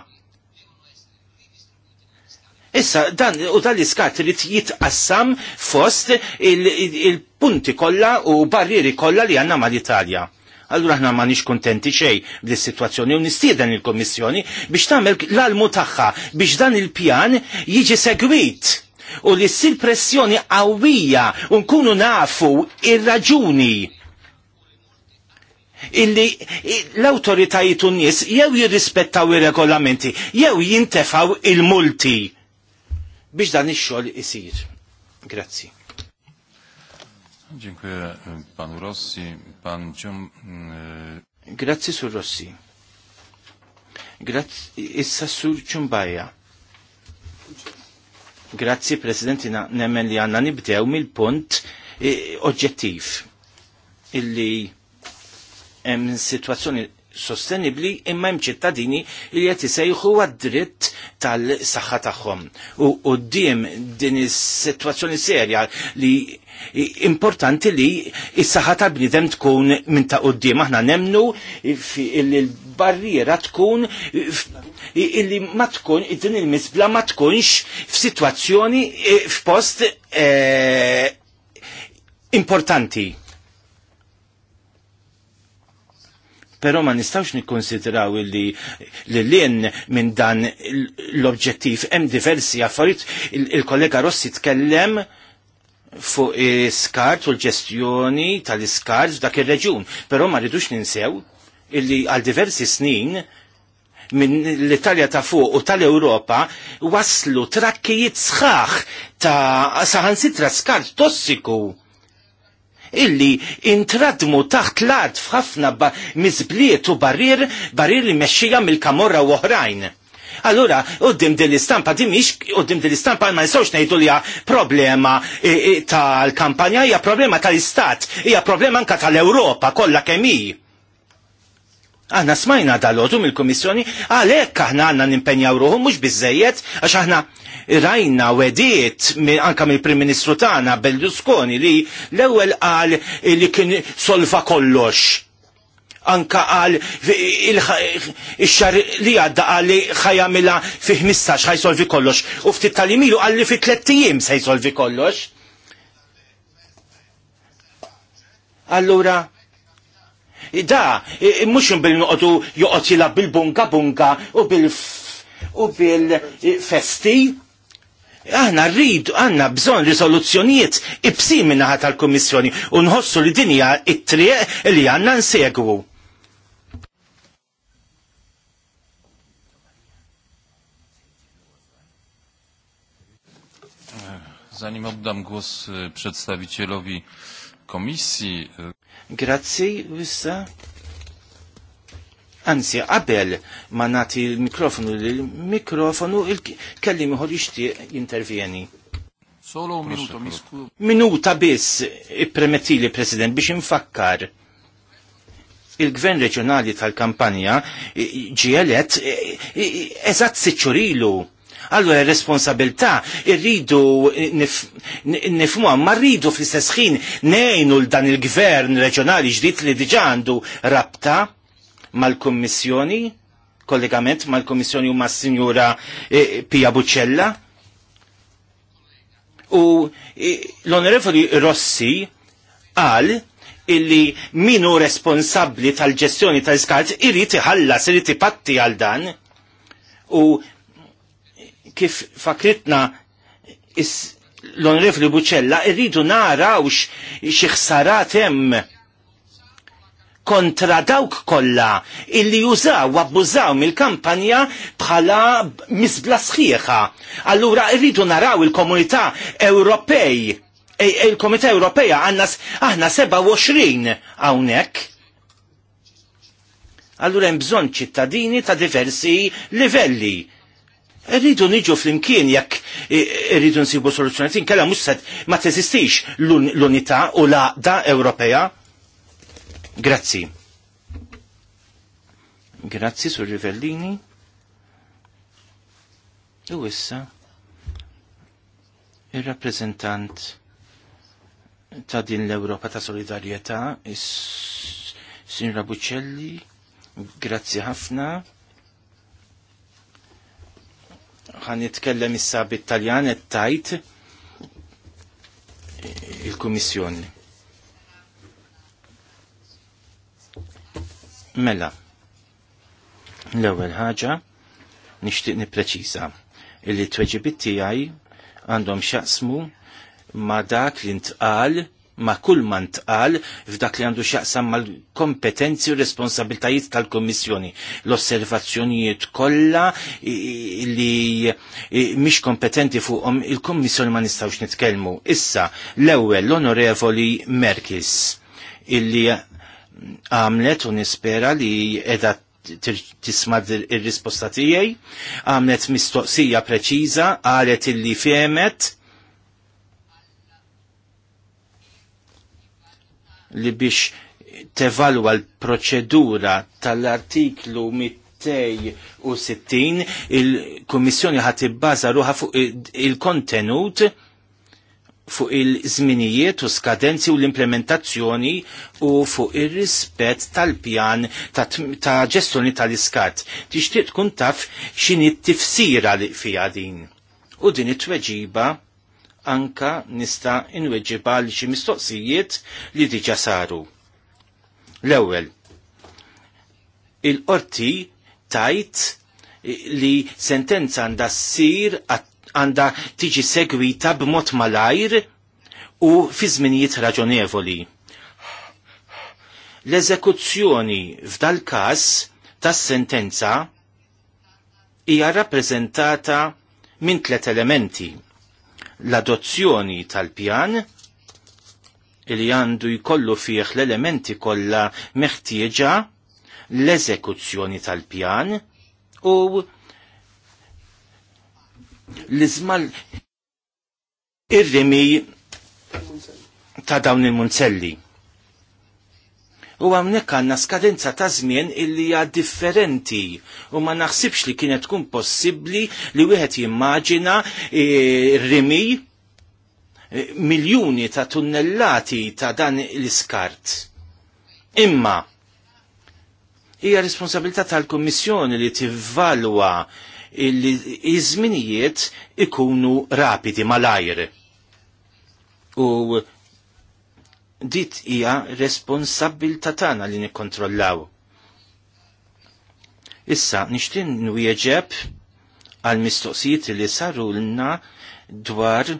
Issa, dan, u dan l-iskat li jitqassam fost il-punti il kolla u barrieri kolla li għanna mal-Italja. Allura ħna ma nix kontenti xej bl situazzjoni u nistieden il komissjoni biex tagħmel l-almu tagħha biex dan il-pjan jiġi segwit u li ssir pressjoni qawwija u nkunu nafu ir-raġuni illi l-autoritajiet u jew jirrispettaw ir-regolamenti jew jintefaw il-multi biex dan ix-xogħol isir. Grazzi. Dziękuję panu Rossi. Pan Ciom... E- Grazzi sur Rossi. Grazzi issa sur Ciumbaja. Grazzi, Presidentina, nemmen li għanna nibdew mill-punt eh, oġġettiv illi hemm situazzjoni sostenibli imma hemm ċittadini li qed isejħu għad-dritt tal-saħħa tagħhom. U qudiem din is-sitwazzjoni serja li importanti li is-saħħa tal-bniedem tkun minn ta' qudiem aħna nemnu il-barriera tkun illi ma tkun id din il-misbla ma tkunx f'sitwazzjoni eh, f'post eh, importanti Pero ma nistawx nikkonsidraw li l-lien minn dan l-obġettiv hemm diversi affarijiet il-kollega Rossi tkellem fuq iskart u l-ġestjoni tal-iskart f'dak ir-reġun. Però ma rridux ninsew illi għal diversi snin minn l-Italja ta' fuq u tal ewropa waslu trakkijiet sħaħ ta' saħansitra skart tossiku illi intradmu taħt l-art f'ħafna mizbliet u barir barir li meċxija mill-kamorra u oħrajn. Allura, uddim din l-istampa, din uddim din l-istampa ma nistawx ngħidu li problema tal-kampanja, hija problema tal-istat, hija problema anka tal-Ewropa kollha kemm hi Aħna smajna dal-għodu mill-Komissjoni, għalek aħna għanna nimpenjaw ruħu mux bizzejiet, għax aħna rajna wediet anka mill-Prim Ministru tagħna Berlusconi li l-ewwel qal li kien solva kollox. Anka qal il-xar li għadda qal li ħajamilha fi 15 ħajsolvi kollox. U ftit tal-imilu qal li fi tlettijiem se jsolvi kollox. Allura, Da, mux bil noqdu joqotila bil-bunga bunga u bil-festi. Aħna rridu għanna bżon risoluzzjonijiet ibsi ħat tal-Komissjoni u nħossu li dinja it-triq li għanna nsegwu. Zanim oddam głos e, przedstawicielowi komisji. Eh, Grazzi, wissa. Anzi, qabel ma nati il-mikrofonu, il-mikrofonu, il-kellim uħor ixtieq intervjeni. Solo un minuto, mi scuso. Minuta biss, ippremettili, President, biex infakkar. Il-Gvern Reġjonali tal-Kampanja ġielet eżatt siċurilu Allora responsabilità irridu nifmuha ma rridu fl-istess ħin nejnu l dan il-gvern reġjonali ġdid li diġa' għandu rabta mal-Kummissjoni, kollegament mal-Kummissjoni eh, u mas-Sinjura Pia Buccella. U l-Onorevoli Rossi qal illi minu responsabli tal-ġestjoni tal-skart irrit iħallas, irrit ipatti għal dan. U kif fakritna l-onrifli Buċella, irridu narawx xi ħsarat hemm kontra dawk kollha illi jużaw abbużaw mill-kampanja bħala misbla sħiħa. Allura irridu naraw il-komunità Ewropej, eh, il-Komunità Ewropeja għanna aħna 27 hawnhekk. Allura hemm bżonn ċittadini ta' diversi livelli Rridu niġu fl-imkien jekk e, rridu nsibu soluzzjoni. Tinkella mhux se ma teżistix l-unità u l-għaqda Ewropea. Grazzi. Grazzi sur Rivellini. U issa il-rappresentant ta' din l-Europa ta' Solidarietà, is-Sinra Buccelli, grazzi ħafna ħan nitkellem issa bit-Taljan qed tajt il-Kummissjoni. Mela, l-ewwel ħaġa nixtieq nippreċiża li t-tweġibiet tiegħi għandhom x'jaqsmu ma dak li ntqal ma' kull man tqal f'dak li għandu xaqsam mal-kompetenzi u responsabiltajiet tal-Kommissjoni. L-osservazzjonijiet kollha li mhix kompetenti fuqhom il-Kommissjoni ma nistgħux nitkellmu. Issa l-ewwel l-Onorevoli Merkis illi għamlet u nispera li edha tisma'd ir-risposta tiegħi, għamlet mistoqsija preċiża, qalet illi femet li biex tevalwa l-proċedura tal-artiklu 260 il-Kummissjoni ħat ibbaża ruħa fuq il-kontenut fuq il-żminijiet u skadenzi u l-implementazzjoni u fuq ir-rispett tal-pjan ta' ġestjoni tal-iskat. Tixtieq tkun taf x'inhi t-tifsira li fija din. U din it-tweġiba anka nista' inweġġiba għal xi mistoqsijiet li diġa saru. L-ewwel, il-qorti tajt li sentenza għandha ssir għandha tiġi segwita b'mod malajr u fi żminijiet raġonevoli. L-eżekuzzjoni f'dal każ tas-sentenza hija rappreżentata minn tliet elementi l-adozzjoni tal-pjan il għandu jkollu fih l-elementi kollha meħtieġa l-eżekuzzjoni tal-pjan u l-izmal ir-rimi ta' dawn il-munzelli. U għamnek għanna skadenza ta' żmien illi hija differenti u ma naħsibx li kienet tkun possibbli li wieħed jimmaġina e, rimi e, miljuni ta' tunnellati ta' dan l-iskart. Imma, hija responsabilità tal-Kommissjoni li tivvalwa iż-żminijiet ikunu rapidi malajr. U dit hija responsabilta tagħna li nikkontrollaw. Issa nixtin nwieġeb għal mistoqsijiet li saru lna dwar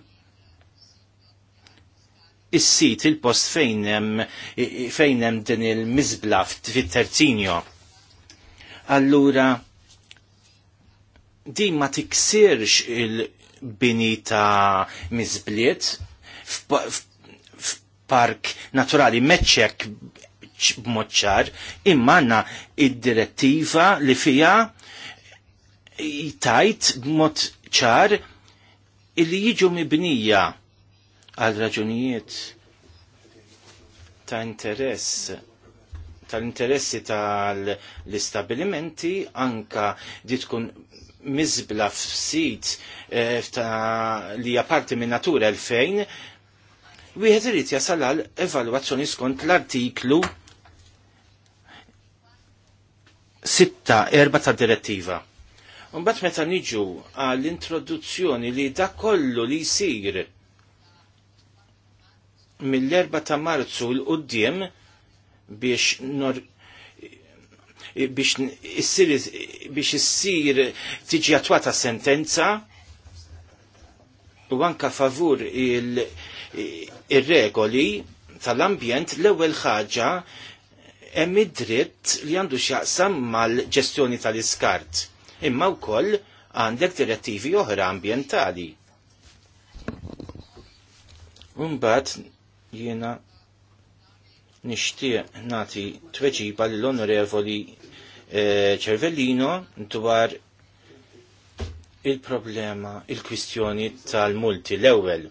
is-sit il-post fejn hemm din il-miżbla fit-terzinjo. Allura din ma tiksirx il-bini ta' miżbliet park naturali meċċek b'moċċar, imma għanna id-direttiva li fija tajt b'mod ċar illi jiġu mibnija għal raġunijiet ta' interess tal-interessi tal-istabilimenti anka di tkun mizbla f'sit e, eh, ta' li parti minn natura 2000 wieħed irid jasal għal evalwazzjoni skont l-artiklu 6-4 ta' direttiva. Unbat meta niġu għall-introduzzjoni li da kollu li jisir mill-4 ta' marzu l-qoddim biex nor biex issir biex issir tiġi attwata sentenza u anka favur il ir-regoli tal-ambjent l-ewwel ħaġa hemm id-dritt li għandu x'jaqsam mal-ġestjoni tal-iskart. Imma wkoll għandek direttivi oħra ambjentali. Umbat jiena nixtieq nagħti tweġiba l-onorevoli ċervellino eh, dwar il-problema, il-kwistjoni tal-multi l-ewwel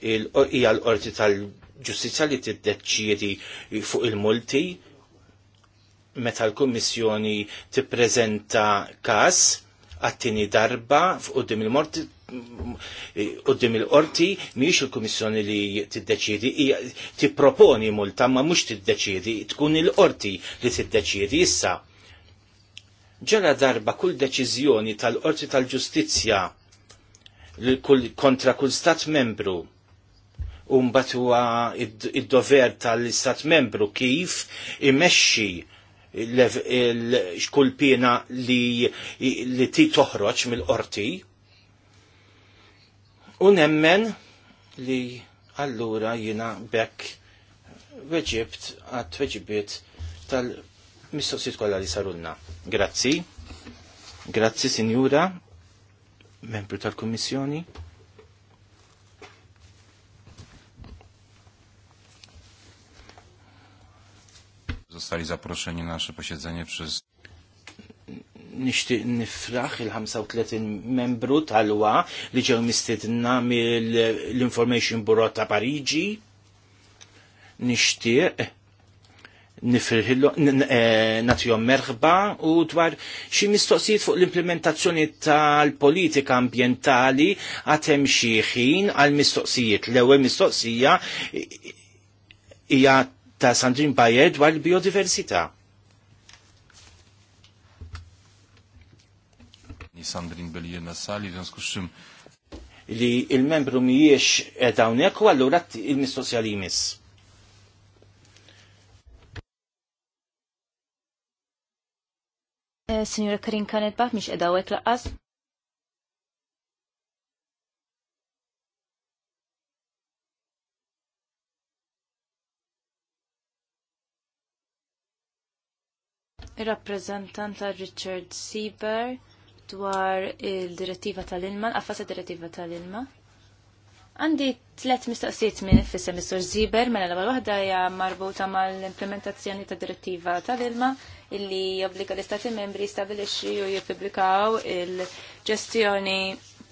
hija l-qorti tal-ġustizja li tiddeċiedi fuq il-multi meta l-Kummissjoni tippreżenta każ għattini darba f'qudiem il-morti qoddim il-qorti miex il-Kummissjoni li tiddeċiedi tipproponi multa ma mhux tiddeċiedi tkun il-qorti li tiddeċiedi issa. Ġara darba kull deċiżjoni tal-Qorti tal-Ġustizzja kontra kull stat membru u mbagħad huwa id-dover tal-istat membru kif imexxi xkull pina li, li ti toħroċ mill-qorti. U nemmen li allura jina bekk weġibt għat weġibiet tal-mistoqsijiet kollha li sarulna. Grazzi. Grazzi, Sinjura, membru tal-Kummissjoni. zostali zaproszeni na nasze posiedzenie przez nishtiq nifraħ il-35 membru tal-wa li ġew mistidna mill-Information Bureau ta' Pariġi. Nishtiq nifirħillu, eh, natjom merħba u dwar xi mistoqsijiet fuq l-implementazzjoni tal-politika ambientali għatem xi ħin għal mistoqsijiet. L-ewwel mistoqsija hija ta' Sandrin Bayer dwar il-biodiversità. Sandrin Bellier Nassali, zjansku xim li il-membru miex dawnek u għallura il-mistoqsija jmiss. Eh, Signora Karin Kanet miex edawek laqas? Ir-rappreżentant Richard Sieber dwar il-direttiva tal-ilma, għaffasa direttiva tal-ilma. Għandi tlet mistaqsijiet minn fissa Mr. Ziber, mela l-ewwel waħda hija marbuta mal-implementazzjoni ta' direttiva tal-ilma illi obbliga l-Istati membri jistabilixxi u jippubblikaw il-ġestjoni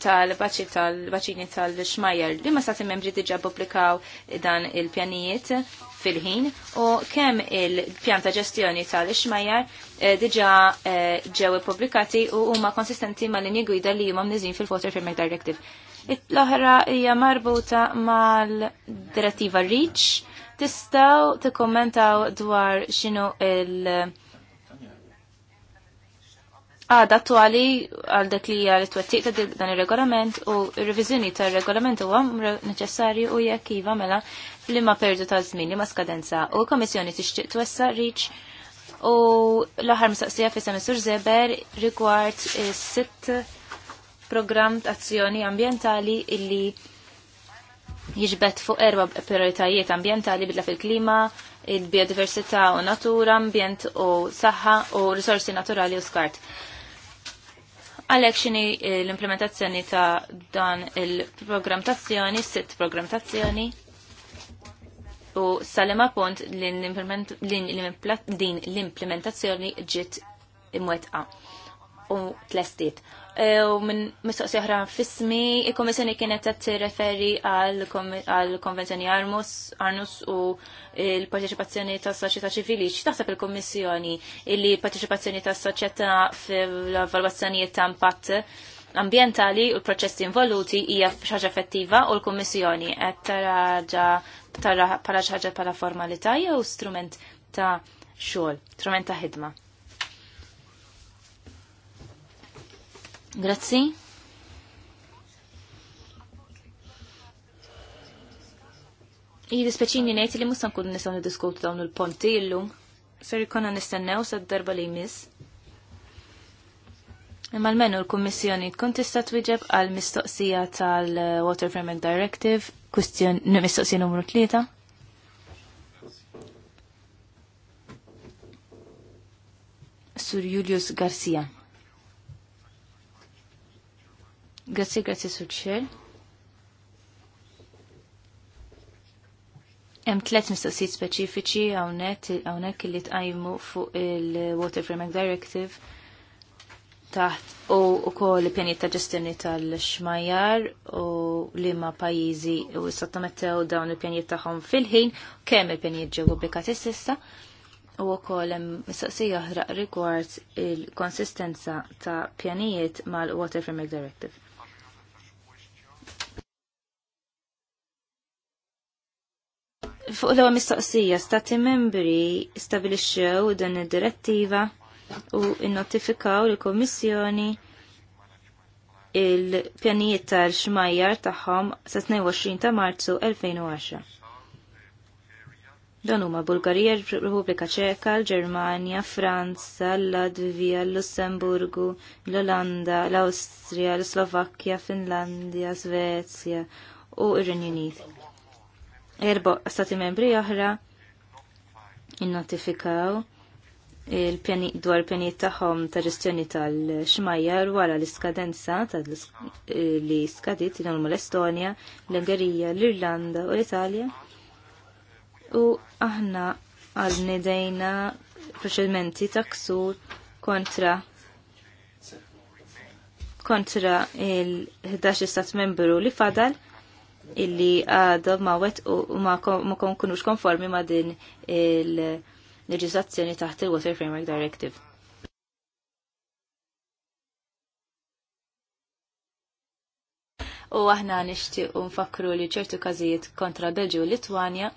tal-baċi tal-baċini tal-xmajer li ma stati membri diġa publikaw dan il-pjanijiet fil-ħin u kemm il-pjan ta' ġestjoni tal-xmajer eh, diġa eh, ġew publikati u huma konsistenti ma' linji gwida li huma nizin fil-Water Framework Directive. L-oħra hija marbuta mal-direttiva REACH. Tistaw t-kommentaw dwar xinu il- għada attuali għal dak li għal t twettiq ta' dan il-regolament u revizjoni ta' regolament huwa neċessarju u jekk iva mela li ma' perdu ta' zmin li ma' skadenza u l-Komissjoni tixtieq twessa riċ u l-aħħar mistaqsija fi Semissur Zeber rigward sitt programm ta' azzjoni ambientali illi jiġbet fuq erba prioritajiet ambientali bidla fil-klima, il-biodiversità u natura, ambjent u saħħa u risorsi naturali u skart. Għalek xini eh, l-implementazzjoni ta' dan il-program tazzjoni, sitt program tazzjoni, u salema punt din l-implementazzjoni ġit imwetqa u tlestiet u minn mistoqsi oħra fismi, il-Komissjoni kienet qed tirreferi għal konvenzjoni Armus, Arnus u l-parteċipazzjoni tas soċjetà ċivili. X'taħseb il-Komissjoni illi parteċipazzjoni tas soċjetà fil-valwazzjonijiet ta' impatt ambientali u l-proċessi involuti hija xaġa effettiva u l-Kummissjoni qed taraġa tara bħala xaġa bħala formalità jew strument ta' xogħol, strument ta' ħidma. Grazzi. Jidi speċini nejt li mustan kun nisaw diskutu dawn il-ponti illum. Ser ikonna nistennew sa darba li jmiss. Imma l-menu l-Kommissjoni tkun tista' twieġeb għal mistoqsija tal-Water Framework Directive, kwistjon mistoqsija numru 3. Sur Julius Garcia grazie grazzi suċċer. Hemm tliet mistoqsijiet speċifiċi hawnhekk li tqajmu fuq il-Water Framework Directive taħt u wkoll il-pjanijiet ta' ġestjoni tal-xmajjar u liema pajjiżi u sottomettew dawn il-pjanijiet tagħhom fil-ħin kemm il-pjanijiet ġew pubblikati s'issa u wkoll hemm mistoqsija oħra rigward il-konsistenza ta' pjanijiet mal-Water Framework Directive. Fuq l-ewwel mistoqsija, stati membri stabilixxew dan id-direttiva u notifikaw l kummissjoni il-pjanijiet tal-xmajjar tagħhom sa 22 ta' Marzu 2010. Dan huma Bulgarija, Repubblika Ċeka, l-Ġermanja, Franza, l-Latvija, l-Lussemburgu, l-Olanda, l-Awstrija, l-Slovakkja, Finlandja, Svezja u r-Renju Unit erba stati membri oħra innotifikaw il-pjani dwar l-pjanijiet tagħhom ta' ġestjoni tal-xmajjar wara l-iskadenza li skadit il l-Estonja, l-Ungerija, l-Irlanda u l-Italja. U aħna għal nidejna proċedimenti ta' ksur kontra kontra il-11 stat membru li fadal illi għadhom ma wet u ma konkunux konformi ma din il-leġizazzjoni taħt il-Water Framework Directive. U aħna nixtiequ nfakru li ċertu każijiet kontra Belġi u Litwanja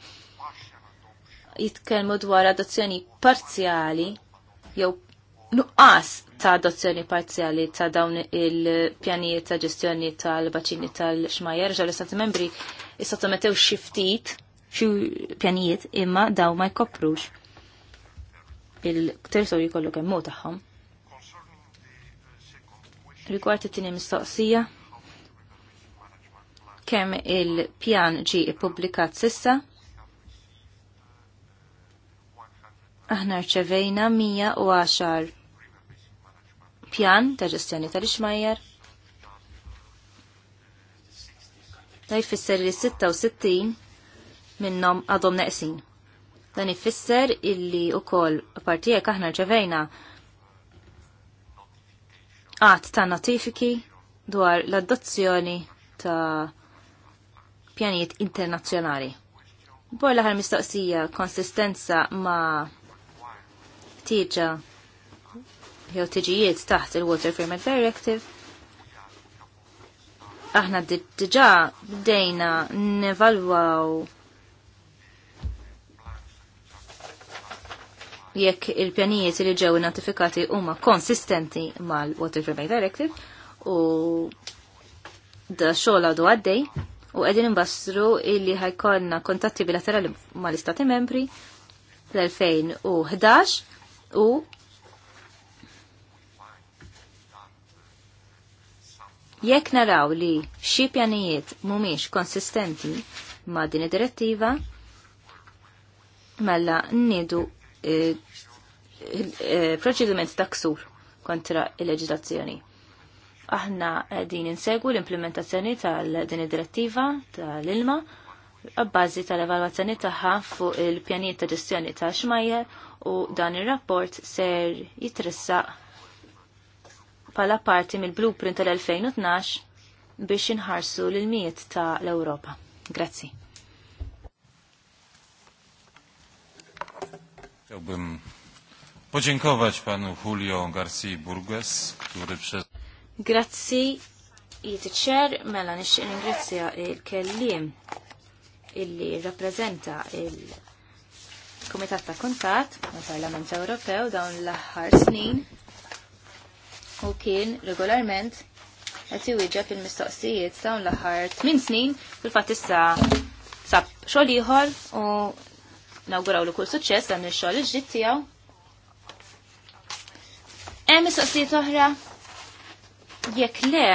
jitkellmu dwar adozzjoni parzjali jew nuqqas ta' adozzjoni parzjali ta' dawn il-pjanijiet ta' ġestjoni tal-baċini tal-xmajer ġal istati membri istato metew xiftit xi pjanijiet imma daw ma jkoprux il-territorju kollu kemm tagħhom. Rigward it-tieni mistoqsija, kemm il-pjan ġi publikat sissa, aħna rċevejna 110 pjan ta' ġestjoni tal-ixmajjar. Da jfisser li 66 minnom għadhom neqsin. Dan ifisser illi u koll partijek aħna ġevejna għat ta' notifiki dwar l-adozzjoni ta' pjanijiet internazzjonali. Bor l mistoqsija konsistenza ma' tiġa jew tiġijiet taħt il-Water Framework Directive. Aħna diġà bdejna nevalwaw jekk il-pjanijiet li ġew notifikati huma konsistenti mal-Water Framework Directive u da xogħol għadu għaddej u qegħdin imbastru illi ħajkonna kontatti bilaterali mal-Istati Membri l-2011 u Jekk naraw li xi pjanijiet mhumiex konsistenti ma' din id-direttiva, mella nnidu eh, eh, proċediment ta' ksur kontra il-leġislazzjoni. Aħna din insegu l-implementazzjoni tal din id-direttiva tal-ilma għabbażi tal-evalwazzjoni tagħha fuq il-pjanijiet ta' ġestjoni ta' xmajjer u dan ir-rapport ser jitressaq pala parti mill-blueprint tal-2012 biex inħarsu l-miet ta' l-Europa. Grazzi. Chciałbym podziękować panu Julio Garci Burgues, który przez... Grazzi jitċer mela nixtieq ringrazzja il-kellim illi rappreżenta il komitat ta' Kontat, il parlament Ewropew dawn l ħar snin u kien regolarment qed iwieġeb il-mistoqsijiet dawn l-aħħar 8 snin fil-fatt issa sab xogħol ieħor u nawguraw li kull suċċess dan ix-xogħol il-ġdid tiegħu. Hemm mistoqsijiet oħra jekk le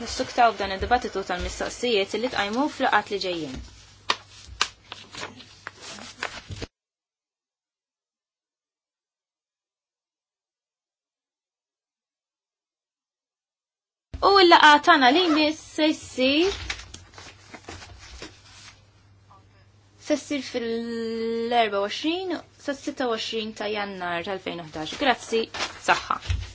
Nissuktaw b'dan id-dibattitu tal-mistoqsijiet li tqajmu fl-qat li ġejjin. Il-laqa tagħna li jmiss se jsir se ssir fil-24 ta' 26 ta' jannar tal-2011. Grazzi, saħħa.